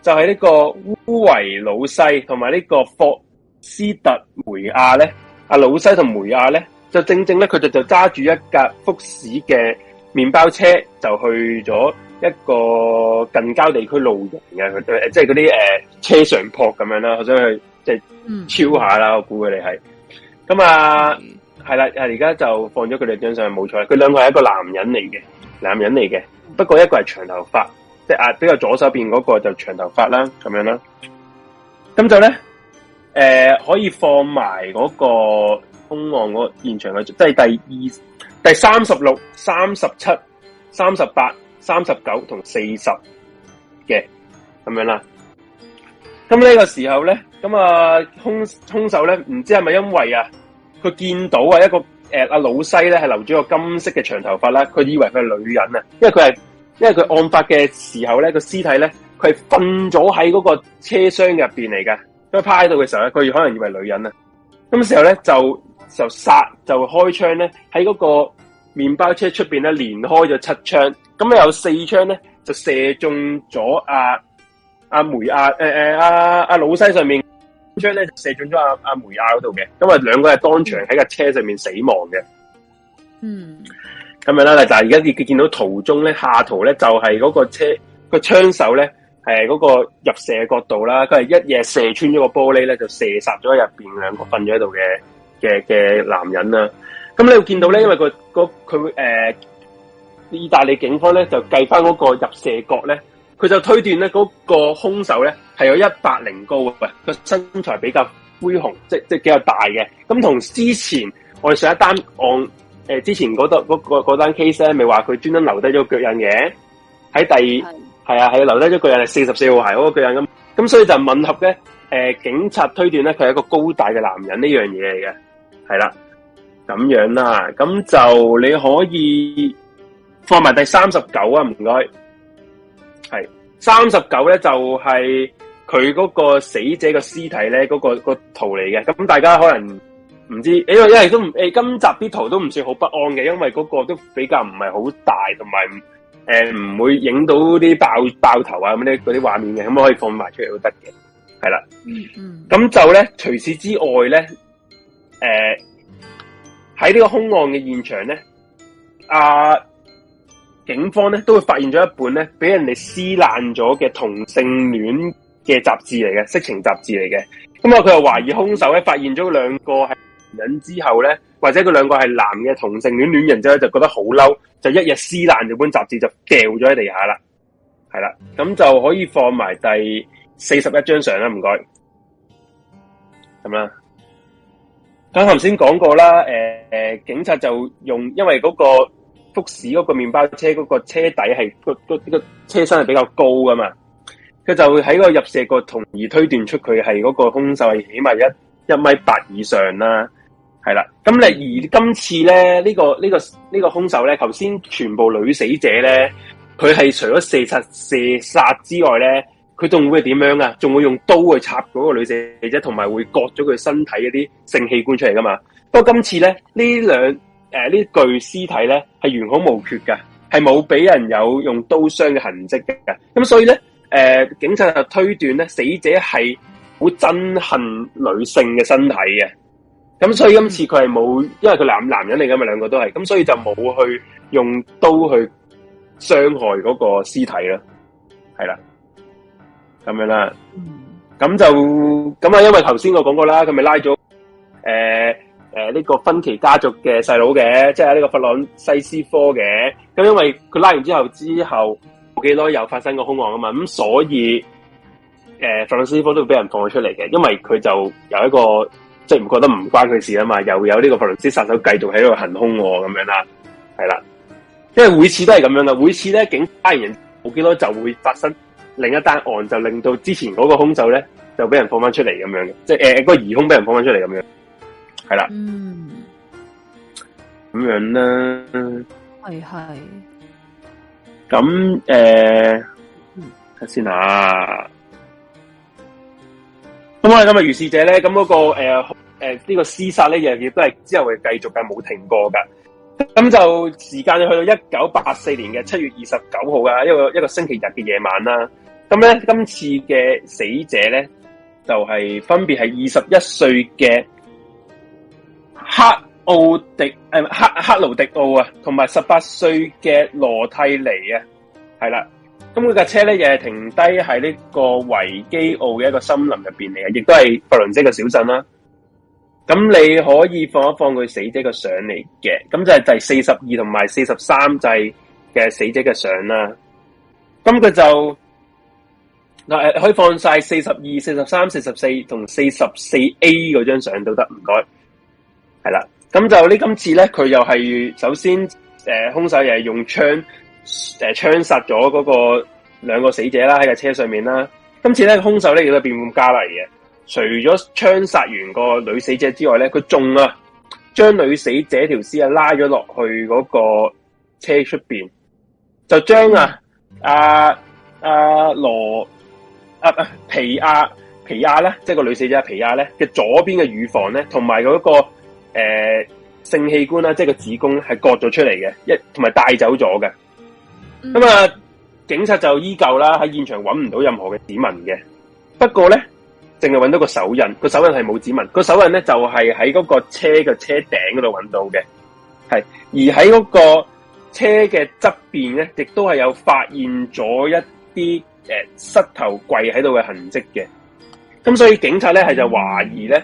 就係、是、呢個烏維魯西同埋呢個霍斯特梅亞咧，阿魯西同梅亞咧。就正正咧，佢哋就揸住一架福士嘅麵包車，就去咗一個近郊地區露營嘅佢，即係嗰啲誒車上扑咁樣啦，我想去即係超下啦，嗯、我估佢哋係咁啊，係啦，而、啊、家就放咗佢哋張相冇錯，佢兩個係一個男人嚟嘅，男人嚟嘅，不過一個係長頭髮，即係啊，比較左手邊嗰個就是長頭髮啦，咁樣啦。咁就咧，誒、呃、可以放埋嗰、那個。兇案嗰個現場嘅，即係第二、第三十六、三十七、三十八、三十九同四十嘅咁樣啦。咁呢個時候咧，咁啊凶兇手咧，唔知係咪因為啊，佢見到啊一個誒阿、呃、老西咧係留住個金色嘅長頭髮啦，佢以為佢係女人啊，因為佢係因為佢案發嘅時候咧，個屍體咧佢係瞓咗喺嗰個車廂入邊嚟㗎，佢趴喺度嘅時候咧，佢可能以為女人啊，咁時候咧就。就殺就開槍咧，喺嗰個麵包車出邊咧，連開咗七槍，咁啊有四槍咧就射中咗阿阿梅亞誒誒阿阿老西上面槍咧就射中咗阿阿梅亞嗰度嘅，咁啊兩個係當場喺架車上面死亡嘅。嗯，咁樣啦，但係而家你見到途中咧，下圖咧就係、是、嗰個車、嗰個槍手咧，係嗰個入射角度啦，佢係一嘢射穿咗個玻璃咧，就射殺咗入邊兩個瞓咗喺度嘅。嘅嘅男人啦、啊，咁你會見到咧，因為佢佢誒，意大利警方咧就計翻嗰個入射角咧，佢就推斷咧嗰個凶手咧係有一百零高，佢身材比較魁雄，即即比較大嘅。咁同之前我哋上一單案，誒之前嗰度、嗰個單 case 咧，咪話佢專登留低咗個腳印嘅，喺第二係啊，係的留低咗個腳印，係四十四號鞋嗰個腳印咁。咁所以就吻合咧，誒、呃，警察推斷咧佢係一個高大嘅男人呢樣嘢嚟嘅。係啦，咁樣啦，咁就你可以放埋第三十九啊，唔該。係三十九咧，就係佢嗰個死者嘅屍體咧，嗰、嗰個、嗰個圖嚟嘅。咁大家可能唔知、欸，因為因為都誒、欸、今集啲圖都唔算好不安嘅，因為嗰個都比較唔係好大，同埋誒唔會影到啲爆爆頭啊咁啲嗰啲畫面嘅，咁可以放埋出嚟都得嘅。係啦，嗯嗯，咁就咧，除此之外咧。誒，喺呢、呃、個凶案嘅現場咧，啊，警方咧都會發現咗一本咧俾人哋撕爛咗嘅同性戀嘅雜誌嚟嘅色情雜誌嚟嘅，咁啊佢又懷疑凶手咧發現咗兩個係人之後咧，或者佢兩個係男嘅同性戀戀人之後就覺得好嬲，就一日撕爛咗本雜誌就掉咗喺地下啦，係啦，咁就可以放埋第四十一張相啦，唔該，咁樣。咁頭先講過啦，誒、呃、警察就用，因為嗰個福士嗰個麪包車嗰個車底係個、嗰個車身係比較高噶嘛，佢就會喺個入射角同而推斷出佢係嗰個兇手係起碼一一米八以上啦，係啦。咁咧而今次咧呢、呢個呢、呢個呢、呢個兇手咧，頭先全部女死者咧，佢係除咗射殺射殺之外咧。佢仲會點樣啊？仲會用刀去插嗰個女死者，同埋會割咗佢身體嗰啲性器官出嚟噶嘛。不過今次咧，這兩呃、這具屍體呢兩誒呢具屍體咧係完好無缺噶，係冇俾人有用刀傷嘅痕跡嘅。咁所以咧，誒、呃，警察就推斷咧，死者係好憎恨女性嘅身體嘅。咁所以今次佢係冇，因為佢男男人嚟噶嘛，兩個都係，咁所以就冇去用刀去傷害嗰個屍體啦。係啦。咁樣啦，咁就咁啊！因為頭先我講過啦，佢咪拉咗誒誒呢個芬奇家族嘅細佬嘅，即係呢個弗朗西斯科嘅。咁因為佢拉完之後之後，冇幾耐又發生個兇案啊嘛，咁所以誒弗朗西斯科都俾人放咗出嚟嘅，因為佢就有一個即係唔覺得唔關佢事啊嘛，又有呢個弗朗西斯殺手繼續喺度行凶咁樣啦，係啦，因為每次都係咁樣啦，每次咧警拉完人冇幾耐就會發生。另一單案就令到之前嗰個兇手咧，就俾人放翻出嚟咁樣嘅，即係誒嗰個疑兇俾人放翻出嚟咁樣，係啦，嗯，咁樣啦，的呃、嗯，係係下，咁誒、嗯，睇下先啊，咁我哋今日如是者咧，咁、呃、嗰、呃這個誒呢個廝殺呢樣嘢都係之後會繼續嘅，冇停過噶，咁就時間就去到一九八四年嘅七月二十九號啊，一個一個星期日嘅夜晚啦、啊。咁咧，今次嘅死者咧，就係、是、分別係二十一歲嘅克奧迪誒，克克勞迪奧啊，同埋十八歲嘅羅替尼啊，係啦。咁佢架車咧，又係停低喺呢個維基奧嘅一個森林入邊嚟啊，亦都係佛倫西嘅小鎮啦。咁你可以放一放佢死者嘅相嚟嘅，咁就係第四十二同埋四十三制嘅死者嘅相啦。咁佢就。嗱，誒，可以放晒四十二、四十三、四十四同四十四 A 嗰張相都得，唔該。係啦，咁就呢今次咧，佢又係首先，誒、呃，凶手又係用槍，誒、呃，槍殺咗嗰個兩個死者啦，喺架車上面啦。今次咧，凶手咧亦都變本加厲嘅，除咗槍殺完個女死者之外咧，佢仲啊，將女死者條屍啊拉咗落去嗰個車出邊，就將啊，阿阿羅，啊羅皮亞皮亞咧，即係個女死者皮亞咧嘅左邊嘅乳房咧，同埋嗰個誒、呃、性器官啦，即係個子宮係割咗出嚟嘅，一同埋帶走咗嘅。咁啊、嗯，警察就依舊啦，喺現場揾唔到任何嘅指紋嘅。不過咧，淨係揾到個手印，個手印係冇指紋，個手印咧就係喺嗰個車嘅車頂嗰度揾到嘅。係，而喺嗰個車嘅側邊咧，亦都係有發現咗一啲。誒、呃，膝頭跪喺度嘅痕跡嘅，咁所以警察咧係就懷疑咧，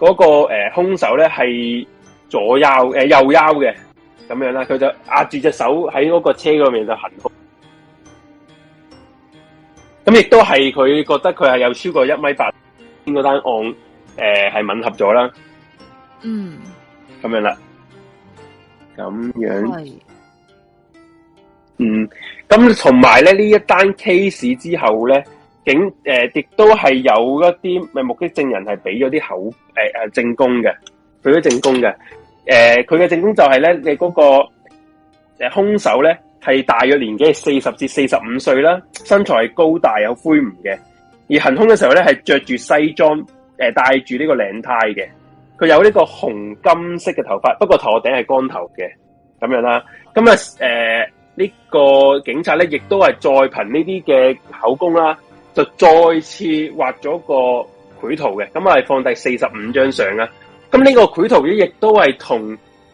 嗰、那個誒、凶、呃、手咧係左腰誒、呃、右腰嘅咁樣啦，佢就壓住隻手喺嗰個車嗰邊就行凶，咁亦都係佢覺得佢係有超過一米八，呢嗰單案誒係吻合咗啦，嗯，咁樣啦，咁樣，係。嗯，咁同埋咧呢一單 case 之後咧，警、誒亦、呃，都係有一啲咪目擊證人係俾咗啲口誒誒，呃，證供嘅，俾咗證供嘅。誒、呃，佢嘅證供就係咧，你嗰個誒凶手咧係大約年紀係四十至四十五歲啦，身材係高大有灰胡嘅，而行凶嘅時候咧係着住西裝，誒、呃、戴住呢個領呔嘅，佢有呢個紅金色嘅頭髮，不過頭頂係光頭嘅咁樣啦。咁啊誒。呃呢個警察咧，亦都係再憑呢啲嘅口供啦，就再次畫咗個繪圖嘅。咁係放第四十五張相啊。咁呢個繪圖咧，亦都係同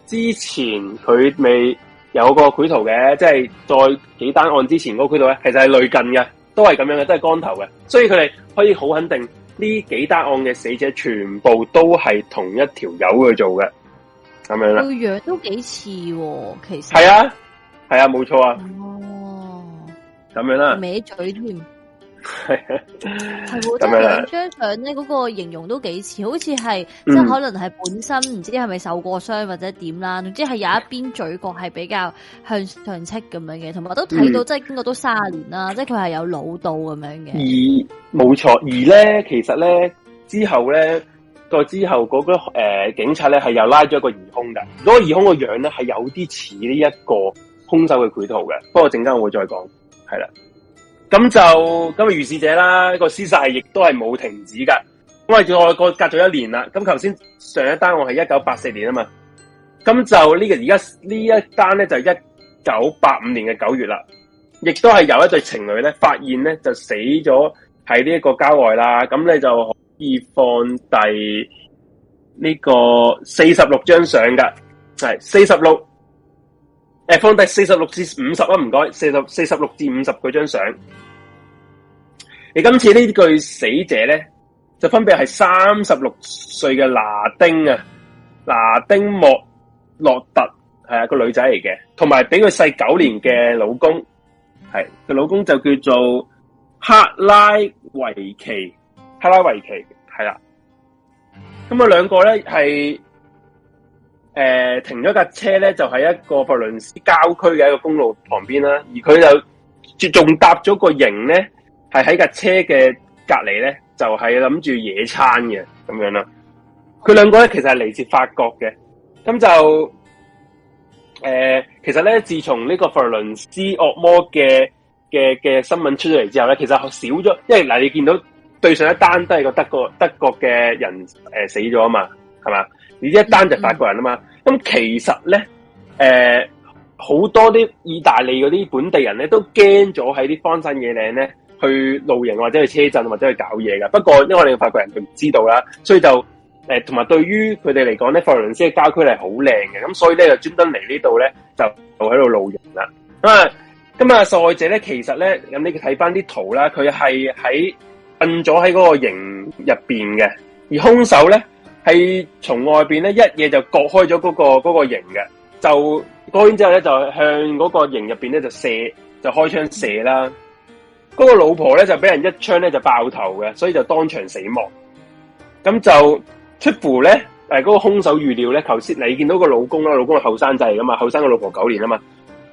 之前佢未有個繪圖嘅，即係再幾單案之前嗰個繪圖咧，其實係類近嘅，都係咁樣嘅，都係光頭嘅。所以佢哋可以好肯定，呢幾單案嘅死者全部都係同一條友去做嘅，咁樣啦。個樣都幾似，哦，其實係啊。係啊，冇錯啊。哦，咁樣啦、啊，歪嘴添，係係喎。即係兩張相咧，嗰個形容都幾似，啊、好似係即係可能係本身唔知係咪受過傷或者點啦。總之係有一邊嘴角係比較向上戚咁樣嘅，同埋都睇到即係經過都卅年啦，嗯、即係佢係有老到咁樣嘅。而冇錯，而咧其實咧之後咧，個之後嗰、嗰個誒、呃、警察咧係又拉咗一個疑凶噶。嗰、嗰個疑凶個樣咧係有啲似呢一個凶手嘅繪圖嘅，不過陣間我會再講，係啦，咁就今日如是者啦，呢個施殺係亦都係冇停止噶，我係再過隔咗一年啦，咁頭先上一單我係一九八四年啊嘛，咁就，這個、現在這、呢個而家呢一單咧就一九八五年嘅九月啦，亦都係有一對情侶咧發現咧就死咗喺呢一個郊外啦，咁你就可以放第呢個四十六張相噶，係四十六。誒，放低四十六至五十啊，唔該，四十四十六至五十嗰張相。你今次呢句死者咧，就分別係三十六歲嘅拿丁啊，拿丁莫洛特，係一個女仔嚟嘅，同埋俾佢細九年嘅老公，係，佢老公就叫做克拉維奇，克拉維奇，係啦。咁啊，兩個咧係。是誒、呃，停咗架車咧，就喺、是、一個佛羅倫斯郊區嘅一個公路旁邊啦。而佢就仲搭咗個營咧，係喺架車嘅隔籬咧，就係諗住野餐嘅咁樣啦。佢兩個咧其實係嚟自法國嘅，咁就誒、呃，其實咧自從呢個佛羅倫斯惡魔嘅嘅嘅新聞出咗嚟之後咧，其實少咗，因為嗱、呃，你見到對上一單都係個德國德國嘅人誒、呃、死咗啊嘛，係嘛？而一單就法國人吖嘛，咁其實咧，誒、呃、好多啲意大利嗰啲本地人咧都驚咗喺啲荒山野嶺咧去露營或者去車震或者去搞嘢噶。不過因為我哋法國人唔知道啦，所以就誒同埋對於佢哋嚟講咧，佛羅倫斯嘅郊區係好靚嘅，咁所以咧就專登嚟呢度咧就喺度露營啦。咁啊，咁啊，受害者咧其實咧咁你睇翻啲圖啦，佢係喺瞓咗喺嗰個營入邊嘅，而兇手咧。係從外邊咧一嘢就割開咗嗰、那個嗰、那個營嘅，就割完、那個、之後咧就向嗰個營入邊咧就射就開槍射啦。嗰、那個老婆咧就俾人一槍咧就爆頭嘅，所以就當場死亡。咁就出乎咧誒，嗰、呃那個凶手預料咧，頭先你見到個老公啦，老公係後生仔㗎嘛，後生嘅老婆九年啊嘛，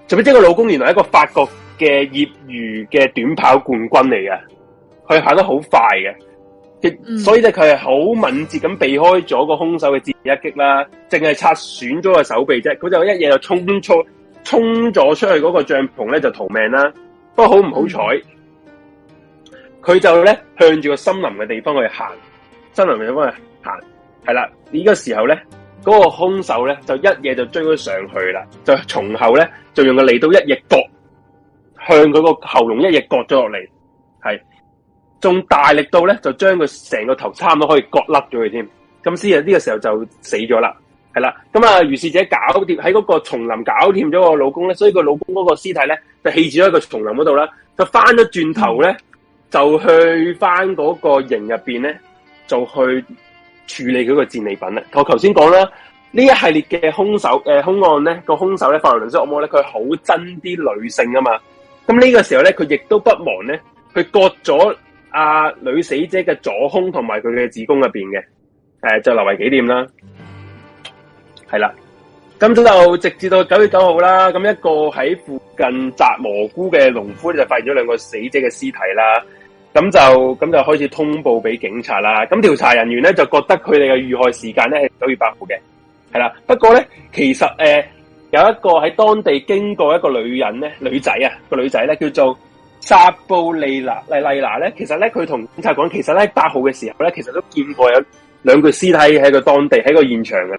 就俾即係個老公原來係一個法國嘅業餘嘅短跑冠軍嚟嘅，佢跑得好快嘅。嗯、所以咧，佢係好敏捷咁避開咗個凶手嘅致一擊啦，淨係拆損咗個手臂啫。佢就一嘢就衝出，衝咗出去嗰個帳篷咧就逃命啦。不過好唔好彩，佢就咧向住個森林嘅地方去行，森林嘅地方去行係啦。呢、這個時候咧，嗰、那個凶手咧就一嘢就追咗上去啦，就從後咧就用個利刀一翼割，向佢個喉嚨一翼割咗落嚟，係。仲大力到咧，就將佢成個頭差唔多可以割甩咗佢添。咁，詩人呢個時候就死咗啦，係啦。咁啊，於是者搞掂喺嗰個叢林搞掂咗個老公咧，所以個老公嗰個屍體咧就棄置咗喺個叢林嗰度啦。就翻咗轉頭咧，就去翻嗰個營入邊咧，就去處理佢個戰利品啦。我頭先講啦，呢一系列嘅凶手誒，凶、呃、案咧個凶手咧，佛羅倫斯惡魔咧，佢好憎啲女性啊嘛。咁呢個時候咧，佢亦都不忘咧，佢割咗。阿、啊、女死者嘅左胸同埋佢嘅子宮入邊嘅，誒、呃、就留為紀念啦。係啦，咁就直至到九月九號啦。咁一個喺附近摘蘑菇嘅農夫就發現咗兩個死者嘅屍體啦。咁就咁就開始通報俾警察啦。咁調查人員咧就覺得佢哋嘅遇害時間咧係九月八號嘅，係啦。不過咧其實誒、呃、有一個喺當地經過一個女人咧女仔啊個女仔咧叫做。薩布利娜麗麗娜咧，其實咧佢同警察講，其實咧八號嘅時候咧，其實都見過有兩具屍體喺個當地喺個現場嘅。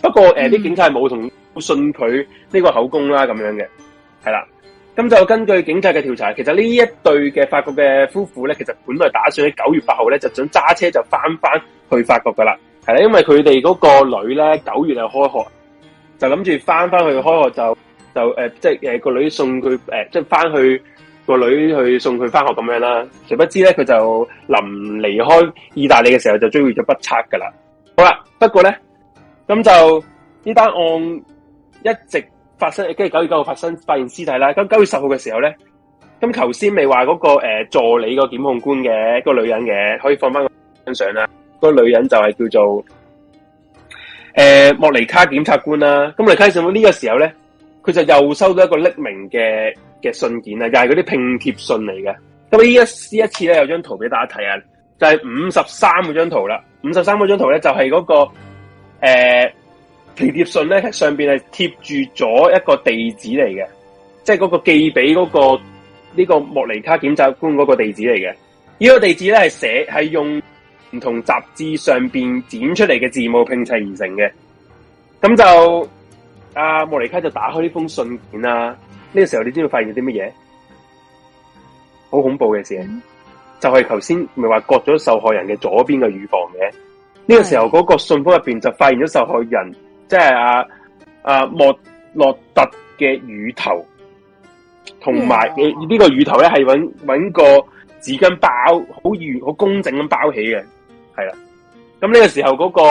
不過誒，啲、呃、警察係冇同信佢呢個口供啦，咁樣嘅係啦。咁就根據警察嘅調查，其實呢一對嘅法國嘅夫婦咧，其實本來打算喺九月八號咧就想揸車就翻翻去法國噶啦。係啦，因為佢哋嗰個女咧九月就開學，就諗住翻翻去開學就就誒，即係誒個女送佢誒，即係翻去。個女去送佢翻學咁樣啦，誰不知咧佢就臨離開意大利嘅時候就遭遇咗不測噶啦。好啦，不過咧咁就呢單案一直發生，跟住九月九號發生發現屍體啦。咁九月十號嘅時候咧，咁頭先未話嗰個誒、呃、助理個檢控官嘅個女人嘅可以放翻上啦。個女人就係叫做誒、呃、莫尼卡檢察官啦，啊。咁莫尼卡檢察官呢個時候咧，佢就又收到一個匿名嘅。嘅信件啊，又係嗰啲拼貼信嚟嘅。咁呢一呢一次咧有張圖俾大家睇啊，就係五十三嗰張圖啦。五十三嗰張圖咧就係嗰個誒拼貼信咧，上邊係貼住咗一個地址嚟嘅，即係嗰個寄俾嗰個呢個莫尼卡檢察官嗰個地址嚟嘅。呢個地址咧係寫係用唔同雜誌上邊剪出嚟嘅字母拼砌而成嘅。咁就阿、啊、莫尼卡就打開呢封信件啦。呢個時候你知道發現啲乜嘢？好恐怖嘅事就係頭先咪話割咗受害人嘅左邊嘅乳房嘅。呢是個時候嗰個信封入邊就發現咗受害人，即係阿阿莫洛特嘅乳頭，同埋呢個乳頭咧係搵搵個紙巾包，好圓好工整咁包起嘅，係啦。咁呢個時候嗰、那個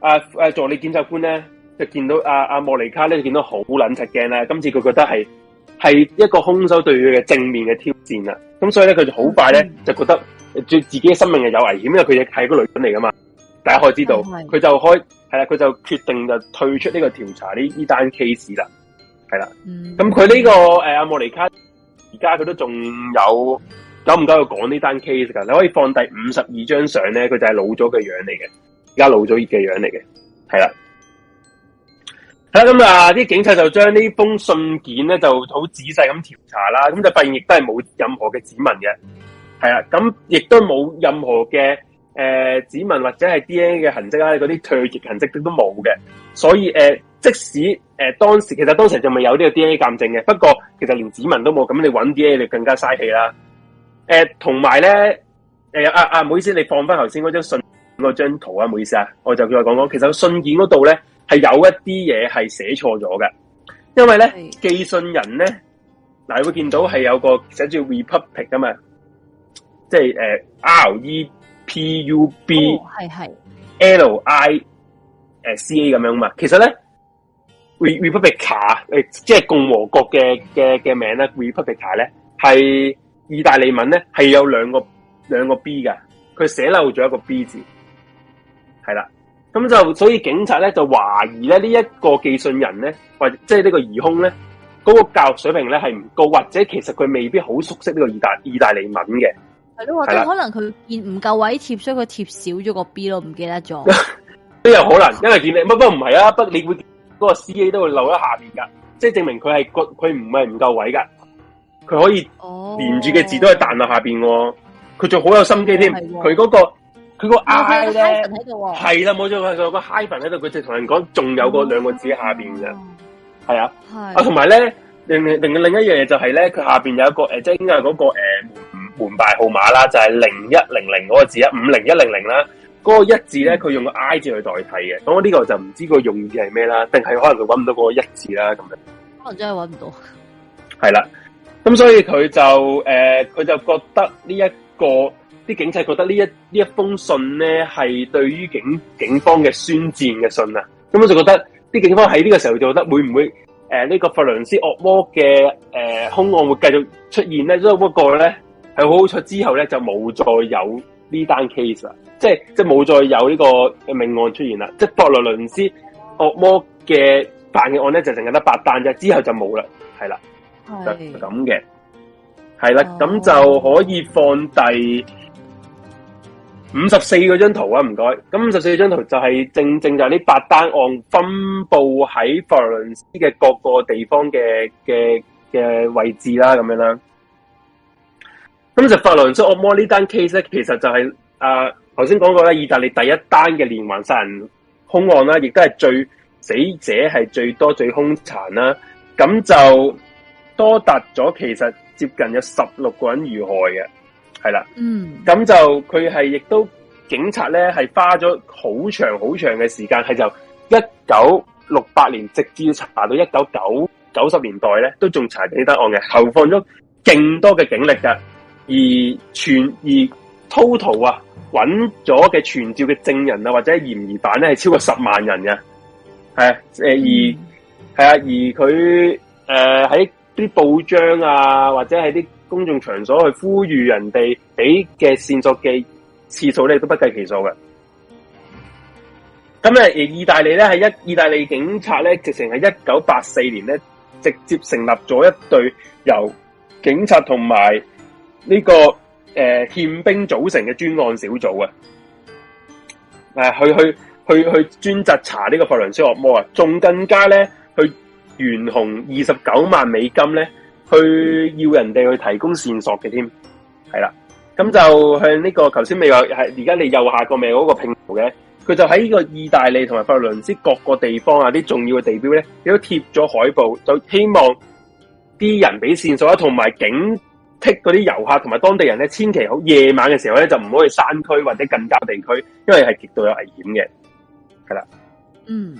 阿阿、啊、助理檢察官咧就見到阿阿、啊、莫尼卡咧見到好撚識驚啦，今次佢覺得係。係一個兇手對佢嘅正面嘅挑戰啦，咁所以咧佢就好快咧就覺得，對自己嘅生命係有危險，因為佢哋係個女人嚟噶嘛，大家可以知道，佢、嗯、就開係啦，佢就決定就退出呢個調查呢呢單 case 啦，係啦，咁佢呢個誒阿、啊、莫尼卡而家佢都仲有久唔久去講呢單 case 噶，你可以放第五十二張相咧，佢就係老咗嘅樣嚟嘅，而家老咗嘅樣嚟嘅，係啦。係啦，咁啊，啲、嗯、警察就將呢封信件咧，就好仔細咁調查啦，咁就發現亦都係冇任何嘅指紋嘅，係啦，咁亦都冇任何嘅誒、呃、指紋或者係 DNA 嘅痕迹啦、啊，嗰啲唾液痕迹都冇嘅，所以誒、呃，即使誒、呃、當時，其實當時就咪有呢個 DNA 鑑證嘅，不過其實連指紋都冇，咁你揾 DNA 你更加嘥氣啦。誒、呃，同埋咧，誒、呃，阿、啊、唔、啊、好意思，你放翻頭先嗰張信嗰張圖啊，唔好意思啊，我就再講講，其實信件嗰度咧。係有一啲嘢係寫錯咗嘅，因為咧的寄信人咧，嗱你會見到係有個寫住 Republic 噶嘛，即係誒 R, R E P U B 係係 L I 誒 C A 咁樣嘛，其實咧 Republic 卡誒即係共和國嘅嘅嘅名咧 Republic 卡咧係意大利文咧係有兩個兩個 B 嘅，佢寫漏咗一個 B 字，係啦。咁就所以警察咧就懷疑咧呢一、這個寄信人咧，或者即係呢個疑凶咧，嗰、那個教育水平咧係唔高，或者其實佢未必好熟悉呢個意大意大利文嘅。係咯的，或者的可能佢見唔夠位貼，所以佢貼少咗個 B 咯，唔記得咗。都有可能，因為見你乜？不過唔係啊，不，不，不你會嗰、那個 C A 都會留喺下邊噶，即係證明佢係佢唔係唔夠位噶，佢可以連住嘅字都係彈落下邊、哦。佢仲、哦、好有心機添，佢嗰、那個。佢個 I 咧，係啦、哦，冇錯，佢有個 hyphen 喺度，佢就同人講，仲有個兩個字下邊嘅，係啊，啊，同埋咧，另另另一樣嘢就係咧，佢下邊有一個誒，即係、呃、應該嗰、那個誒、呃、門門牌號碼啦，就係零一零零嗰個字啊，五零一零零啦，嗰、那個一字咧，佢用、個 I 字去代替嘅，咁我呢個就唔知個用意係咩啦，定係可能佢搵唔到嗰個一字啦，咁樣，可能真係搵唔到，係啦，咁所以佢就誒，佢、呃、就覺得呢、這、一個。啲警察覺得呢一呢一封信咧，係對於警警方嘅宣戰嘅信啊。咁我就覺得啲警方喺呢個時候就覺得會唔會誒呢、呃這個佛羅倫斯惡魔嘅誒、呃、兇案會繼續出現咧？只不過咧係好好彩，之後咧就冇再有呢單 case 啦，即係即係冇再有呢個命案出現啦。即係佛羅倫斯惡魔嘅犯嘅案咧，就淨係得八單啫，之後就冇啦，係是 啦，就咁嘅係啦，咁就可以放第。五十四嗰張圖啊，唔該。咁五十四張圖就係正正就係呢八單案分布喺法倫斯嘅各個地方嘅嘅嘅位置啦，咁樣啦。咁就法倫斯惡魔呢單 case 咧，其實就係啊，頭先講過咧，意大利第一單嘅連環殺人凶案啦，亦都係最死者係最多最凶殘啦。咁就多達咗其實接近有十六個人遇害嘅。係啦，咁就佢係亦都警察咧，係花咗好長好長嘅時間，係就一九六八年直至查到一九九九十年代咧，都仲查唔得呢單案嘅，投放咗勁多嘅警力噶，而，而、啊、傳而 total 啊揾咗嘅傳召嘅證人啊或者嫌疑犯咧係超過十萬人嘅，係誒而係啊、嗯、而佢誒喺啲報章啊或者喺啲。公眾場所去呼籲人哋俾嘅線索嘅次數咧，都不計其數嘅。咁咧，而意大利咧係一意大利警察咧，直成係一九八四年咧，直接成立咗一隊由警察同埋呢個誒憲、呃、兵組成嘅專案小組啊！誒，去去去去專責查呢個佛倫斯惡魔啊！仲更加咧去懸紅二十九萬美金咧。去要人哋去提供線索嘅添，係啦，咁就向呢、這個頭先未話，係而家你右下角未嗰個拼圖嘅，佢就喺呢個意大利同埋佛羅倫斯各個地方啊，啲重要嘅地標咧，亦都貼咗海報，就希望啲人俾線索啦，同埋警惕嗰啲遊客同埋當地人咧，千祈好夜晚嘅時候咧，就唔好去山區或者近郊地區，因為係極度有危險嘅，係啦，嗯，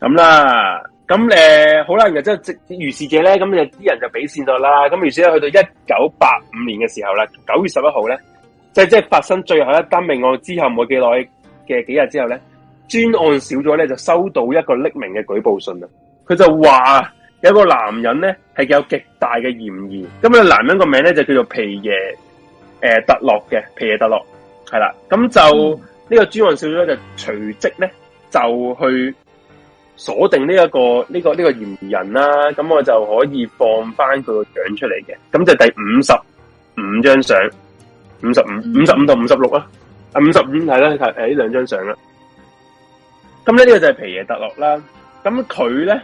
咁啦。咁誒、嗯，好啦，然後即如是者嘅咧，咁就啲人就俾線咗啦。咁於是咧，去到一九八五年嘅時候啦，九月十一號咧，即係即係發生最後一單命案之後冇幾耐嘅幾日之後咧，專案小組咧就收到一個匿名嘅舉報信啊。佢就話有個男人咧係有極大嘅嫌疑。咁呢個男人個名咧就叫做皮耶誒特洛嘅，皮耶特洛係啦。咁就，嗯、個專就呢個專案小組咧就隨即咧就去。鎖定呢、這、一個呢、這個呢、這個嫌疑人啦，咁我就可以放翻佢個樣出嚟嘅。咁就第五十五張相，五十五五十五到五十六啦。啊，五十五係啦，係呢兩張相啦。咁咧呢、這個就係皮耶特洛啦。咁佢咧，誒、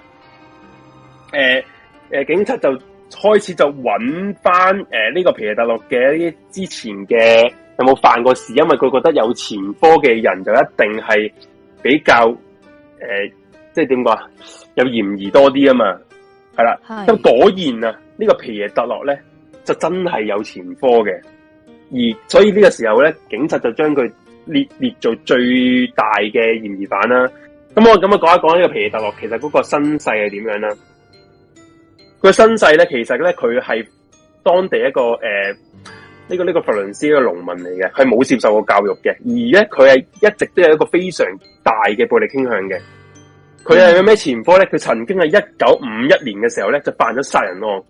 呃、誒，警察就開始就揾翻誒呢個皮耶特洛嘅一啲之前嘅有冇犯過事，因為佢覺得有前科嘅人就一定係比較誒。呃即係點講啊？有嫌疑多啲啊嘛，係啦。咁的果然啊，這個，呢個皮耶特洛咧就真係有前科嘅，而所以呢個時候咧，警察就將佢列列做最大嘅嫌疑犯啦。咁我咁啊，講一講呢個皮耶特洛其實嗰個身世係點樣啦？佢身世咧，其實咧佢係當地一個誒、呢，呃這個呢，這個佛倫斯一個農民嚟嘅，佢冇接受過教育嘅，而咧佢係一直都有一個非常大嘅暴力傾向嘅。佢係有咩前科咧？佢曾經係一九五一年嘅時候咧，就犯咗殺人案，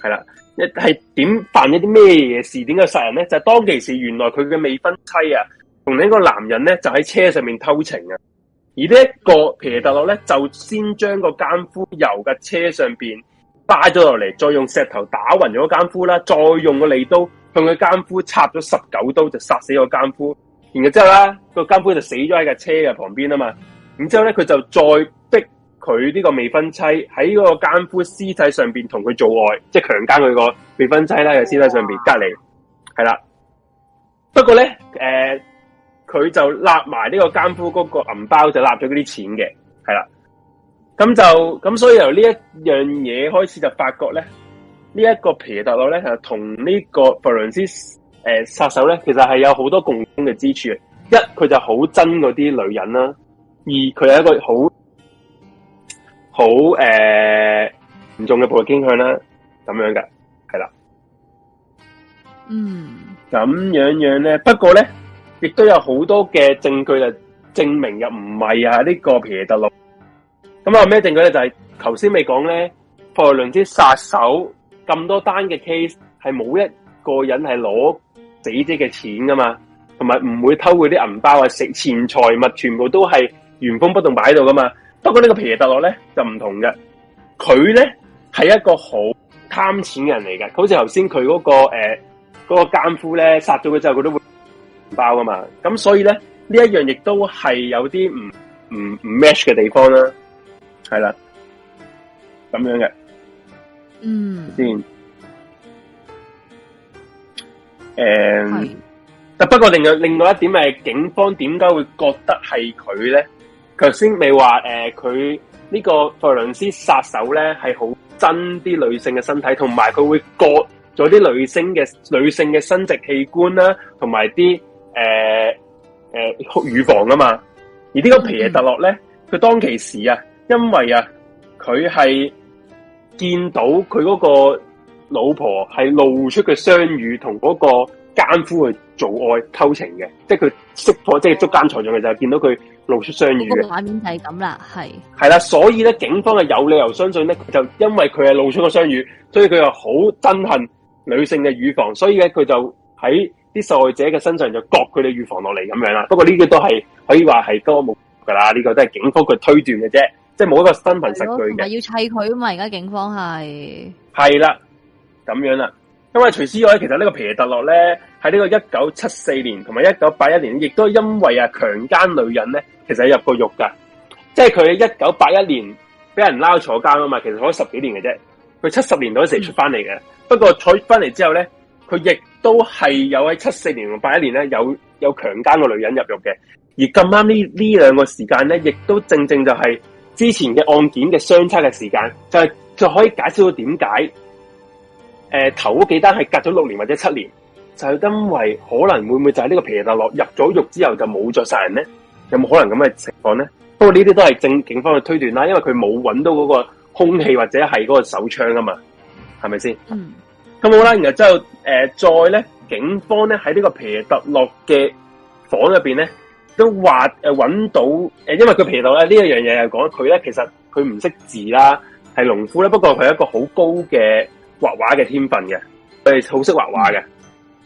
係啦，一係點犯咗啲咩嘢事？點解殺人咧？就係、當其時，原來佢嘅未婚妻啊，同另一個男人咧，就喺車上面偷情啊。而呢、這、一個皮特洛咧，就先將個奸夫由架車上邊帶咗落嚟，再用石頭打暈咗奸夫啦，再用個利刀向佢奸夫插咗十九刀，就殺死個奸夫。然後之後啦，那個奸夫就死咗喺架車嘅旁邊啊嘛。然之後咧，佢就再逼佢呢個未婚妻喺嗰個奸夫屍體上邊同佢做愛，即係強奸佢個未婚妻啦，喺屍體上邊隔籬係啦。不過咧，誒、呃，佢就立埋呢個奸夫嗰個銀包，就立咗嗰啲錢嘅，係啦。咁就咁，所以由呢一樣嘢開始就發覺咧，呢、這、一個皮特佬咧，同、呃、呢個弗倫斯誒殺手咧，其實係有好多共通嘅之處。一，佢就好憎嗰啲女人啦。而佢係一個好好誒嚴重嘅暴力傾向啦，咁樣嘅係啦，嗯，咁、mm. 樣樣咧，不過咧，亦都有好多嘅證據嚟證明又唔係啊呢個皮特洛，咁啊咩證據咧？就係頭先咪講咧，佛羅倫茲殺手咁多單嘅 case 係冇一個人係攞死者嘅錢噶嘛，同埋唔會偷佢啲銀包啊，食錢財物全部都係。原封不動擺喺度噶嘛？不過呢個皮特洛咧就唔同嘅，佢咧係一個好貪錢嘅人嚟嘅，好似頭先佢嗰個誒、呃嗰個奸夫咧，殺咗佢之後佢都會爆噶嘛，咁所以咧呢一樣亦都係有啲唔唔唔 match 嘅地方啦、啊，係啦，咁樣嘅，嗯，先，誒、uh, 是，但不過另外另外一點係，警方點解會覺得係佢咧？頭先你話誒，佢、呃、呢個弗洛倫斯殺手咧係好憎啲女性嘅身體，同埋佢會割咗啲女性嘅女性嘅生殖器官啦，同埋啲誒誒乳房啊嘛。而呢個皮耶特洛咧，佢當其時啊，因為啊，佢係見到佢嗰個老婆係露出佢雙乳同嗰個奸夫去做愛偷情嘅，即係佢識破，即係捉奸在床嘅就係見到佢。露出雙乳嘅畫面係咁啦，係係啦，所以咧，警方係有理由相信咧，就因為佢係露出個雙乳，所以佢又好憎恨女性嘅乳房，所以咧佢就喺啲受害者嘅身上就割佢哋乳房落嚟咁樣啦。不過呢啲都係可以話係多目噶啦，呢個都係警方嘅推斷嘅啫，即係冇一個身份實據嘅。唔係要砌佢啊嘛，而家警方係係啦，咁樣啦，因為除此之外，其實呢個皮特洛咧。喺呢個一九七四年同埋一九八一年，亦都因為啊強姦女人咧，其實是入過獄噶。即係佢喺一九八一年俾人撈坐監啊嘛，其實坐咗十幾年嘅啫佢七十年代時出翻嚟嘅嗯、不過坐翻嚟之後咧，佢亦都係有喺七四年同八一年咧有有強姦個女人入獄嘅而咁啱呢呢兩個時間咧，亦都正正就係之前嘅案件嘅相差嘅時間，就係、是、就可以解釋到點解誒頭嗰幾單係隔咗六年或者七年。就係因為可能會唔會就係呢個皮特洛入咗獄之後就冇再殺人咧？有冇可能咁嘅情況咧？不過呢啲都係正警方嘅推斷啦，因為佢冇揾到嗰個凶器或者係嗰個手槍啊嘛，係咪先？嗯，咁、嗯、好啦，然後之後誒，再咧警方咧喺呢個皮特洛嘅房入邊咧都話誒揾到誒、呃，因為佢皮特洛咧呢一樣嘢又講佢咧，其實佢唔識字啦，係農夫咧，不過佢係一個好高嘅畫畫嘅天分嘅，佢係好識畫畫嘅。嗯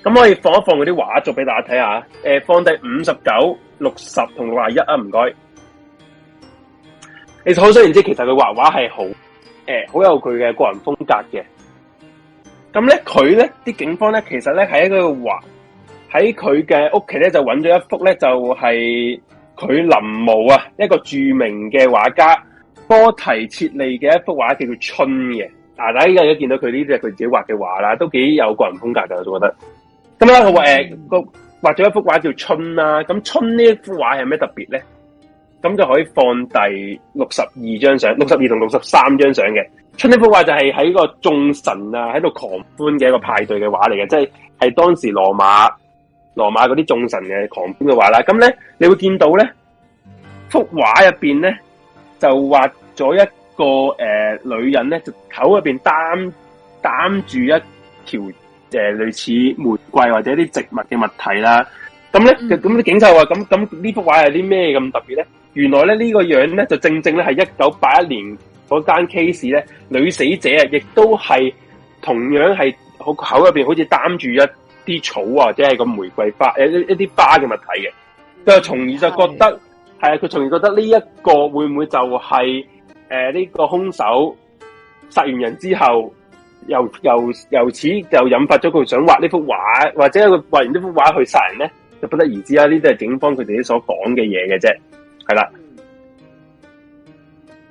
咁我可以放一放佢啲畫作俾大家睇下。誒，放低五十九、六十同六十一啊，唔該。其實好想然之，其實佢畫畫係好，誒，好有佢嘅個人風格嘅。咁咧，佢咧啲警方咧，其實咧喺一個畫喺佢嘅屋企咧，就揾咗一幅咧，就係佢臨摹啊，一個著名嘅畫家波提切利嘅一幅畫，叫做《春》嘅。啊，大家依家見到佢呢隻佢自己畫嘅畫啦，都幾有個人風格㗎。我覺得。咁啦，佢話誒，畫咗一幅畫叫春啦、啊。咁春畫呢一幅畫係咩特別咧？咁就可以放第六十二張相，六十二同六十三張相嘅。春呢幅畫就係喺個眾神啊，喺度狂歡嘅一個派對嘅畫嚟嘅，即係係當時羅馬羅馬嗰啲眾神嘅狂歡嘅畫啦。咁咧，你會見到咧幅畫入邊咧，就畫咗一個誒、呃、女人咧，就口入邊擔擔住一條，誒，類似玫瑰或者一啲植物嘅物體啦，咁咧，咁啲、嗯、警察話，咁咁呢幅畫係啲咩咁特別咧？原來咧呢、這個樣咧，就正正咧係一九八一年嗰間 case 咧，女死者啊，亦都係同樣係口口入邊好似擔住一啲草啊，或者係個玫瑰花誒，一啲花嘅物體嘅，佢就從而就覺得係啊，佢從是的 而覺得呢一個會唔會就係誒呢個兇手殺完人之後。由由由此就引發咗佢想畫呢幅畫，或者佢畫完呢幅畫去殺人咧，就不得而知啦。呢啲係警方佢自己所講嘅嘢嘅啫，係啦，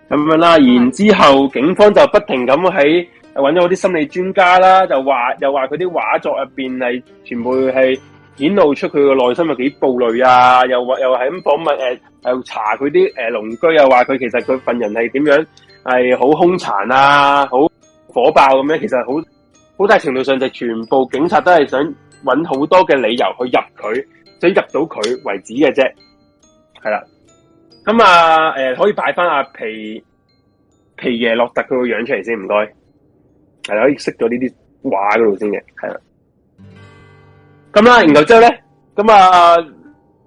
咁、嗯、樣啦。然之後警方就不停咁喺揾咗啲心理專家啦，就話又話佢啲畫作入邊係全部係顯露出佢個內心有幾暴戾啊，又話又係咁訪問誒、啊，又查佢啲誒鄰居又話佢其實佢份人係點樣，係好凶殘啊，好。火爆咁樣，其實好好大程度上就全部警察，都係想搵好多嘅理由去入佢，想入到佢為止嘅啫，係啦。咁啊，誒、呃，可以擺翻阿皮皮耶洛特佢個樣出嚟先，唔該。係啦，可以識咗呢啲畫嗰度先嘅，係啦。咁啦，然後之後咧，咁啊，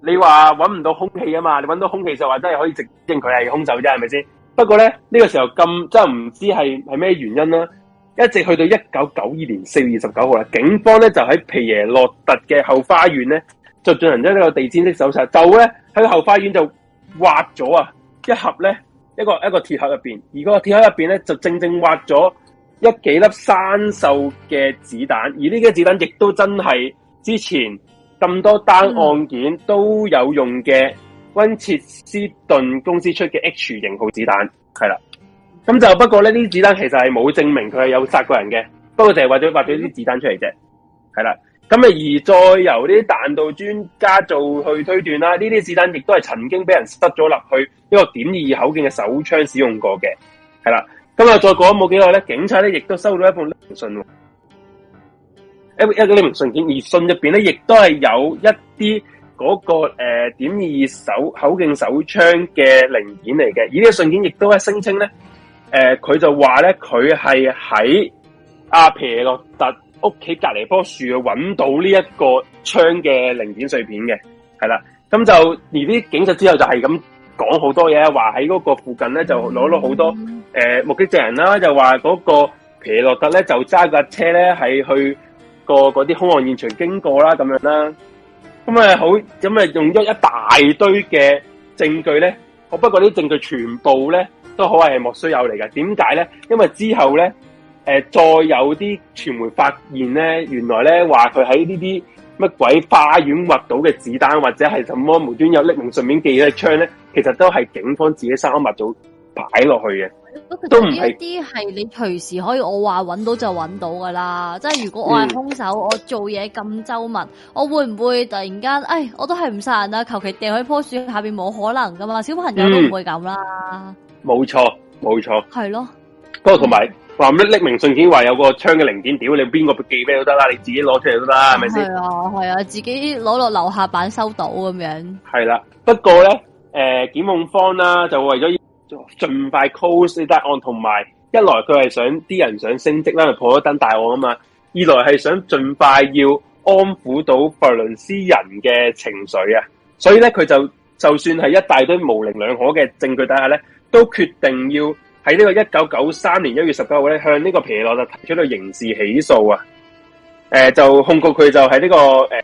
你話搵唔到空氣啊嘛，你搵到空氣就話真係可以直認佢係凶手啫，係咪先？不過咧，呢個時候咁真係唔知係係咩原因啦、啊，一直去到一九九二年四月二十九號啦，警方咧就喺皮耶洛特嘅後花園咧就進行咗一個地毯式搜查，就咧喺個後花園就挖咗啊一盒咧一個一個鐵盒入邊，而個鐵盒入邊咧就正正挖咗一幾粒生鏽嘅子彈，而呢啲子彈亦都真係之前咁多單案件都有用嘅、嗯。溫切斯頓公司出嘅 H 型號子彈係啦，咁就不過呢啲子彈其實係冇證明佢係有殺過人嘅，不過就係為咗挖咗啲子彈出嚟啫，係啦。咁啊，而再由呢啲彈道專家做去推斷啦，呢啲子彈亦都係曾經俾人塞咗落去一個點二口徑嘅手槍使用過嘅，係啦。咁啊再過咗冇幾耐咧，警察咧亦都收到一封信，一一封信件，而信入邊咧亦都係有一啲。嗰、那個誒、呃、點二手口徑手槍嘅零件嚟嘅，而呢個信件亦都係聲稱咧，誒、呃、佢就話咧佢係喺阿皮洛特屋企隔籬棵樹去揾到呢一個槍嘅零件碎片嘅，係啦，咁就而啲警察之後就係咁講好多嘢，話喺嗰個附近咧就攞咗好多誒目擊證人啦，就話嗰、嗯呃啊、個皮洛特咧就揸架車咧係去個嗰啲兇案現場經過啦、啊，咁樣啦、啊。咁啊好，咁啊用咗一大堆嘅證據咧，不過啲證據全部咧都好係莫須有嚟噶。點解咧？因為之後咧，誒再有啲傳媒發現咧，原來咧話佢喺呢啲乜鬼花園挖到嘅子彈，或者係什麼無端有匿名上面寄嘅槍咧，其實都係警方自己收埋組擺落去嘅。都不過呢啲係你隨時可以我話揾到就揾到噶啦，即係如果我係凶手，嗯、我做嘢咁周密，我會唔會突然間誒，我都係唔殺人啊？求其掟喺樖樹下邊，冇可能噶嘛，小朋友都唔會咁啦。冇錯、嗯，冇錯，係咯。了不過同埋話咩匿名信件，話有個槍嘅零件，屌你邊個寄畀都得啦，你自己攞出嚟都得，係咪先？係啊，係啊，自己攞落樓下板收到咁樣。係啦，不過咧，誒、呃，檢控方啦、啊，就為咗。盡快 close 呢單案，同埋一來佢係想啲人想升職啦，破一單大案啊嘛；二來係想盡快要安撫到佛倫斯人嘅情緒啊，所以咧佢就就算係一大堆模棱兩可嘅證據底下咧，都決定要喺呢個一九九三年一月十九號咧向呢個皮諾特提出刑事起訴啊。誒，就控告佢就喺呢個誒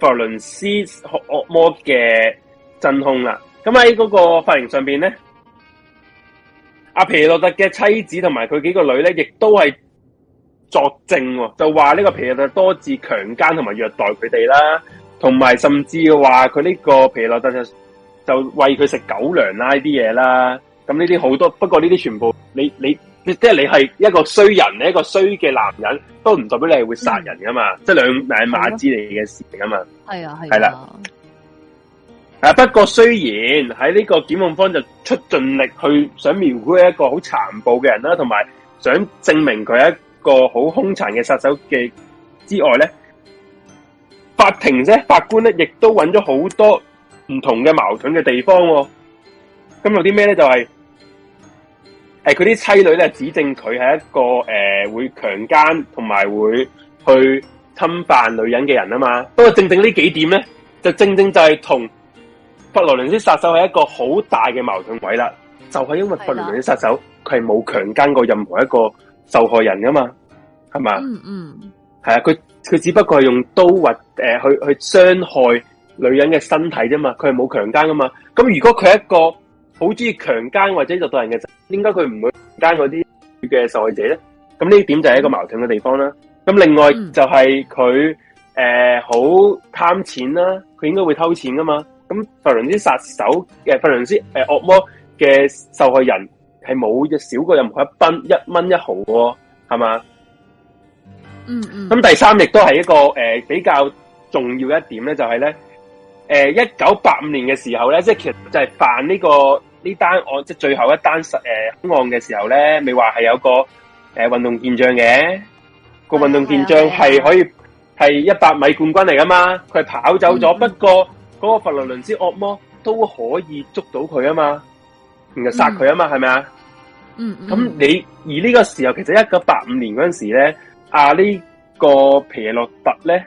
佛倫斯惡惡魔嘅真凶啦。咁喺嗰個法庭上邊咧。阿皮洛特嘅妻子同埋佢幾個女咧，亦都係作證的，就話呢個皮洛特多次強姦同埋虐待佢哋啦，同埋甚至話佢呢個皮洛特就就餵佢食狗糧啦呢啲嘢啦，咁呢啲好多，不過呢啲全部你你即係你係一個衰人，你一個衰嘅男人，都唔代表你係會殺人㗎嘛，嗯、即係兩兩碼子地嘅事嚟㗎嘛。係啊，係啦。誒、啊，不過雖然喺呢個檢控方就出盡力去想描繪一個好殘暴嘅人啦，同埋想證明佢係一個好凶殘嘅殺手嘅之外咧，法庭咧，法官咧亦都揾咗好多唔同嘅矛盾嘅地方，哦。咁有啲咩咧？就係、是，誒，佢，啊，啲妻女咧指證佢係一個誒，呃，會強姦同埋會去侵犯女人嘅人啊嘛。不過正正呢幾點咧，就正正就係同。佛羅倫斯殺手係一個好大嘅矛盾位啦，就係因為佛羅倫斯殺手佢係冇強姦過任何一個受害人噶嘛，係嘛？嗯嗯，係啊，佢佢只不過係用刀或，誒去去傷害女人嘅身體啫嘛，佢係冇強奸噶嘛。咁如果佢係一個好中意強姦或者虐待人嘅人，應該佢唔會強姦嗰啲嘅受害者咧。咁呢點就係一個矛盾嘅地方啦。咁另外就係佢誒好貪錢啦，佢應該會偷錢噶嘛。咁佛羅倫斯殺手嘅佛羅倫斯誒惡魔嘅受害人係冇嘅少過任何一分一蚊一毫嘅、哦，係嘛、嗯？嗯嗯。咁第三亦都係一個誒、呃、比較重要一點咧、就係呃，就係咧，誒一九八五年嘅時候咧，即係其實就係犯呢、這個呢單案，即、就、係、是、最後一單誒、呃、案嘅時候咧，未話係有個誒運、呃、動健將嘅個運動健將係可以係一百米冠軍嚟噶嘛？佢跑走咗，嗯嗯、不過。嗰個佛羅倫斯惡魔都可以捉到佢啊嘛，然後殺佢啊嘛，係咪啊？嗯，咁吧、嗯、你而呢個時候，其實一九八五年嗰陣時咧，阿、啊、呢、這個皮耶洛特咧，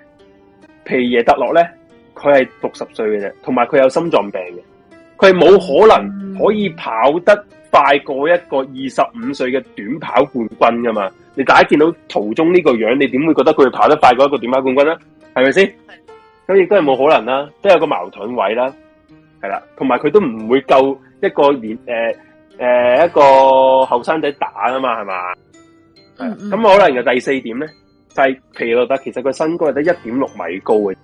皮耶特洛咧，佢係六十歲嘅啫，同埋佢有心臟病嘅，佢係冇可能可以跑得快過一個二十五歲嘅短跑冠軍噶嘛？你大家見到途中呢個樣，你點會覺得佢跑得快過一個短跑冠軍呢？係咪先？咁亦都係冇可能啦，都有個矛盾位啦，係啦，同埋佢都唔會夠一,、嗯、一個年誒誒一個後生仔打啊嘛，係嘛，咁、mm hmm. 可能嘅第四點咧就係皮洛特，其實佢身高係得一點六米高嘅，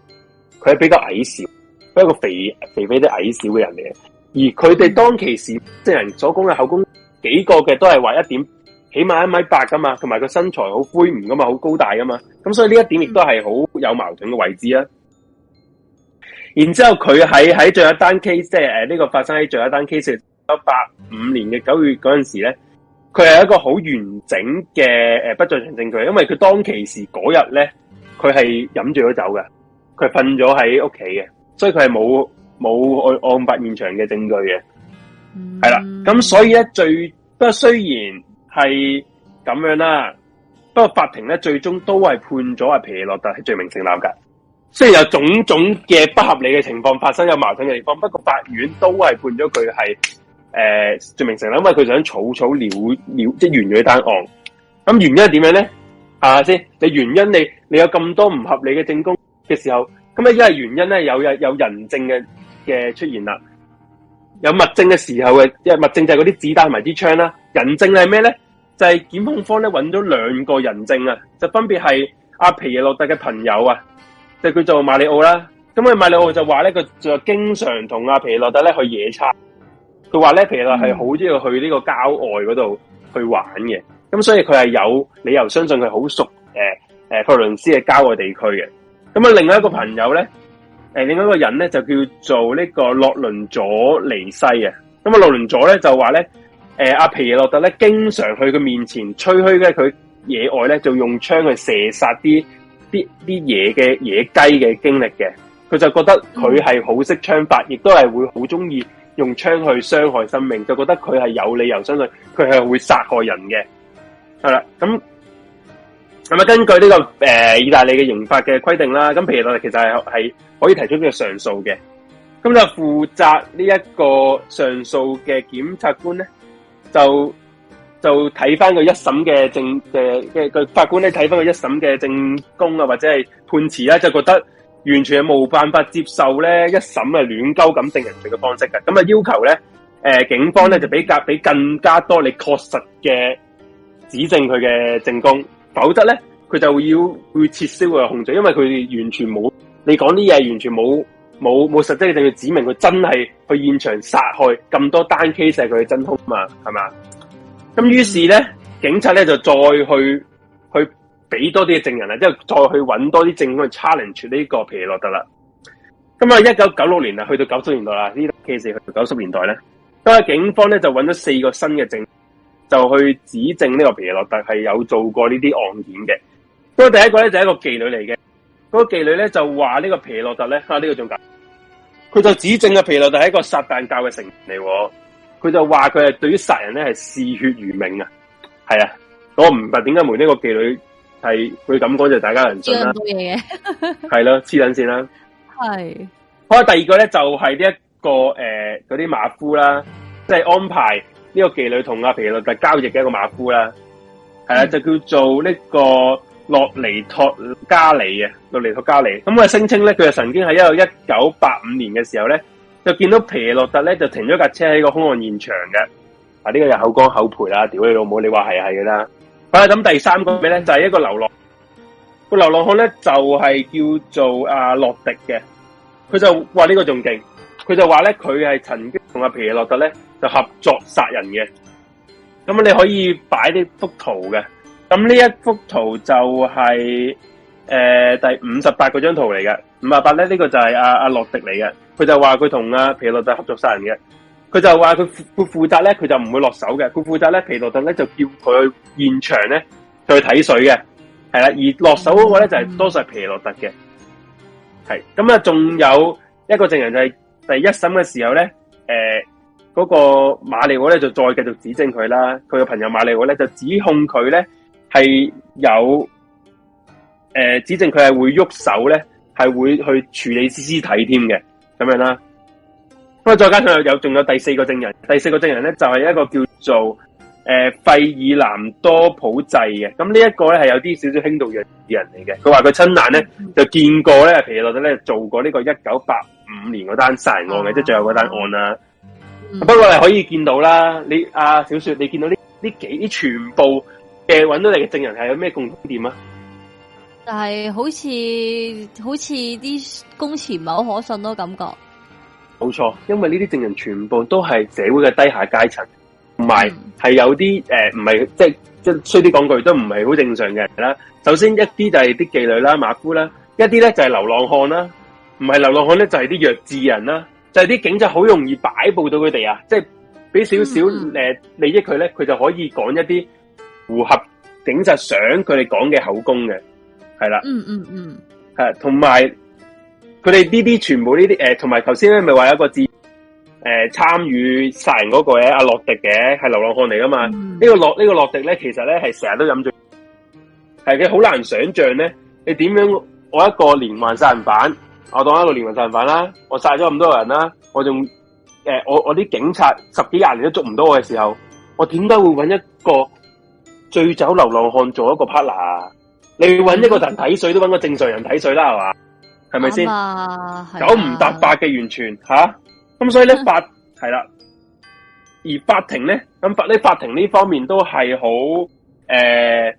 佢係比較矮小，一個肥肥肥啲矮小嘅人嚟嘅，而佢哋當其時即係人所講嘅口供幾個嘅都係話一點，起碼一米八噶嘛，同埋佢身材好魁梧噶嘛，好高大噶嘛，咁所以呢一點亦都係好有矛盾嘅位置啊。然之後佢喺喺最後一單 case，即係誒呢個發生喺最後一單 case，一八五年嘅九月嗰陣時咧，佢係一個好完整嘅誒不在場證據，因為佢當其時嗰日咧，佢係飲醉咗酒嘅，佢瞓咗喺屋企嘅，所以佢係冇冇去案發現場嘅證據嘅，係啦、嗯，咁所以咧最不過雖然係咁樣啦，不過法庭咧最終都係判咗阿皮洛特係罪名成立噶。雖然有種種嘅不合理嘅情況發生，有矛盾嘅地方，不過法院都係判咗佢係誒罪名成立，因為佢想草草了了，了，即係完結單案。咁原因係點樣咧？係、啊、先？你原因你你有咁多唔合理嘅證供嘅時候，咁因為原因咧有有人證嘅嘅出現啦，有物證嘅時候嘅物證就係嗰啲子彈同埋啲槍啦。人證係咩咧？就係、是、檢控方咧揾咗兩個人證啊，就分別係阿皮耶洛特嘅朋友啊。就叫做馬里奧啦，咁啊馬里奧就話咧，佢就經常同阿皮洛特咧去野餐。佢話咧，皮洛係好中意去呢個郊外嗰度去玩嘅，咁所以佢係有理由相信佢好熟，誒誒佛倫斯嘅郊外地區嘅。咁啊另外一個朋友咧，誒、呃、另外一個人咧就叫做呢個洛倫佐尼西啊。咁啊洛倫佐咧就話咧，誒、呃、阿皮洛特咧經常去佢面前吹噓咧佢野外咧就用槍去射殺啲。啲啲嘢嘅野雞嘅經歷嘅，佢就覺得佢係好識槍法，亦都係會好中意用槍去傷害生命，就覺得佢係有理由相信佢係會殺害人嘅，係啦，咁咁啊，根據呢、這個誒、呃、意大利嘅刑法嘅規定啦，咁譬如我哋其實係係可以提出呢個上訴嘅，咁就負責呢一個上訴嘅檢察官咧就。就睇翻個一審嘅證嘅嘅個法官咧，睇翻個一審嘅證供啊，或者係判詞啦、啊，就覺得完全係冇辦法接受咧一審嘅亂交咁定人哋嘅方式嘅、啊，咁啊要求咧，誒、呃、警方咧就俾加俾更加多你確實嘅指證佢嘅證供，否則咧佢就要會撤銷佢嘅控罪，因為佢完全冇你講啲嘢完全冇冇冇實質就要指明佢真係去現場殺害咁多單 case 係佢真凶嘛，係嘛？咁於是咧，警察咧就再去去俾多啲嘅證人啦，之後再去揾多啲證人去 challenge 呢個皮洛特啦。咁啊，一九九六年啊，去到九十年代啦，呢個 case 去到九十年代咧，咁啊，警方咧就揾咗四個新嘅證人，就去指證呢個皮洛特係有做過呢啲案件嘅。不過，第一個咧就係一個妓女嚟嘅，嗰個妓女咧就話呢個皮洛特咧吓呢個仲緊，佢就指證嘅皮洛特係一個撒旦教嘅成員嚟。佢就話佢係對於殺人咧係嗜血如命啊，係啊，我唔明點解冇呢個妓女係佢咁講，就大家人信啦。黐嘢嘅，係 咯，黐捻線啦係的，好啦，第二個咧就係呢一個誒嗰啲馬夫啦，即、就、係、是、安排呢個妓女同阿皮萊特交易嘅一個馬夫啦，係啊、嗯，就叫做呢個洛尼托加尼啊。洛尼托加尼，咁啊聲稱咧佢就曾經喺一九一九八五年嘅時候咧。就見到皮洛特咧，就停咗架車喺個凶案現場嘅。啊，呢、這個又口講口賠啦、啊，屌你老母，你話係係噶啦。好、啊、啦，咁第三個咧就係一個流浪，個流浪漢咧就係叫做阿、啊、洛迪嘅。佢就話、這個、呢個仲勁，佢就話咧佢係曾經同阿皮洛特咧就合作殺人嘅。咁你可以擺啲幅圖嘅。咁呢一幅圖就係、是、誒、呃、第五十八嗰張圖嚟嘅。五十八咧呢、這個就係阿阿洛迪嚟嘅。佢就話佢同阿皮羅特合作殺人嘅，佢就話佢佢負責咧，佢就唔會落手嘅，佢負責咧，皮羅特咧就叫佢去現場咧去睇水嘅，係啦，而落手嗰個咧就係、是嗯、多數係皮羅特嘅，係咁啊，仲有一個證人就係、是、第一審嘅時候咧，誒、呃，嗰、那個馬利奧咧就再繼續指證佢啦，佢嘅朋友馬利奧咧就指控佢咧係有誒、呃、指證佢係會喐手咧，係會去處理屍屍體添嘅。咁樣啦，不過再加上有仲有第四個證人，第四個證人咧就係、是、一個叫做誒費爾南多普制嘅，咁呢一個咧係有啲少少輕度弱智人嚟嘅，佢話佢親眼咧就見過咧，其實落咗咧做過呢個一九八五年嗰單殺人案嘅，即係、啊、最後嗰單案啦。嗯、不過你可以見到啦，你阿、啊、小雪，你見到呢呢幾啲全部嘅搵到你嘅證人係有咩共同點嗎、啊？但係好似好似啲供詞唔係好可信咯，感覺冇錯，因為呢啲證人全部都係社會嘅低下階層，唔係、嗯，係有啲誒唔係即即，即衰啲講句都唔係好正常嘅啦。首先一啲就係啲妓女啦、馬夫啦，一啲咧就係、是、流浪漢啦，唔係流浪漢咧就係啲弱智人啦，就係、是、啲警察好容易擺佈到佢哋啊，即係俾少少誒利益佢咧，佢就可以講一啲符合警察想佢哋講嘅口供嘅。係啦、嗯，嗯嗯嗯，係同埋佢哋呢啲全部呢啲誒，同埋頭先咧咪話一個字誒參與殺人嗰、那個嘅阿、啊、洛迪嘅係流浪漢嚟噶嘛？呢、嗯、個洛呢、這個洛迪咧其實咧係成日都飲醉，係嘅好難想象咧，你點樣我一個連環殺人犯，我當一個連環殺人犯啦、啊，我殺咗咁多人啦、啊，我仲誒、呃、我我啲警察十幾廿年都捉唔到我嘅時候，我點解會搵一個醉酒流浪漢做一個 partner 啊？你揾一個人睇水都揾個正常人睇水啦，係嘛、嗯？係咪先？九唔搭八嘅完全吓。咁、啊、所以咧，嗯、法係啦。而法庭咧，咁法咧，法庭呢方面都係好誒誒，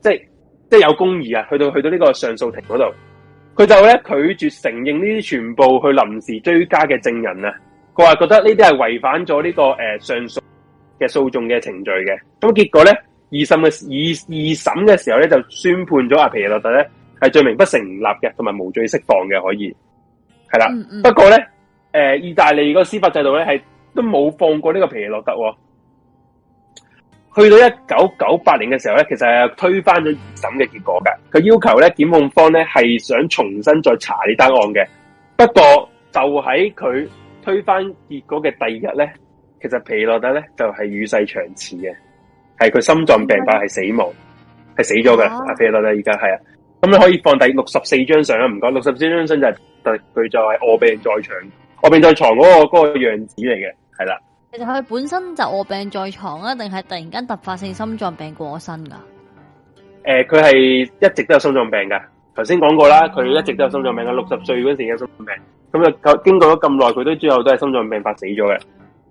即係即係有公義啊。去到去到呢個上訴庭嗰度，佢就咧拒絕承認呢啲全部去臨時追加嘅證人啊。佢話覺得呢啲係違反咗呢、這個誒、呃、上訴嘅訴訟嘅程序嘅。咁結果咧。二審嘅二二審嘅時候咧，就宣判咗阿皮耶洛特咧係罪名不成立嘅，同埋無罪釋放嘅，可以係啦。嗯嗯、不過咧，誒，意大利個司法制度咧係都冇放過呢個皮耶洛特。去到一九九八年嘅時候咧，其實係推翻咗二審嘅結果嘅。佢要求咧檢控方咧係想重新再查呢單案嘅。不過就喺佢推翻結果嘅第二日咧，其實皮耶洛特咧就係與世長辭嘅。係佢心臟病發，係死亡，係、嗯、死咗嘅阿皮特啦！而家係啊，咁你可以放第六十四張相啊。唔該。六十四張相就係佢就在臥病，病在床臥、那個那個、病在床嗰個嗰個樣子嚟嘅，係啦。其實佢本身就臥病在床啊，定係突然間突發性心臟病過身噶？誒、呃，佢係一直都有心臟病噶，頭先講過啦，佢一直都有心臟病啊。六十歲嗰陣時有心臟病，咁就經過咗咁耐，佢都最後都係心臟病發死咗嘅。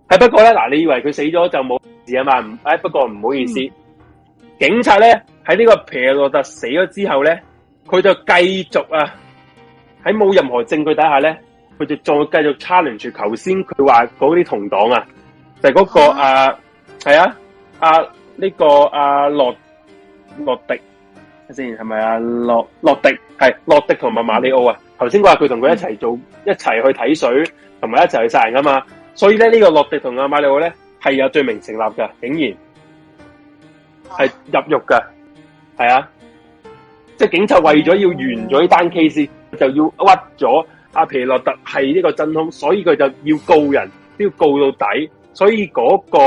係不過咧，嗱、啊，你以為佢死咗就冇？啊嘛，唔，哎，不過唔好意思，嗯、警察咧喺呢在這個皮洛特死咗之後咧，佢就繼續啊喺冇任何證據底下咧，佢就再繼續差輪住頭先佢話嗰啲同黨啊，就係、是、嗰個啊，係、嗯、啊，啊，呢、這個阿洛洛迪，先係咪啊？洛洛迪係洛迪同埋馬里奧啊，頭先話佢同佢一齊做，嗯、一齊去睇水，同埋一齊去殺人噶、啊、嘛，所以咧呢個洛迪同阿馬里奧咧。係有罪名成立嘅，竟然係入獄嘅，係啊！即係警察為咗要完咗呢單 case，就要屈咗阿皮洛特係呢個真凶，所以佢就要告人，都要告到底，所以嗰個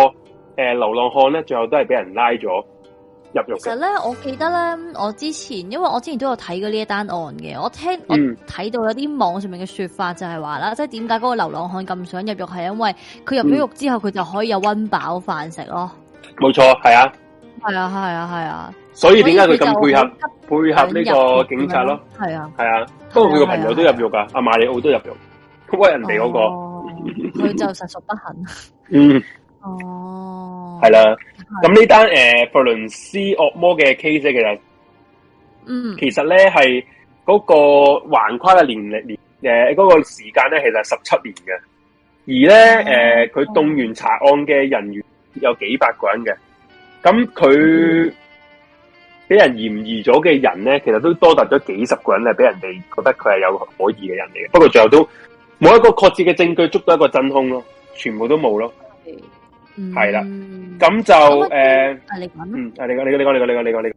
誒流浪漢咧，最後都係俾人拉咗。入獄？其實咧，我記得咧，我之前，因為我之前都有睇過呢一單案嘅，我聽，我睇到有啲網上面嘅說法就係話啦，即係點解嗰個流浪漢咁想入獄，係因為佢入咗獄之後，佢就可以有溫飽飯食咯。冇錯，係啊，係啊，係啊，係啊。所以點解佢咁配合配合呢個警察咯？係啊，係啊。不過佢個朋友都入獄噶，阿馬里奧都入獄。不過人哋嗰個，佢就實屬不幸。嗯，哦，係啦。咁呢單誒佛倫斯惡魔嘅 case 其實，嗯，其實咧係嗰個橫跨嘅年齡年誒嗰個時間咧，其實係十七年嘅。而咧誒，佢、嗯呃、動員查案嘅人員有幾百個人嘅。咁佢俾人嫌疑咗嘅人咧，其實都多達咗幾十個人啊！俾人哋覺得佢係有可疑嘅人嚟嘅。不過最後都冇一個確切嘅證據捉到一個真凶咯，全部都冇咯。嗯係啦，咁、嗯、就誒，係、呃、你講、嗯，你講，你講，你講，你講，你講，你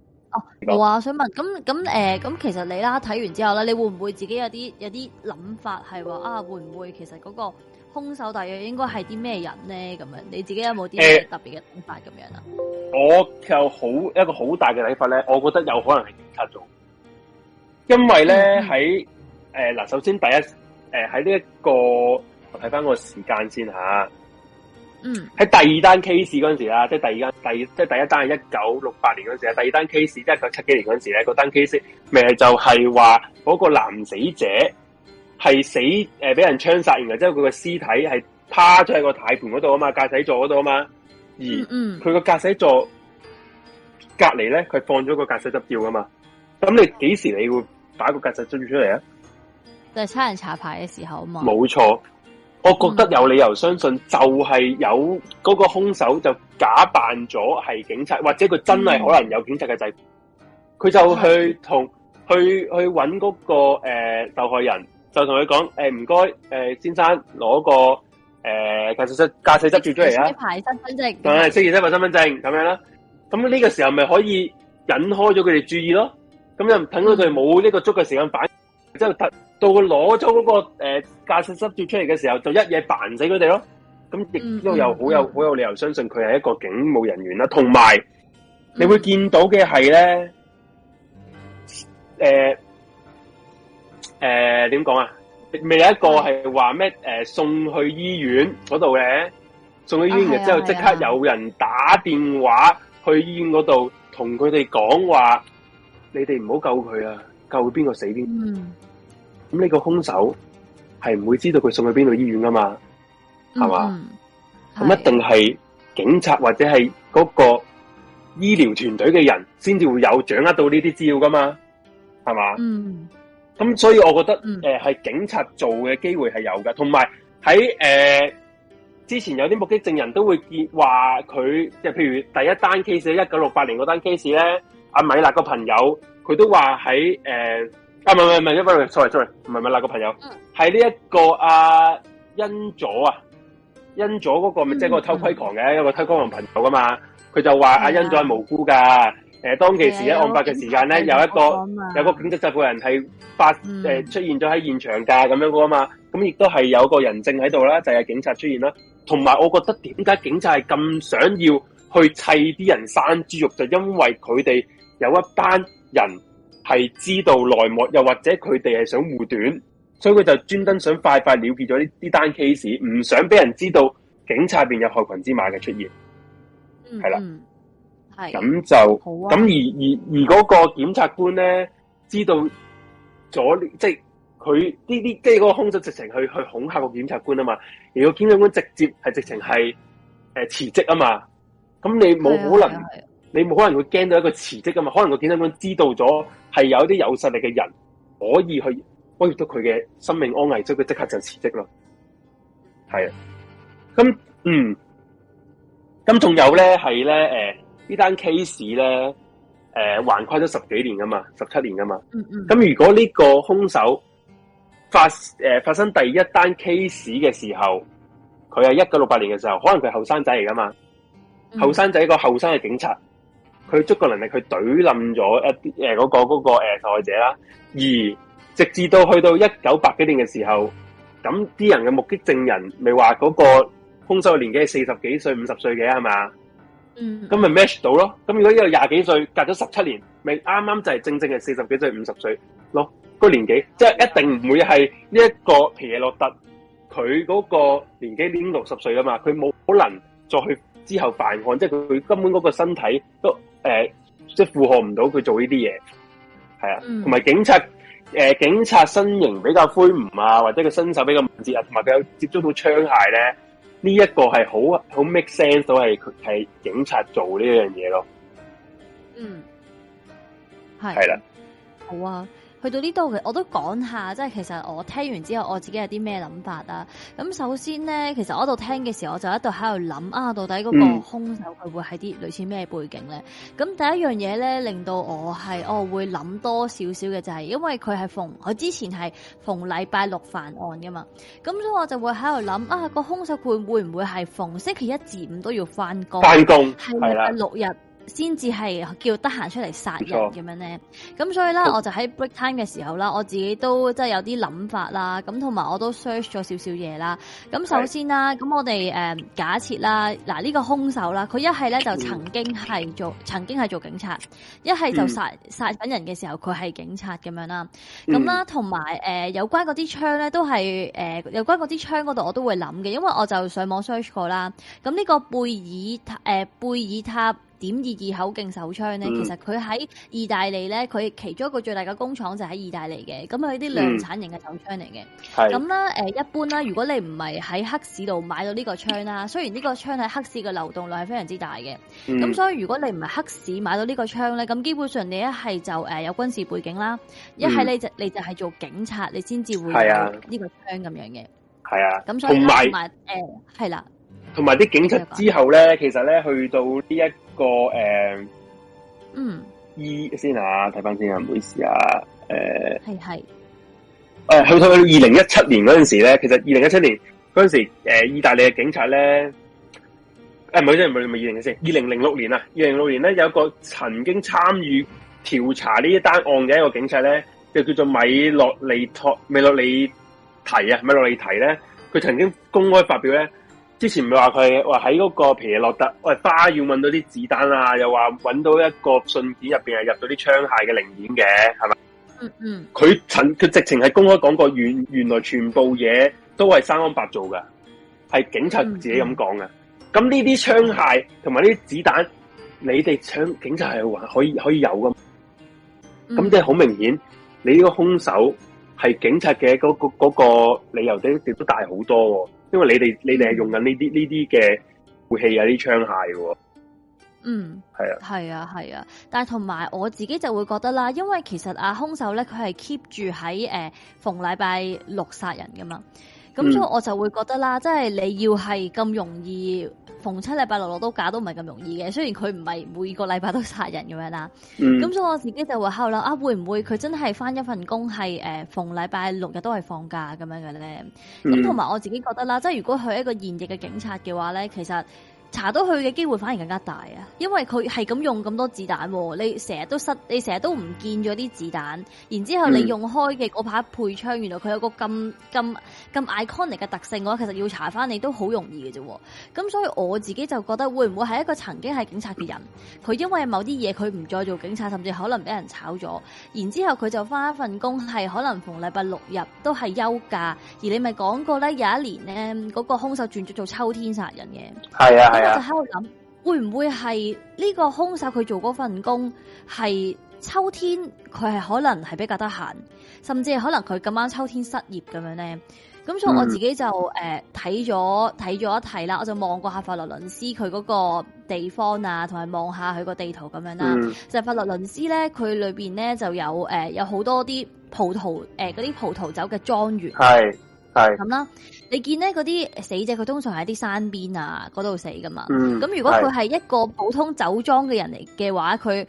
哦，啊，想問，咁咁誒，咁、呃、其實你啦睇完之後咧，你會唔會自己有啲有啲諗法是說，係話啊會唔會其實嗰個兇手大約應該係啲咩人咧？咁樣你自己有冇啲特別嘅諗法咁樣啊？我就好一個好大嘅睇法咧，我覺得有可能係警察做，因為咧喺誒嗱，首先第一誒喺呢一個睇翻、呃這個、個時間先吓、啊。喺第二單 case 嗰陣時啊，即係第二間第，即係第一單係一九六八年嗰陣時啊，第二單 case 即係一九七幾年嗰陣時咧，個單 case 咪就係話嗰個男死者係死誒，俾人槍殺，然後佢個屍體係趴咗喺個軚盤嗰度啊嘛，駕駛座嗰度啊嘛，而佢個駕駛座隔籬咧，佢放咗個駕駛執照噶嘛，咁你幾時你會擺個駕駛執照出嚟啊？就係差人查牌嘅時候啊嘛，冇錯。沒錯。我覺得有理由相信，就係有嗰個凶手就假扮咗係警察，或者佢真係可能有警察嘅，就佢就去同去去揾嗰個誒受害人，就同佢講誒唔該誒先生攞個誒駕駛執駕駛執照出嚟啊，排身份證，係四月三份身份證咁樣啦。咁呢個時候咪可以引開咗佢哋注意咯。咁就等佢哋冇呢個捉嘅時間反，即係突。到佢攞咗嗰個誒駕駛執照出嚟嘅時候，就一嘢扮死佢哋咯。咁亦都有好有好有理由相信佢係一個警務人員啦。同埋你會見到嘅係咧，誒誒、嗯，點講、呃呃、啊？未有一個係話咩？誒的、呃，送去醫院嗰度嘅，送去醫院嘅、啊、之後，即刻有人打電話去醫院嗰度同佢哋講話，你哋唔好救佢啊！救邊個死邊？嗯咁呢個兇手係唔會知道佢送去邊度醫院噶嘛？係嘛？嗯。咁一定係警察或者係嗰個醫療團隊嘅人先至會有掌握到呢啲資料噶嘛？係嘛？嗯。咁所以我覺得誒係、嗯呃、警察做嘅機會係有嘅，同埋喺誒之前有啲目擊證人都會見話佢，即係譬如第一單 case 一九六八年嗰單 case 咧，阿米娜個朋友佢都話喺誒。呃啊，唔唔唔，一 sorry sorry，唔係唔係嗱，個朋友，係呢一個阿恩佐啊，恩佐嗰個咪、啊那個、即係嗰個偷窺狂嘅、嗯、一個偷窺狂朋友噶嘛，佢就話阿恩佐係無辜噶。誒、eh，當其時喺案發嘅時間咧，是有，有一個有一個警察執法人係發誒、呃、出現咗喺現場㗎，咁樣噶嘛。咁、嗯、亦都係有個人證喺度啦，就係、是、警察出現啦。同埋我覺得點解警察係咁想要去砌啲人生豬肉，就是、因為佢哋有一班人。係知道內幕，又或者佢哋係想護短，所以佢就專登想快快了結咗呢啲單 case，唔想俾人知道警察入邊有害群之馬嘅出現。係啦，係咁就好、啊、而而而嗰個檢察官咧，知道咗，即係佢呢啲即係嗰個凶手直情去去恐吓個檢察官啊嘛，而個檢察官直接係直情係誒辭職啊嘛，咁你冇可能。你冇可能會驚到一個辭職噶嘛？可能個健身館知道咗係有啲有實力嘅人可以去威脅到佢嘅生命安危，即佢即刻就辭職咯。係啊，咁嗯，咁、嗯、仲、嗯、有咧係咧，誒呢單 case 咧，誒橫跨咗十幾年噶嘛，十七年噶嘛。咁、嗯嗯、如果呢個凶手發誒、呃、發生第一單 case 嘅時候，佢係一九六八年嘅時候，可能佢係後生仔嚟噶嘛，後生仔一個後生嘅警察。嗯嗯嗯佢足夠能力去、那個，去懟冧咗一啲誒，嗰個嗰個誒受害者啦。而直至到去到一九八幾年嘅時候，咁啲人嘅目擊證人咪話嗰個凶手嘅年紀係四十幾歲、五十歲嘅係嘛？嗯，咁咪、mm hmm. match 到咯。咁如果呢個廿幾歲，隔咗十七年，咪啱啱就係正正係四十幾歲、五十歲咯。個年紀即係一定唔會係呢一個皮耶洛特，佢嗰個年紀已經六十歲㗎嘛。佢冇可能再去之後犯案，即係佢根本嗰個身體都。誒，即係負荷唔到佢做呢啲嘢，係啊，同埋、嗯、警察，誒、呃，警察身形比較魁梧啊，或者佢身手比較敏捷、啊，同埋比較接觸到槍械咧，呢、這、一個係好好 make sense 到係係警察做呢樣嘢咯，嗯，係係啦，啊好啊。去到呢度嘅，我都講下，即係其實我聽完之後，我自己有啲咩諗法啊？咁首先呢，其實我喺度聽嘅時候，我就喺度喺度諗啊，到底嗰個凶手佢會係啲類似咩背景咧？咁第一樣嘢咧，令到我係我會諗多少少嘅就係、是，因為佢係逢我之前係逢禮拜六犯案噶嘛，咁所以我就會喺度諗啊，個凶手佢會唔會係逢星期一至五都要翻工？翻工係禮拜六日。是先至係叫得閒出嚟殺人咁冇錯，樣咧，咁所以咧我就喺 break time 嘅時候啦，我自己都即係有啲諗法啦，咁同埋我都 search 咗少少嘢啦。咁首先啦，咁我哋，呃、假設啦，嗱呢，呢個兇手啦，佢一係咧就曾經係做，嗯、曾經係做警察，一係就殺，嗯、殺人嘅時候佢係警察咁樣啦。咁啦，同埋，嗯有，呃、有關嗰啲槍咧，都係，呃、有關嗰啲槍嗰度我都會諗嘅，因為我就上網 search 過啦。咁呢個貝爾塔，呃、貝爾塔。點二二口徑手槍咧，嗯、其實佢喺意大利咧，佢其中一個最大嘅工廠就喺意大利嘅。咁佢啲量產型嘅手槍嚟嘅。咁咧，誒一般啦。如果你唔係喺黑市度買到呢個槍啦、啊，雖然呢個槍喺黑市嘅流動量係非常之大嘅。咁、嗯、所以如果你唔係黑市買到呢個槍咧，咁基本上你一係就、呃、有軍事背景啦，一係、嗯、你，你就你就係做警察，你先至會買呢個槍咁樣嘅。係啊，咁、啊、所以同埋誒係啦，同埋啲警察之後咧，這個、其實咧去到呢一。個誒，啊、嗯，依先啊，睇翻先啊，唔好意思啊，誒是，係係，誒，去到二零一七年嗰陣時咧，其實二零一七年嗰陣時，誒、啊，意大利嘅警察咧，誒，唔好意思，唔好意思，唔係二零一四，二零零六年啊，二零零六年咧，有一個曾經參與調查呢一單案嘅一個警察咧，就叫做米洛利托米洛利提啊，米洛利提咧，佢曾經公開發表咧。之前唔係話佢話喺嗰個皮爾洛特喂花要揾到啲子彈啊，又話揾到一個信件入邊係入到啲槍械嘅零件嘅，係咪、嗯？嗯嗯。佢陳佢直情係公開講過，原原來全部嘢都係三安八做噶，係警察自己咁講嘅。咁呢啲槍械同埋呢啲子彈，嗯、你哋槍警察係話可以可以有噶，咁、嗯、即係好明顯，你呢個凶手係警察嘅嗰、嗰個、嗰個理由都都大好多、哦。因為你哋你哋係用緊呢啲呢啲嘅武器槍、嗯、啊，啲槍械嘅，嗯，係啊，係啊，係啊，但係同埋我自己就會覺得啦，因為其實阿、啊、凶手咧佢係 keep 住喺誒、呃，逢禮拜六殺人噶嘛。咁所以我就會覺得啦，嗯、即係你要係咁容易逢七禮拜六攞到假都唔係咁容易嘅。雖然佢唔係每個禮拜都殺人咁樣啦，咁、嗯、所以我自己就會考慮啊，會唔會佢真係返一份工係、呃、逢禮拜六日都係放假咁樣嘅咧？咁同埋我自己覺得啦，即係如果佢係一個現役嘅警察嘅話咧，其實，查到佢嘅機會反而更加大啊！因為佢係咁用咁多子彈，你成日都失，你成日都唔見咗啲子彈，然之後你用開嘅嗰把配槍，原來佢有個咁咁咁 iconic 嘅特性嘅話，我其實要查翻你都好容易嘅啫。咁所以我自己就覺得會唔會係一個曾經係警察嘅人？佢因為某啲嘢佢唔再做警察，甚至可能俾人炒咗，然之後佢就翻一份工，係可能逢禮拜六日都係休假。而你咪講過咧，有一年呢，嗰個兇手轉咗做秋天殺人嘅，係啊係。我就喺度諗，會唔會係呢個兇手佢做嗰份工係秋天，佢係可能係比較得閒，甚至係可能佢咁啱秋天失業咁樣咧。咁所以我自己就誒睇咗睇咗一睇啦，我就望過下法羅倫斯佢嗰個地方啊，同埋望下佢個地圖咁樣啦。嗯、就係法羅倫斯咧，佢裏邊咧就有誒、呃、有好多啲葡萄誒嗰啲葡萄酒嘅莊園，係係咁啦。你見咧嗰啲死者，佢通常喺啲山邊啊嗰度死噶嘛。咁、嗯、如果佢係一個普通酒莊嘅人嚟嘅話，佢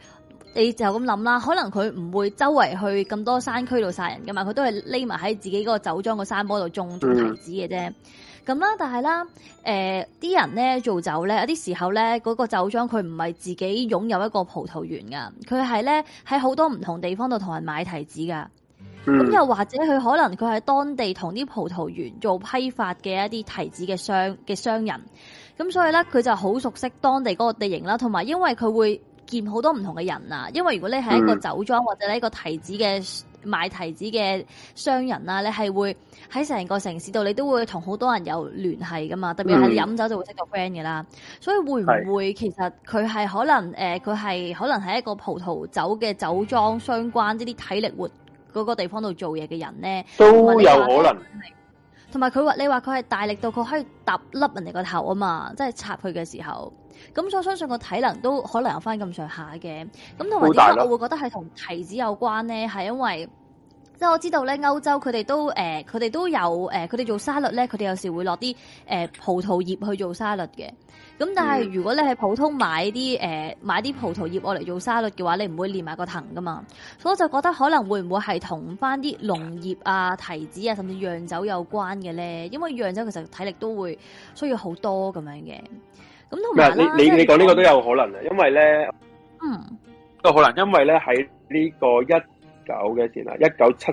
你就咁諗啦，可能佢唔會周圍去咁多山區度殺人噶嘛，佢都係匿埋喺自己嗰個酒莊個山坡度種提子嘅啫。咁、嗯、啦，但係啦，啲、呃、人咧做酒咧，有啲時候咧嗰、嗰個酒莊佢唔係自己擁有一個葡萄園噶，佢係咧喺好多唔同地方度同人買提子噶。咁、嗯、又或者佢可能佢係當地同啲葡萄園做批發嘅一啲提子嘅商嘅商人，咁所以咧佢就好熟悉當地嗰個地形啦，同埋因為佢會見好多唔同嘅人啊。因為如果你係一個酒莊或者呢個提子嘅賣提子嘅商人啦，你係會喺成個城市度你都會同好多人有聯繫噶嘛。特別係飲酒就會識到 friend 嘅啦。所以會唔會其實佢係可能誒，佢係是的、呃、可能係一個葡萄酒嘅酒莊相關呢啲體力活？嗰個地方度做嘢嘅人咧，都有可能，同埋佢話你話佢係大力到佢可以揼甩人哋個頭啊嘛，即係插佢嘅時候，咁我相信個體能都可能有翻咁上下嘅，咁同埋點解我會覺得係同提子有關咧？係因為。即係我知道咧，歐洲佢哋都誒，佢哋都有誒，佢哋做沙律咧，佢哋有時會落啲誒葡萄葉去做沙律嘅。咁但係如果你係普通買啲誒買啲葡萄葉我嚟做沙律嘅話，你唔會連埋個藤噶嘛？所以我就覺得可能會唔會係同翻啲農業啊、提子啊，甚至釀酒有關嘅咧？因為釀酒其實體力都會需要好多咁樣嘅。咁同埋你你講呢個都有可能啊，因為咧，嗯，都可能因為咧喺呢個一。九嘅年代，一九七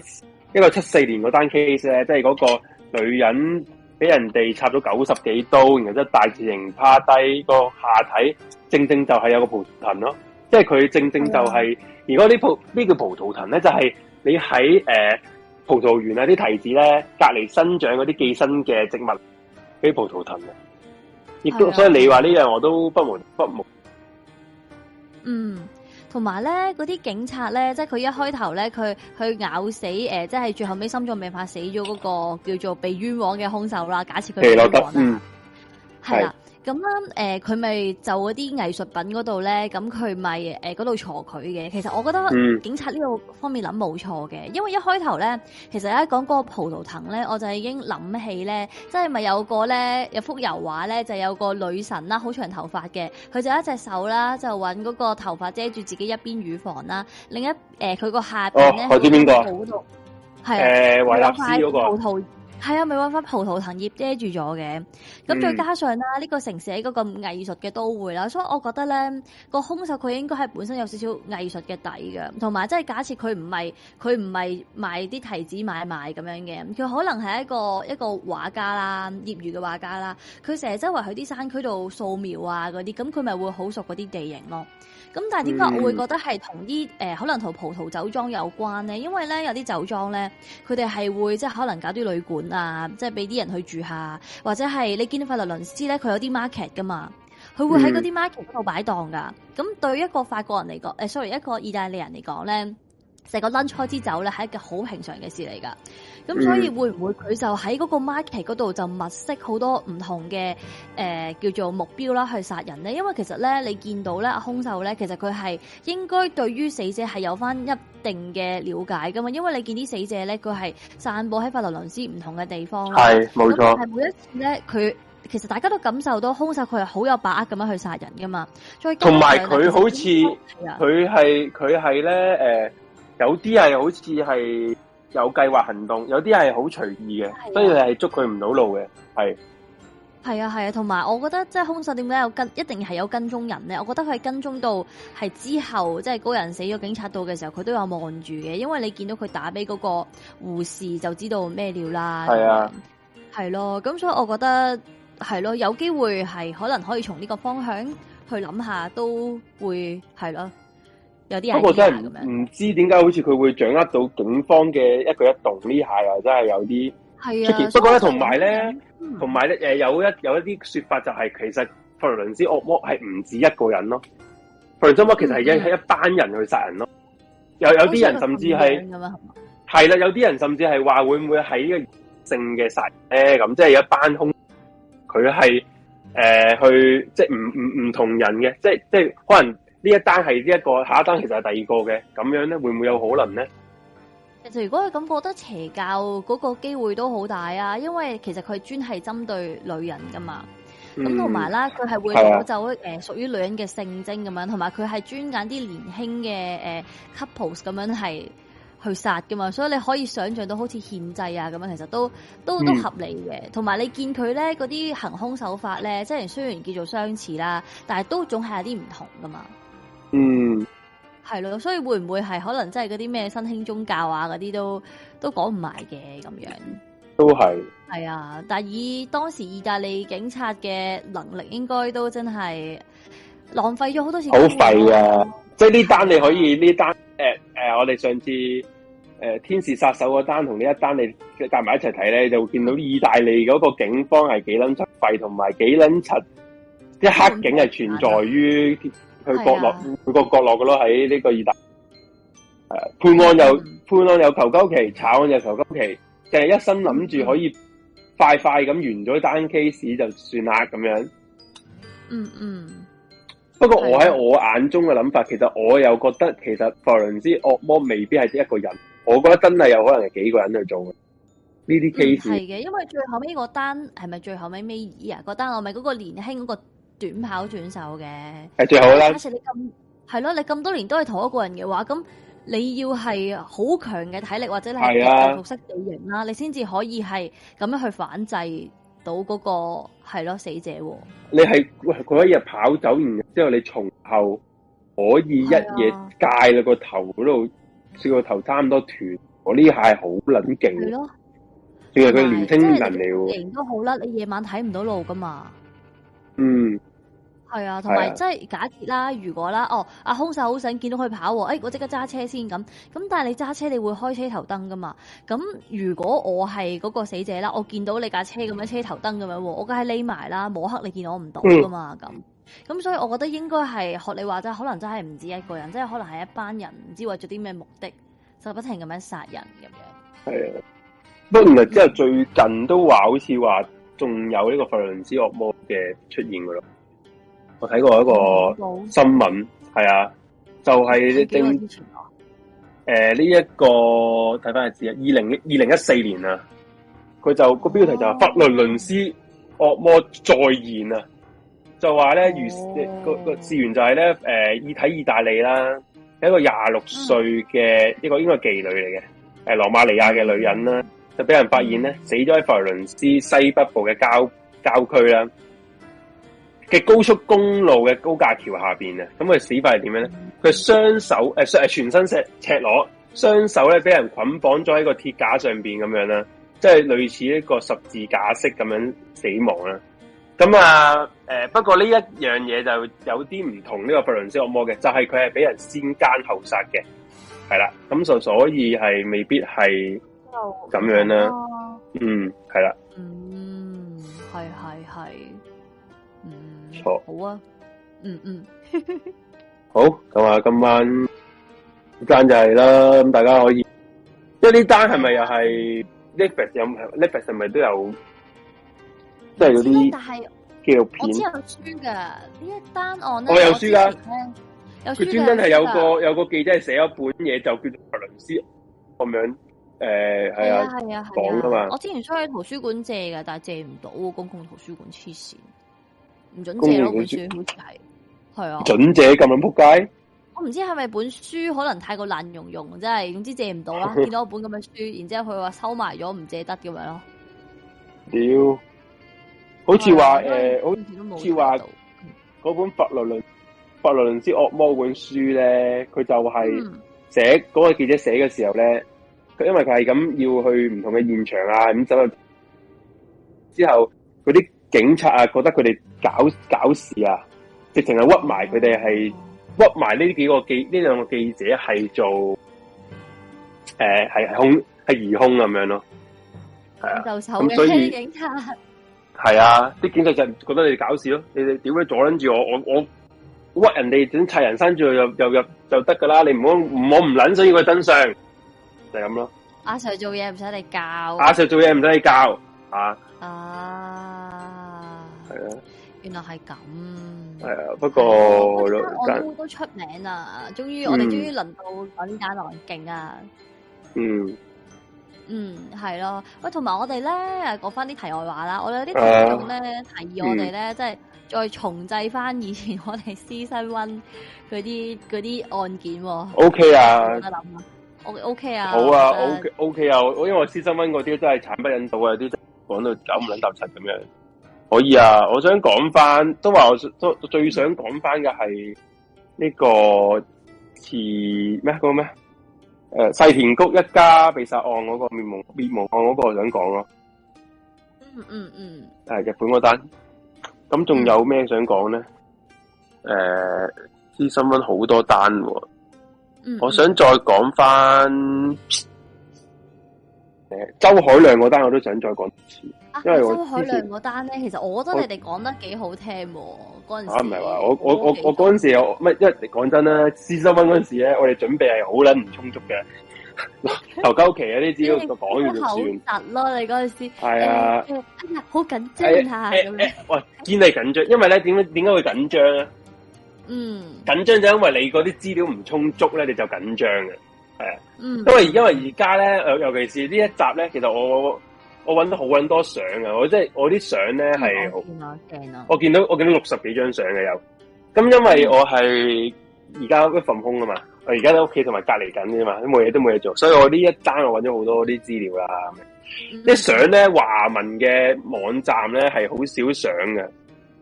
一個七四年嗰單 case 咧，即係嗰個女人俾人哋插咗九十幾刀，然後即係大字形趴低，個下體，正正就係有個葡萄藤咯。即係佢正正就係、是，如果呢呢個葡萄藤咧，就係、是、你喺誒、呃、葡萄園啊啲提子咧隔籬生長嗰啲寄生嘅植物，啲葡萄藤啊。亦都的所以你話呢樣我都不滿不滿。嗯。同埋咧，嗰啲警察咧，即係佢一開頭咧，佢去咬死誒、呃，即係最後尾心臟病發死咗嗰個叫做被冤枉嘅凶手啦，假設佢係冤枉啦、啊，係啦。嗯的咁啦，誒佢咪就嗰啲藝術品嗰度咧，咁佢咪誒嗰度坐佢嘅。其實我覺得警察呢個方面諗冇錯嘅，因為一開頭咧，其實一講嗰個葡萄藤咧，我就已經諗起咧，即係咪有個咧有幅油畫咧，就係、有個女神啦，好長頭髮嘅，佢就有一隻手啦，就揾嗰個頭髮遮住自己一邊乳房啦，另一誒佢、呃哦、個下邊咧喺葡萄嗰度係誒維納斯嗰個。係啊，咪揾翻葡萄藤葉遮住咗嘅。咁再加上啦，呢、嗯啊呢個城市喺嗰個藝術嘅都會啦，所以我覺得咧，個兇手佢應該係本身有少少藝術嘅底嘅，同埋即係假設佢唔係佢唔係賣啲提子買賣咁樣嘅，佢可能係一個一個畫家啦，業餘嘅畫家啦，佢成日周圍去啲山區度素描啊嗰啲，咁佢咪會好熟嗰啲地形咯。咁但係點解我會覺得係同啲誒可能同葡萄酒莊有關咧？因為咧有啲酒莊咧，佢哋係會即係可能搞啲旅館啊，即係俾啲人去住下，或者係你見到法律倫斯咧，佢有啲 market 噶嘛，佢會喺嗰啲 market 度擺檔噶。咁、嗯、對一個法國人嚟講、哎，sorry 一個意大利人嚟講咧。成個 lunch 開支走咧，係一個好平常嘅事嚟噶。咁所以會唔會佢就喺嗰個 market 嗰度就物色好多唔同嘅誒、呃、叫做目標啦，去殺人咧？因為其實咧，你見到咧，兇手咧，其實佢係應該對於死者係有返一定嘅了解噶嘛。因為你見啲死者咧，佢係散佈喺法羅倫斯唔同嘅地方，係冇錯。係每一次咧，佢其實大家都感受到兇手佢係好有把握咁樣去殺人噶嘛。同埋佢好似佢係佢係咧有啲係好似係有計劃行動，有啲係好隨意嘅，是啊，所以你係捉佢唔到他路嘅。係係啊係啊，同埋，啊、我覺得即係兇手點解有跟一定係有跟蹤人咧？我覺得佢係跟蹤到係之後，即、就、係、是、嗰人死咗，警察到嘅時候，佢都有望住嘅。因為你見到佢打俾嗰個護士，就知道咩料啦。係啊，係咯，啊。咁所以我覺得係咯，啊，有機會係可能可以從呢個方向去諗下，都會係咯。是啊不過真係唔知點解，好似佢會掌握到警方嘅一舉一動，呢下又真係有啲出、啊，不過咧，同埋咧，同埋咧，誒，有一有一啲說法就係，其實佛羅倫斯惡魔係唔止一個人咯。佛羅倫斯惡魔其實係一係、嗯、一班人去殺人咯。有啲人甚至係係啦，有啲人甚至係話會唔會喺呢個性嘅殺人咧？咁、嗯、即係有一班兇，佢係誒去即係唔唔唔同人嘅，即係即係可能。呢一單係呢一個，下一單其實係第二個嘅，咁樣咧會唔會有可能咧？其實如果佢咁覺得邪教嗰個機會都好大啊，因為其實佢專係針對女人噶嘛，咁同埋啦，佢係會攞走誒屬於女人嘅性徵咁樣，同埋佢係專揀啲年輕嘅誒、呃、couple 咁樣係去殺噶嘛，所以你可以想象到好似獻祭啊咁樣，其實都都都合理嘅。同埋、嗯、你見佢咧嗰啲行兇手法咧，即係雖然叫做相似啦，但係都總係有啲唔同噶嘛。嗯，係咯，所以會唔會係可能真係嗰啲咩新興宗教啊，嗰啲都都講唔埋嘅咁樣，都係係啊，但係以當時意大利警察嘅能力，應該都真係浪費咗好多次，啊廢。好廢啊！即係呢單你可以呢單誒誒，我哋上次誒，呃、天使殺手嗰單同呢一單你夾埋一齊睇咧，就見到意大利嗰個警方係幾撚柒廢，同埋幾撚柒即係黑警係存在於。嗯嗯去角落，去、啊、個角落嘅咯，喺呢個意大利，判案又判案又求鳩期，炒案又求鳩期，淨係一心諗住可以快快咁完咗單 case 就算啦咁樣。嗯嗯。嗯不過我喺我眼中嘅諗法，啊、其實我又覺得，其實佛倫斯惡魔未必係一個人，我覺得真係有可能係幾個人去做嘅呢啲 case。係嘅、嗯，因為最後尾嗰單係咪最後尾尾二啊？嗰單我咪嗰個年輕嗰、嗰個。短跑轉手嘅，係最好啦。假且你咁係咯，你咁多年都係同一個人嘅話，咁你要係好強嘅體力或者係熟悉地形啦，啊、你先至可以係咁樣去反制到嗰、嗰個係咯死者。你係嗰一日跑走完之後，你從後可以一夜戒你個、啊、頭嗰度，個頭差唔多斷，我呢下係好捻勁咯。你係佢年輕人嚟，型都好啦，你夜晚睇唔到路噶嘛。嗯，係啊，同埋即係假設啦，啊、如果啦，哦，阿凶手好想見到佢跑，誒、哎，我即刻揸車先咁，咁但係你揸車你會開車頭燈噶嘛？咁如果我係嗰個死者啦，我見到你架車咁樣車頭燈咁、嗯、樣，我梗係匿埋啦，摸黑你見我唔到噶嘛？咁咁所以我覺得應該係學你話齋，可能真係唔止一個人，即係可能係一班人，唔知為咗啲咩目的，就不停咁樣殺人咁樣。係、啊，不過唔係之後最近都話好似話。仲有呢個佛羅倫斯惡魔嘅出現㗎喇，我睇過一個新聞，係啊，就係、是、正誒呢一個睇翻個字啊，二零二零一四年啊，佢就個標題就係、是、佛倫倫斯惡魔再現啊，就話咧如個個字源就係咧誒，意、呃、體意大利啦，一個廿六歲嘅一個應該妓女嚟嘅，係羅馬尼亞嘅女人啦。就俾人發現咧，死咗喺佛羅倫斯西北部嘅郊郊區啦，嘅高速公路嘅高架橋下邊啊，咁佢死法係點樣咧？佢雙手誒誒、呃，全身石赤裸，雙手咧俾人捆綁咗喺個鐵架上邊咁樣啦，即係類似一個十字架式咁樣死亡啦。咁啊誒、呃，不過呢一樣嘢就有啲唔同呢個佛羅倫斯惡魔嘅，就係佢係俾人先姦後殺嘅，係啦。咁所所以係未必係。咁樣啦，嗯，係啦，嗯，係係係，嗯，錯好啊，嗯嗯，好，咁啊，今晚單就係啦，咁大家可以，即係呢單係咪又係 Netflix 有 Netflix 係咪都有，即係嗰啲紀錄片，我有書噶呢一單案我有書噶，佢專登係有個有個記者寫咗本嘢，就叫做佛倫斯咁樣。誒，係啊，係啊，講啊嘛，我之前想去圖書館借噶，但係借唔到，公共圖書館黐線，唔准借咯。本書好似係，係啊，准借咁樣撲街。我唔知係咪本書可能太過爛溶溶，即係總之借唔到啦。見到一本咁嘅書，然之後佢話收埋咗，唔借得咁樣咯。屌，好似話誒，好似話嗰本《佛羅倫佛羅倫斯惡魔》本書咧，佢就係寫嗰個記者寫嘅時候咧，因為佢係咁要去唔同嘅現場啊，咁走入之後，嗰啲警察啊覺得佢哋搞搞事啊，直情係屈埋佢哋係屈埋呢幾個記呢兩個記者係做誒係、呃、控係疑控咁樣咯，係啊，咁、啊、所以係啊，啲警察就覺得你哋搞事咯、啊，你哋點樣阻捻住我我我屈人哋整拆人身住又又入就得噶啦，你唔好唔好唔捻想要佢登上。就咁咯，阿、啊、Sir 做嘢唔使你教，阿、啊、Sir 做嘢唔使你教，啊，啊，係啊，原來係咁，係啊，不過、啊、我也、嗯、都出名啦，終於我哋終於輪到講呢間來勁啊，嗯，嗯，係咯，喂，同埋我哋咧講翻啲題外話啦，我哋有啲聽眾咧提議我哋咧，嗯、即係再重製翻以前我哋 C Seven 嗰啲啲案件，OK 啊。嗯 O，O，K Okay, 啊！好啊，O，O，K 啊！我因為我私心温嗰啲真係慘不忍睹啊，啲講到九唔捻搭七咁樣。可以啊，我想講翻，都話我最最想講翻嘅係呢個似咩嗰個咩？誒，世田谷一家被殺案嗰個滅門滅門案嗰我想講咯、啊。嗯嗯嗯。係、hmm. 日本嗰單。咁仲有咩想講咧？誒、呃，私心温好多單喎、啊。我想再講翻誒周海亮嗰單，我都想再講一次，因為、啊、周海亮嗰單咧，其實我覺得你哋講得幾好聽的。嗰陣時唔係話我我我我嗰陣時，啊、我乜？因為講真啦，私心蚊嗰陣時咧，我哋準備係好撚唔充足嘅，求鳩期啊！呢啲只要講完就算咯。你嗰陣時係啊，好緊張吓咁樣。喂、哎，真係緊張，因為咧點點解會緊張嗯，緊張就因為你嗰啲資料唔充足咧，你就緊張嘅，係啊，嗯，mm. 因為因為而家咧，尤其是呢一集咧，其實我我搵到好搵多相嘅，我即係我啲相咧係，我見到我見到六十幾張相嘅有，咁因為我係而家一份工啊嘛，我而家喺屋企同埋隔離緊嘅嘛，冇嘢都冇嘢做，所以我呢一單我搵咗好多啲資料啦，啲相咧華文嘅網站咧係好少相嘅，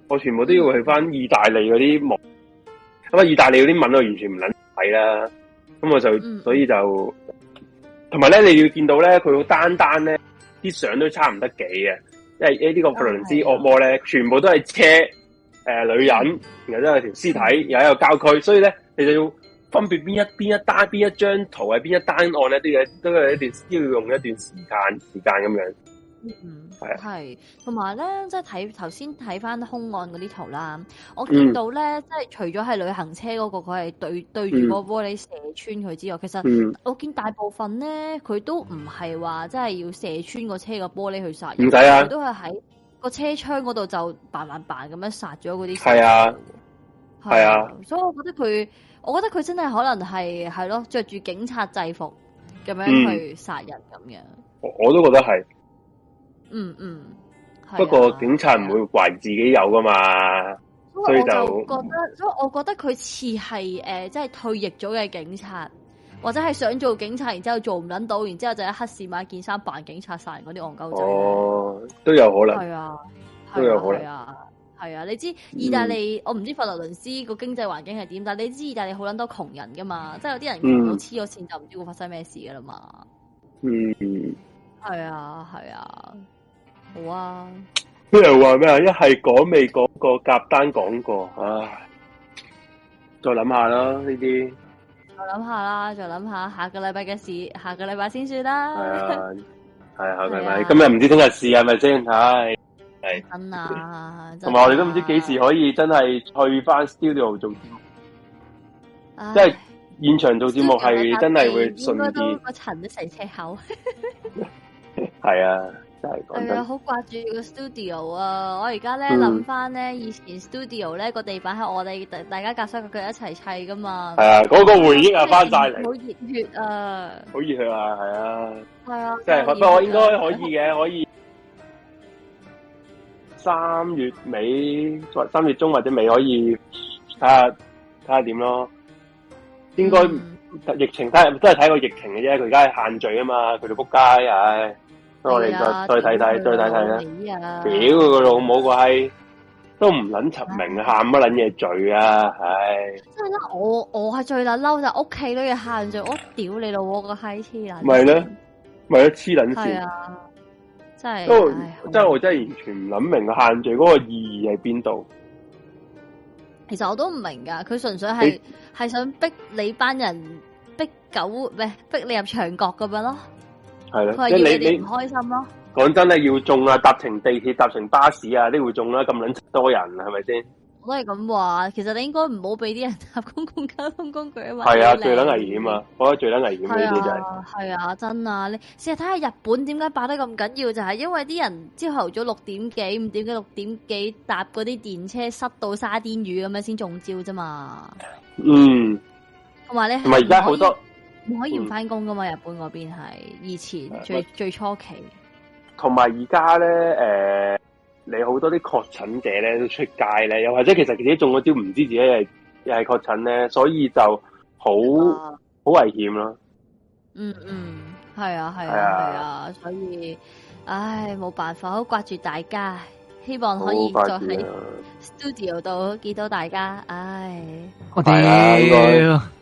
我全部都要去返意大利嗰啲網。咁啊，意大利嗰啲文都完全唔捻睇啦，咁我就、嗯、所以就同埋咧，你要見到咧，佢好單單咧啲相都差唔得幾嘅，因為這個佛呢個佛羅倫斯惡魔咧，嗯、全部都係車誒、呃、女人，然後都有條屍體，有一個郊區，所以咧，你就要分別邊一邊一單邊一張圖係邊一單案咧，都要都係一段，都要用一段時間時間咁樣。嗯，係、啊，同埋咧，即係睇頭先睇翻兇案嗰啲圖啦，我見到咧，嗯、即係除咗係旅行車嗰、嗰個佢係對對住個玻璃射穿佢之外，其實我見大部分咧，佢都唔係話即係要射穿個車個玻璃去殺人，啊、都係喺個車窗嗰度就扮扮扮咁樣殺咗嗰啲，係啊，係啊、啊、啊，所以我覺得佢，我覺得佢真係可能係係咯，着住、啊、警察制服咁樣去殺人咁樣、嗯，我我都覺得係。嗯嗯，嗯啊、不過警察唔會懷疑自己有噶嘛，啊、所以就，就覺得，所以我覺得佢似係誒，即、呃、係、就是、退役咗嘅警察，或者係想做警察，然之後做唔捻到，然之後就喺黑市買件衫扮警察，殺人嗰啲戇鳩仔。哦，都有可能，係啊，都有可能，係啊，啊，你知意大利，嗯、我唔知佛羅倫斯個經濟環境係點，但係你知意大利好捻多窮人噶嘛，即係有啲人窮到黐咗線，就唔知會發生咩事噶啦嘛。嗯，係啊，係啊。好啊，不如話咩？一係講未嗰個夾單講過，唉，再諗下啦，呢啲。再諗下啦，再諗下，下個禮拜嘅事，下個禮拜先算啦。係啊，係下個禮拜。今日唔知聽日事係咪先？係係真啊！同埋我哋都唔知幾時可以真係去翻 studio 做節目，即係唉現場做節目係真係會順啲。我塵都成車口。係啊。係啊，好掛住個 studio 啊！我而家咧諗翻咧，嗯、以前 studio 咧個地板係我哋大家隔三個腳一齊砌噶嘛。係啊，嗰、嗰個回憶啊，翻晒嚟。好熱血啊！好熱血啊，係啊。係啊，即係不過我應該可以嘅，很可以三月尾或三月中或者尾可以睇下睇下點咯。應該、嗯、疫情睇都係睇過疫情嘅啫，佢而家限聚啊嘛，佢哋撲街唉。哎我哋再再睇睇，再睇睇啦！屌佢個老母個閪，都唔捻明，喊乜捻嘢聚啊！唉，真係我我係最捻嬲，就屋企都要喊住我，屌你老窩個閪，黐捻！咪咧咪咧黐捻線，真係，真係我真係完全唔捻明限聚嗰個意義喺邊度。其實我都唔明噶，佢純粹係係想逼你班人逼狗唔係逼你入牆角咁樣咯。係咯，即係你你唔開心咯、啊。講真咧，要中啊！搭乘地鐵、搭乘巴士啊，啲會中啦、啊，咁卵多人係咪先？是我都係咁話，其實你應該唔好俾啲人搭公共交通工具是的啊。係的啊，是的是最捻危險啊！我覺得最捻危險呢啲就係，係啊，真啊！你試下睇下日本點解爆得咁緊要，就係、是、因為啲人朝頭早六點幾、五點幾、六點幾搭嗰啲電車，塞到沙甸魚咁樣先中招啫嘛。嗯。同埋咧，同埋而家好多。唔可以唔翻工噶嘛？嗯、日本嗰邊係以前最是最初期，同埋而家咧，誒，你好多啲確診者咧都出街咧，又或者其實自己中咗招唔知自己係又係確診咧，所以就好好、啊、危險咯、嗯。嗯嗯，係啊係啊係啊，啊，所以，唉，冇辦法，好掛住大家，希望可以再喺 studio 度見到大家。唉，我哋，應該。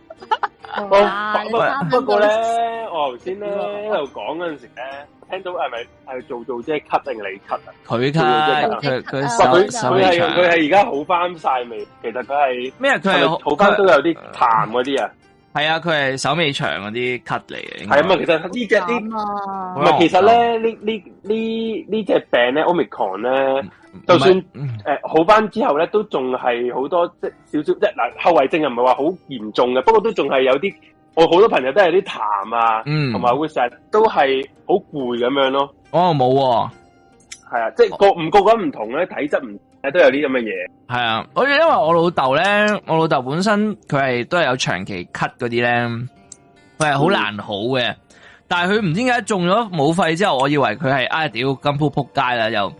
不過咧，我頭先咧喺度講嗰陣時咧，聽到係咪係做做即咳定你咳啊？佢咳，佢佢，佢係佢係而家好翻晒未？其實佢係咩？佢係好翻都有啲痰嗰啲啊？係啊，佢係手尾長嗰啲咳嚟嘅。係啊，其實呢隻、啊、呢唔係其實咧呢呢呢呢隻病咧 Omicron 咧，就算誒好返之後咧，都仲係好多即係少少即係嗱後遺症又唔係話好嚴重嘅，不過都仲係有啲我好多朋友都係有啲痰啊，嗯，同埋會成日都係好攰咁樣咯。哦，冇，係啊，即係、就是、各唔各個唔同咧，體質唔。誒，都有啲咁嘅嘢，係啊！我因為我老豆咧，我老豆本身佢係都係有長期咳嗰啲咧，佢係好難好嘅，嗯、但係佢唔知點解中咗武肺之後，我以為佢係、哎嗯、啊，屌金鋪仆街啦，又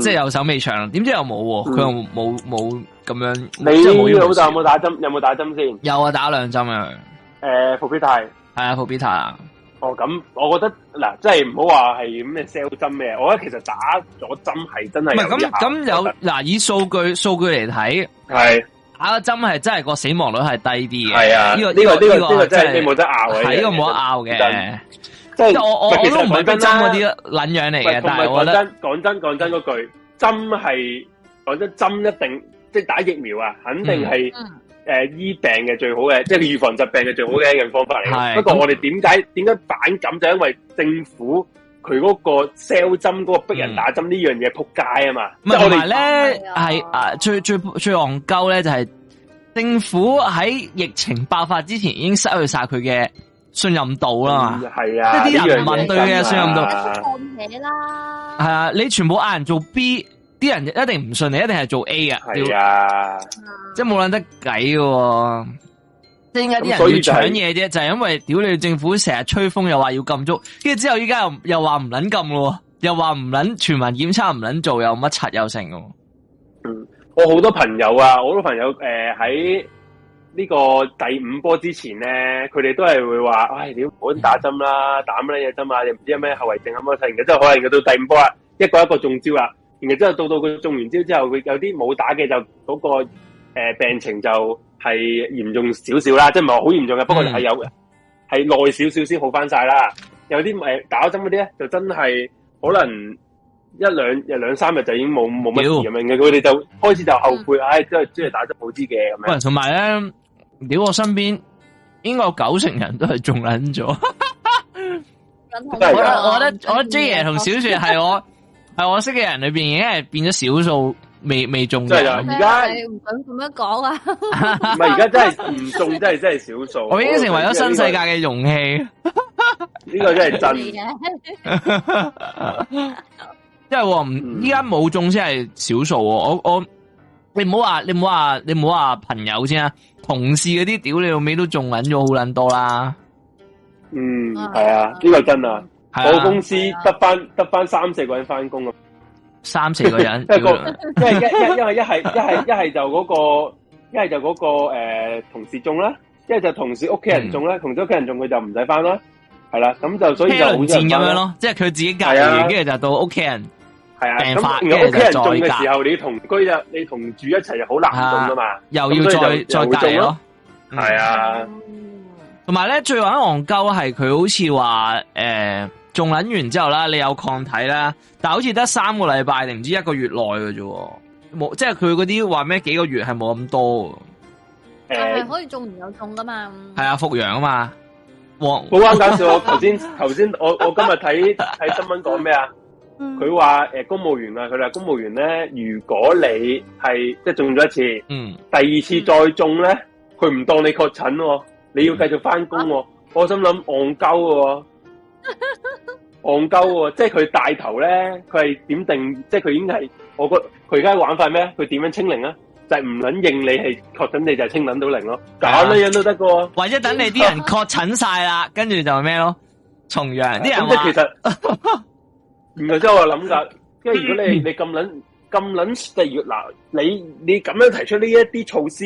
即係又手尾長，點知又冇，佢又冇冇咁樣。你老豆有冇打針？有冇打針先？有啊，打兩針啊。誒、呃，復必泰係啊，復必泰。哦，咁我覺得嗱，真係唔好話係咩 sell 針咩，我覺得其實打咗針係真係唔係咁咁有嗱，以數據數據嚟睇，係打咗針係真係個死亡率係低啲嘅，係啊，呢個呢個呢個呢個真係你冇得拗嘅，呢個冇得拗嘅，即係我我其唔講真啦，嗰啲捻樣嚟嘅，但係我覺得講真講真講真嗰句針係講真針一定即係打疫苗啊，肯定係。誒、呃，醫病嘅最好嘅，即係預防疾病嘅最好嘅一樣方法嚟。是不過我哋點解點解反感？就因為政府佢嗰個 sell 針嗰、那個逼人打針呢、嗯、樣嘢撲街啊嘛！唔係、嗯、我哋咧，係啊，是啊最最最戇鳩咧就係政府喺疫情爆發之前已經失去晒佢嘅信任度啦嘛。係、嗯、啊，即係啲人民對嘅信任度。嘢啦，係啊，你全部嗌人做 B。啲人一定唔信你，一定係做 A 嘅是啊！係啊，即係冇捻得計嘅，即係點解啲人搶嘢啫？就係因為屌你、嗯就是、政府成日吹風又話要禁足，跟住之後依家又又話唔捻禁咯，又話唔捻全民檢測唔捻做，又乜柒又成嘅、啊。嗯，我好多朋友啊，好多朋友誒喺呢個第五波之前咧，佢哋都係會話：，唉、哎呀，你唔好打針啦、啊，打乜嘢針啊？你唔知有咩後遺症啊？乜柒嘅，即係可能到第五波啊，一個一個中招啊！然之後到到佢中完招之後，佢有啲冇打嘅就嗰、那個誒、呃、病情就係嚴重少少啦，即係唔係好嚴重嘅，不過係有係耐少少先好翻晒啦。有啲誒、呃、打，打針嗰啲咧，就真係可能一兩日兩三日就已經冇冇乜咁樣嘅，佢哋要就開始就後悔，唉、嗯，即係即係打針好啲嘅咁樣。同埋咧，屌我身邊應該有九成人都係中撚咗。我我 J 我 J 爺同小雪係我。係我識嘅人裏邊，已經係變咗少數未未中嘅。而家唔准咁樣講啊！唔係而家真係唔中真係，真係真係少數。我已經成為咗新世界嘅容器。呢個真係真，即係唔依家冇中先係少數。我我你唔好話，你唔好話，你唔好話朋友先啊！同事嗰啲屌你老尾都中捻咗好捻多啦。嗯，係啊，呢 個真啊。我公司得返得返三四個人返工啊，三四個人，一、那個，因為一因因為一係一係一係就嗰、那個，一係就嗰、那個誒、那個呃、同事中啦，一係就同事屋企人中啦、嗯，同事屋企人中佢就唔使返啦，係啦，咁就所以就好似咁樣咯，即係佢自己隔離跟住就到屋企人發，係啊，咁屋企人中嘅時候，離你同居又你，同，居你同住一齊就好難中啊嘛，又要再再隔離咯，係啊，同埋咧最玩憨鳩係佢好似話誒。種捻完之後啦，你有抗體啦，但係好似得三個禮拜定唔知一個月內㗎。啫，冇即係佢嗰啲話咩幾個月係冇咁多誒，可以種唔有痛噶嘛？係啊，復陽啊嘛。好搞笑，我頭先頭先我我今日睇睇新聞講咩啊？佢話誒公務員啊，佢話公務員咧，如果你係即係種咗一次，嗯，第二次再種咧，佢唔當你確診，你要繼續翻工，我心諗戇鳩啊！戇鳩喎，即係佢帶頭咧，佢係點定？即係佢已經係我覺佢而家玩法咩？佢點樣清零啊？就唔、是、捻認你係確診，你就係清捻到零咯、哦。咁樣、啊、的都得個、啊，或者等你啲人確診晒啦， 跟住就咩咯？重陽啲人，咁即係其實，然之後我諗噶，因為如果你你咁捻咁捻，就係嗱，你 你咁樣提出呢一啲措施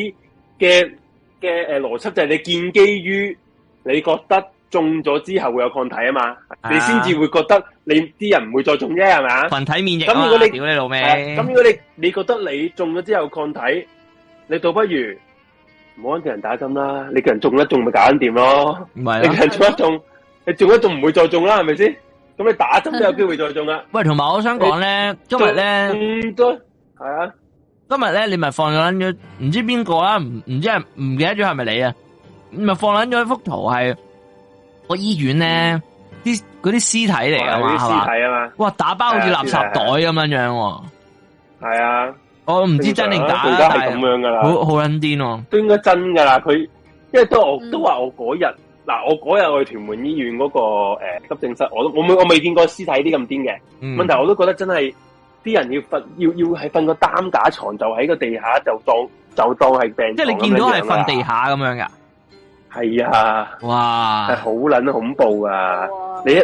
嘅嘅誒邏輯，就係你建基於你覺得。中咗之後會有抗體啊嘛，啊你先至會覺得你啲人唔會再中啫係咪？群體免疫啊！如果你屌你老咩？咁、啊、如果你你覺得你中咗之後抗體，你倒不如唔好搵人打針啦，你叫人中一中咪搞掂咯。唔係，你叫人中一中，你中一中唔會再中啦，係咪先？咁你打針都有機會再中啦、啊。 喂，同埋我想講咧，做今日咧，係、嗯、啊，今日咧你咪放咗捻咗，唔知邊個啦，唔唔知係唔記得咗係咪你啊？你咪放捻咗一幅圖係。個醫院咧，啲嗰啲屍體嚟啊啲屍體啊嘛，吧哇，打包好似垃圾袋咁樣樣，係啊，我唔知真定假，而家係咁樣噶啦，好好卵癲哦都應該真噶啦，佢因為都我都話我嗰日嗱，我嗰日去屯門醫院嗰個誒急症室，我都我未我未見過屍體啲咁癲嘅，嗯、問題我都覺得真係啲人要瞓要要係瞓個擔架床，就喺個地下就當就當係病，即係你見到係瞓地下咁樣噶。係啊，哇，好捻恐怖啊！哇你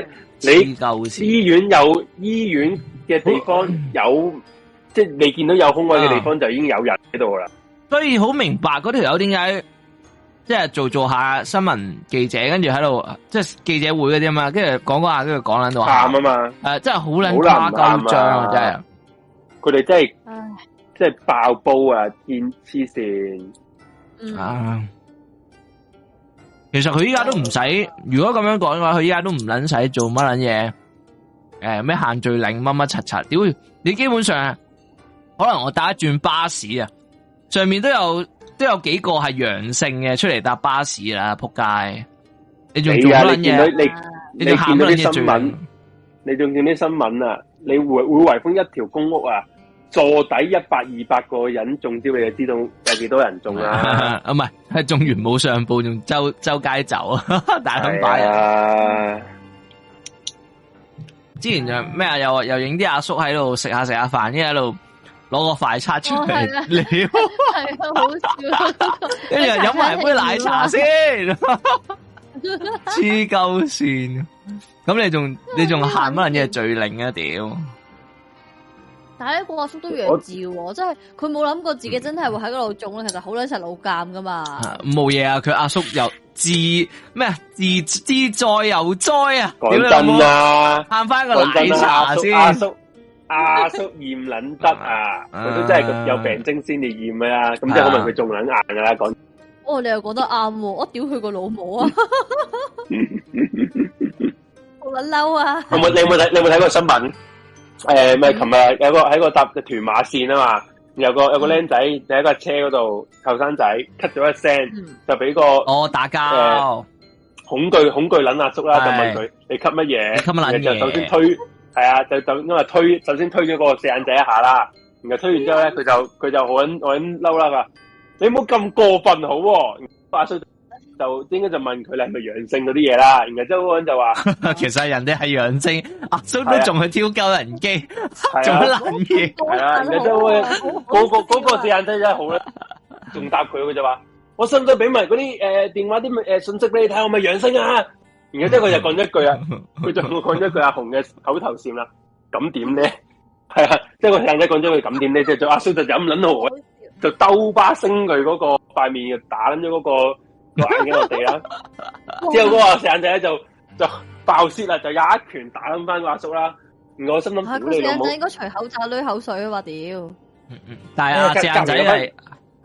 你醫院有醫院嘅地方有，即係你見到有空位嘅地方就已經有人喺度啦。所以好明白嗰條友點解即係做做下新聞記者，跟住喺度即係記者會嗰啲嘛，跟住講講下，跟住講喺度喊啊嘛，誒，真係好捻誇張啊！真係，佢哋真係即係爆煲啊，癲黐線啊！嗯其實佢依家都唔使，如果咁樣講嘅話，佢依家都唔捻使做乜捻嘢。誒、哎，咩限聚令乜乜柒柒，屌！你基本上可能我搭一轉巴士啊，上面都有都有幾個係陽性嘅出嚟搭巴士啦，扑街！你仲要乜捻嘢？你、啊、你見到啲還新聞，什麼東西你仲見啲新聞啊？你會會圍封一條公屋啊？坐底一百二百個人中招，你就知道有幾多人中啦、啊。唔係，係中完冇上報，仲周周街走但啊，係咁擺啊！之前就咩啊，又又影啲阿叔喺度食下食下飯，一喺度攞個快餐出嚟，你係好笑。跟住又飲埋杯奶茶先，黐鳩線。咁 你仲你仲行乜爛嘢最令一屌！但係咧，個阿叔都弱智，真係佢冇諗過自己真係會喺嗰度種咧，其實好卵成老監噶嘛。冇嘢啊，佢阿叔又自咩？自自在又災啊！講真啊，嘆翻個奶茶先。阿叔阿叔驗卵得啊！佢都真係有病徵先至驗啊。咁即係我問佢仲卵硬噶啦。講哦，你又覺得啱？我屌佢個老母啊！我卵嬲啊！你有冇你有冇睇你有冇睇過新聞。誒，咪琴日有個喺個搭嘅屯馬線，啊嘛，有個有一個僆仔喺個車嗰度，後生仔咳咗一聲，就俾個哦打交、呃，恐懼恐懼捻阿叔啦，就的問佢你吸乜嘢？你就首先推，係啊的，就等因為推，首先推咗個四眼仔一下啦，然後推完之後咧，佢、嗯、就佢就好撚我嬲啦㗎。你唔好咁過分好、哦，喎。就應該就問佢咧係咪陽性嗰啲嘢啦，然後周安就話，其實人哋係陽性，嗯、阿叔都仲去挑救人機，仲捻嘢，係啊，然後周安嗰個嗰個字眼真係好啦，仲答佢，佢就話，我使唔使俾埋嗰啲誒電話啲誒信息俾你睇，我咪陽性啊？然後即係佢就講一句啊，佢就講咗一句阿雄嘅口頭禪啦，咁點咧？係啊，即係個字眼講咗佢咁點，呢？ 就做 阿叔就飲捻河，就兜巴聲佢嗰個塊面打咗嗰、那個。玩嘅我哋啦，之後嗰個細眼仔就就爆雪啦，就一拳打撚翻個阿叔啦，我心諗唔好。細眼仔應該除口罩，攞口水啊嘛，屌！但係阿細眼仔咧，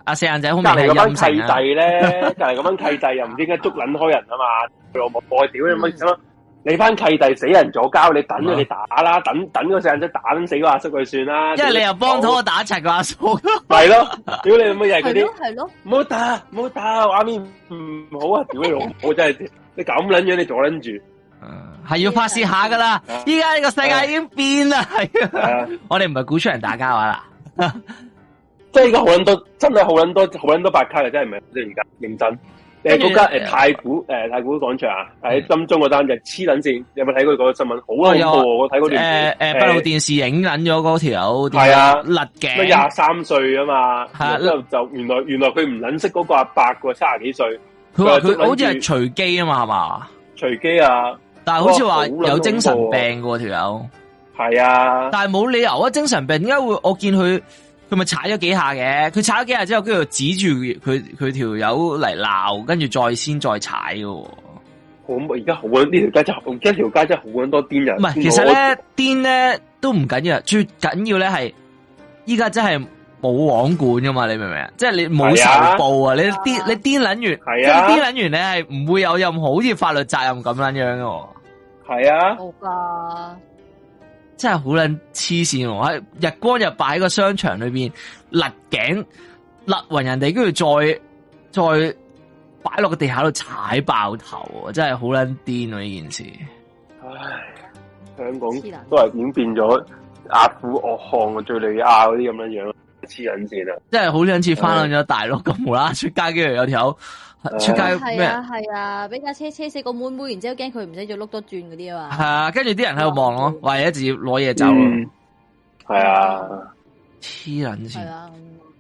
阿細眼仔好明顯係陰沉啊。隔籬咁樣契弟咧，就係咁樣契弟，又唔應該捉捻開人啊嘛，做冇愛屌咁樣。你番契弟死人咗交，你等你打啦，等等嗰陣仔打死個阿叔佢算啦。因為你又幫拖打柒個阿叔咯。係咯，屌你乜嘢嗰啲？係咯，係咯，唔好打，唔好打，阿咪唔好啊！屌你老母，真係你咁捻樣，你阻捻住，係要發洩下噶啦！依家呢個世界已經變啦，係啊！我哋唔係鼓出人打交啦，即係而家好捻多，真係好捻多，好捻多發卡嘅，真係唔係？即係而家認真。誒，嗰間誒太古誒、欸、太古廣場啊，喺的金鐘嗰單日黐捻線，有冇睇過嗰個新聞？好恐怖！啊、有我睇過嗰段誒誒，呃呃、閉路電視影捻咗嗰條友。係啊，甩頸咩廿三歲啊嘛，之後就原來原來佢唔捻識嗰個阿伯嘅，七十幾歲。佢話佢好似係隨機啊嘛，係嘛？隨機啊！但係好似話有精神病嘅條友，係啊！的但係冇理由啊，精神病點解會？我見佢。佢咪踩咗幾下嘅？佢踩咗幾下之後，跟住指住佢佢條友嚟鬧，跟住再先再踩嘅喎。咁而家好緊呢條街，真係一條街真係好緊多癲人。唔係不，其實咧癲咧都唔緊要，最緊要咧係依家真係冇網管噶嘛？你明唔明？即係你冇仇報啊！你癲你癲捻完，即係癲捻完你係唔會有任何好似法律責任咁樣樣喎。係啊。噶。真係好撚黐線喎！喺日光日擺喺個商場裏邊勒頸勒暈人哋，跟住再再擺落個地下度踩爆頭，真係好撚癲啊！呢件事，唉，香港都係演變咗阿富汗啊，敘利亞嗰啲咁樣樣黐撚線啊！真係好想似翻咗大陸咁，無啦出街，跟住有條。出街咩？係啊，係啊，俾架車車死個妹妹，然之後驚佢唔使再碌多轉嗰啲啊嘛。係啊，跟住啲人喺度望咯，或者直接攞嘢走。係啊，黐捻線。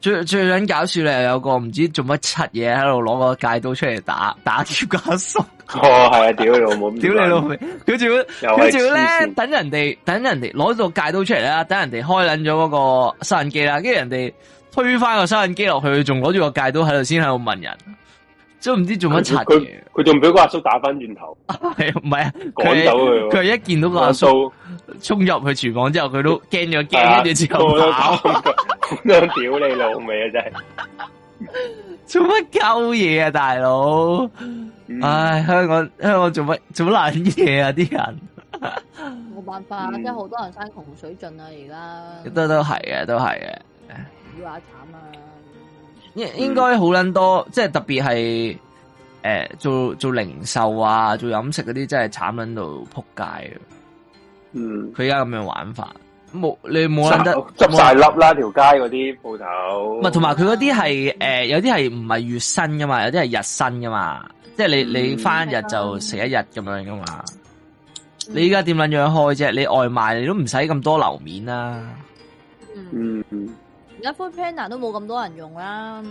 最最捻搞笑咧，又有個唔知做乜柒嘢喺度攞個戒刀出嚟打打劫阿叔。哦，係啊，屌你老母，屌你老味。屌住佢，屌住佢咧，等人哋等人哋攞到戒刀出嚟啦，等人哋開捻咗嗰個收銀機啦，跟住人哋推翻個收銀機落去，仲攞住個戒刀喺度，先喺度問人。都唔知做乜柒嘅，佢仲唔俾個阿叔打翻轉頭？係唔係啊？趕走佢，佢一見到個阿叔衝入去廚房之後，佢都驚咗驚，跟住之後跑，想屌你老味啊！真係做乜鳩嘢啊，大佬！嗯、唉，香港香港做乜做乜爛啲嘢啊？啲人冇 辦法，即係好多人山窮水盡啊！而家、嗯、都都係啊，都係啊。屌下慘啊！應應該好捻多，即係、嗯、特別係誒做做零售啊，做飲食嗰啲真係慘捻到扑街。嗯，佢而家咁樣玩法，冇你冇捻得執晒笠啦，條用街嗰啲鋪頭。唔係，同埋佢嗰啲係誒，有啲係唔係月薪噶嘛，有啲係日薪噶嘛，即係你、嗯、你返日就食一日咁樣噶嘛。嗯、你而家點捻樣開啫？你外賣你都唔使咁多樓面啦。嗯。而家 foodpanda 都冇咁多人用啦，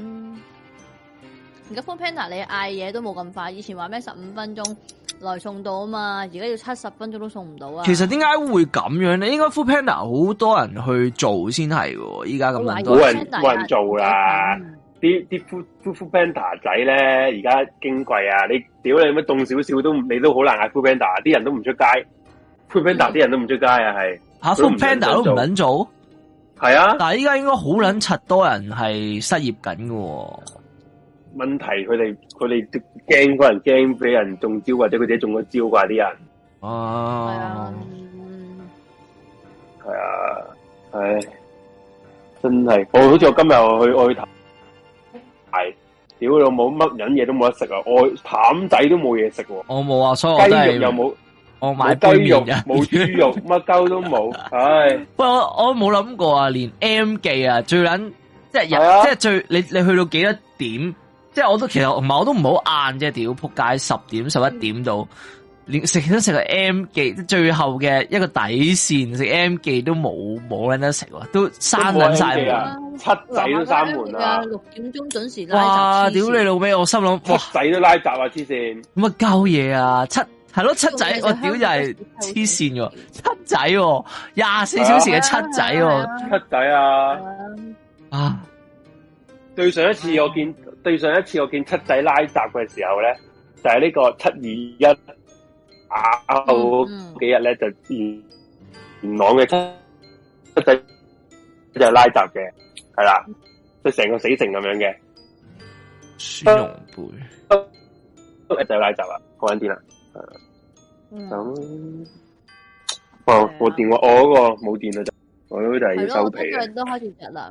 而家 foodpanda 你嗌嘢都冇咁快，以前話咩十五分鐘來送到啊嘛，而家要七十分鐘都送唔到啊。其實點解會咁樣咧？應該 foodpanda 好多人去做先係，依家咁難，冇人冇人做啦。啲啲 foodpanda 仔咧，而家矜貴啊！你屌你咩？凍少少都你都好難嗌 foodpanda 啲人都唔出街，foodpanda 啲人都唔出街啊，係啊，foodpanda 都唔撚做。啊係啊，但係依家應該好捻柒多人係失業緊嘅，哦。問題佢哋佢哋驚，可能驚俾人中招，或者佢哋中咗招啩啲人。哦，係啊，係啊，係，真係我好似我今日我去我去探，係，嗯，屌你冇乜忍嘢都冇得食啊，我盤仔都冇嘢食。我冇話粗，雞肉又冇。我買雞肉，冇豬肉，乜鳩都冇，唉！不過我冇諗過啊，連 M 記啊，最捻即係日，即係最你你去到幾多點？即係我都其實唔係，我都唔好晏啫。屌仆街，十點十一點到，連食都食個 M 記，最後嘅一個底線食 M 記都冇冇捻得食，都生捻晒，七仔都閂門啦。六點鐘準時拉閘。哇！屌你老味，我心諗七仔都拉閘啊黐線。乜鳩嘢啊七。係咯，七仔，我，哦、屌就係黐線嘅，七仔，廿四小時嘅七仔，七仔啊，仔啊， 對上一次我見，對上一次我見七仔拉閘嘅時候咧，就係、是、呢個七二一啊，後幾日咧就元元朗嘅七仔閘就係拉閘嘅，係啦，即成個死城咁樣嘅，孫龍背，就、嗯、拉閘啦，講緊啲啦。嗯咁，我我電話我嗰個冇電啦，就我都就要收皮啦。都開成日啦，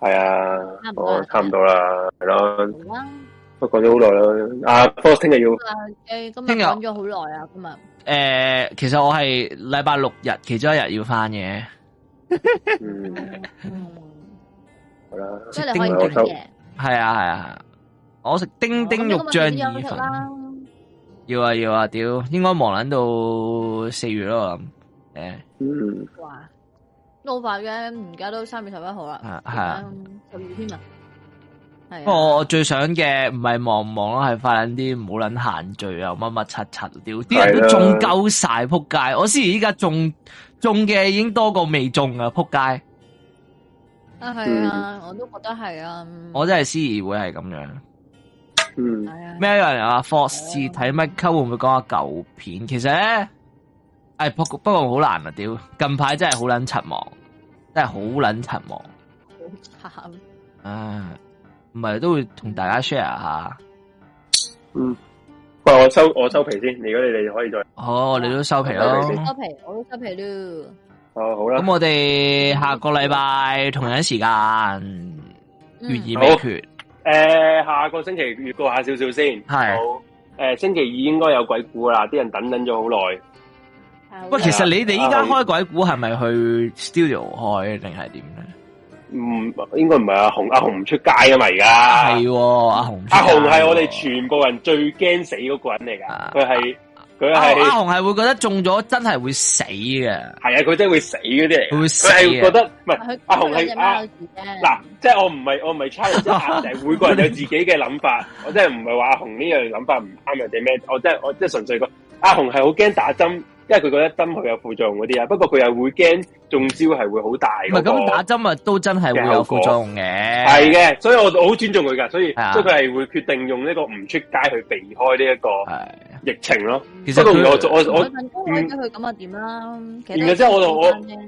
係啊，我差唔多啦，係咯。我講咗好耐啦，啊，不過聽日要。誒，今日等咗好耐啊！今日。誒，其實我係禮拜六日其中一日要翻嘅。係啦。即係丁丁肉，係啊，係啊，係啊！我食丁丁肉醬意粉。要啊，要啊，屌！應該忙捻到四月咯，我諗，誒，嗯，快，都好快嘅，而家都三月十一號啦，係啊，十二天啊，係。不過我最想嘅唔係忙唔忙咯，係快捻啲，唔好捻閒聚啊，乜乜柒柒，屌，啲人都仲鳩晒，撲街！我思怡依家中中嘅已經多過未中啊，撲街！啊，係啊，嗯、我都覺得係啊。嗯、我真係思怡會係咁樣。嗯，咩有人啊？福士睇乜溝會唔會講下舊片？其實咧，誒，不過好難啊！屌，近排真係好卵失望，真係好撚失望，好慘啊！唔係都會同大家 share 下。嗯，喂，我收我收皮先，如果你哋可以再，哦，你都收皮啦，收皮，我都收皮啦。哦，好啦，咁我哋下個禮拜同樣時間，懸疑未決。誒、呃，下個星期預告下少少先，係誒是、呃，星期二應該有鬼故啦，啲人等等咗好耐。喂，其實你哋而家開鬼故係咪去 studio 開定係點咧？唔，應該唔係啊。阿紅阿紅唔出街㗎嘛而家，係阿紅阿紅係我哋全部人最驚死嗰個人嚟㗎，佢、啊、係。阿阿雄係會覺得中咗真係會死嘅，係啊，佢真係會死嗰啲，會死嘅覺得唔係。阿雄係阿嗱，即係我唔係我唔係 challenge 每個人有自己嘅諗法。我真係唔係話阿雄呢樣諗法唔啱人哋咩？我真係我即係純粹講阿雄係好驚打針，因為佢覺得針佢有副作用嗰啲啊。不過佢又會驚中招係會好大。唔係咁打針啊，都真係會有副作用嘅，係嘅。所以我好尊重佢噶，所以即係佢係會決定用呢個唔出街去避開呢一個。疫情咯，不過我我我，問佢咁啊點啦？其實真我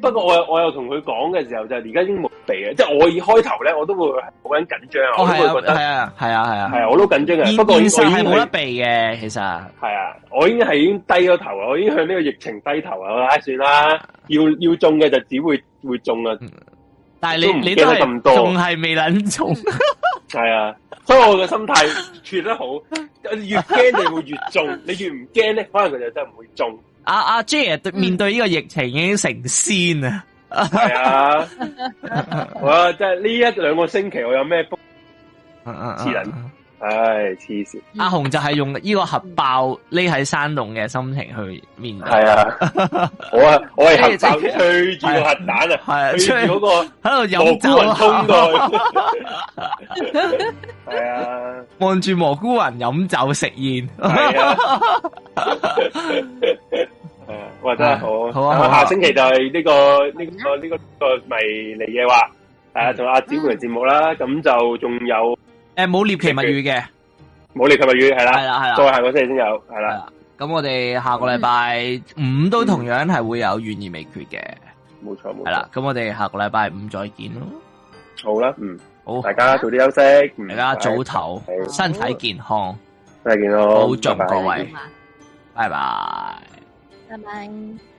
不過我我又同佢講嘅時候就係而家已經冇避嘅，即係我一開頭咧我都會好緊緊張啊，我都會覺得係啊係啊係啊係啊，我都緊張嘅。不過我已經冇得避嘅，其實係啊，我已經係已經低咗頭啊，我已經向呢個疫情低頭啊，我唉算啦，要要中嘅就只會會中啦。但係你你都係咁多仲係未捻中，係啊！所以我嘅心態處得好，越驚你會越中，你越唔驚咧，可能佢就真係唔會中。阿阿 Jay 面對呢個疫情已經成仙 啊！係啊！我真係呢一兩個星期我有咩 book？嗯嗯嗯。唉，黐線！阿紅就係用呢個核爆匿喺山洞嘅心情去面對。係啊，我我係即係出去住個核彈啊，係啊，出咗嗰個喺度飲酒啊，係啊，望住蘑菇雲飲酒食煙。係啊，哇真係好，好啊，我下星期就係呢個呢個呢個個咪嚟嘅話，係啊，同阿子梅節目啦，咁就仲有。誒，冇獵奇物語嘅，冇獵奇物語係啦，係啦，係啦，再下個星期先有，係啦。咁我哋下個禮拜五都同樣係會有懸而未決嘅，冇錯，係啦。咁我哋下個禮拜五再見咯。好啦，嗯，好，大家早啲休息，大家早唞。身體健康，再見咯，好，保重各位，拜拜，拜拜。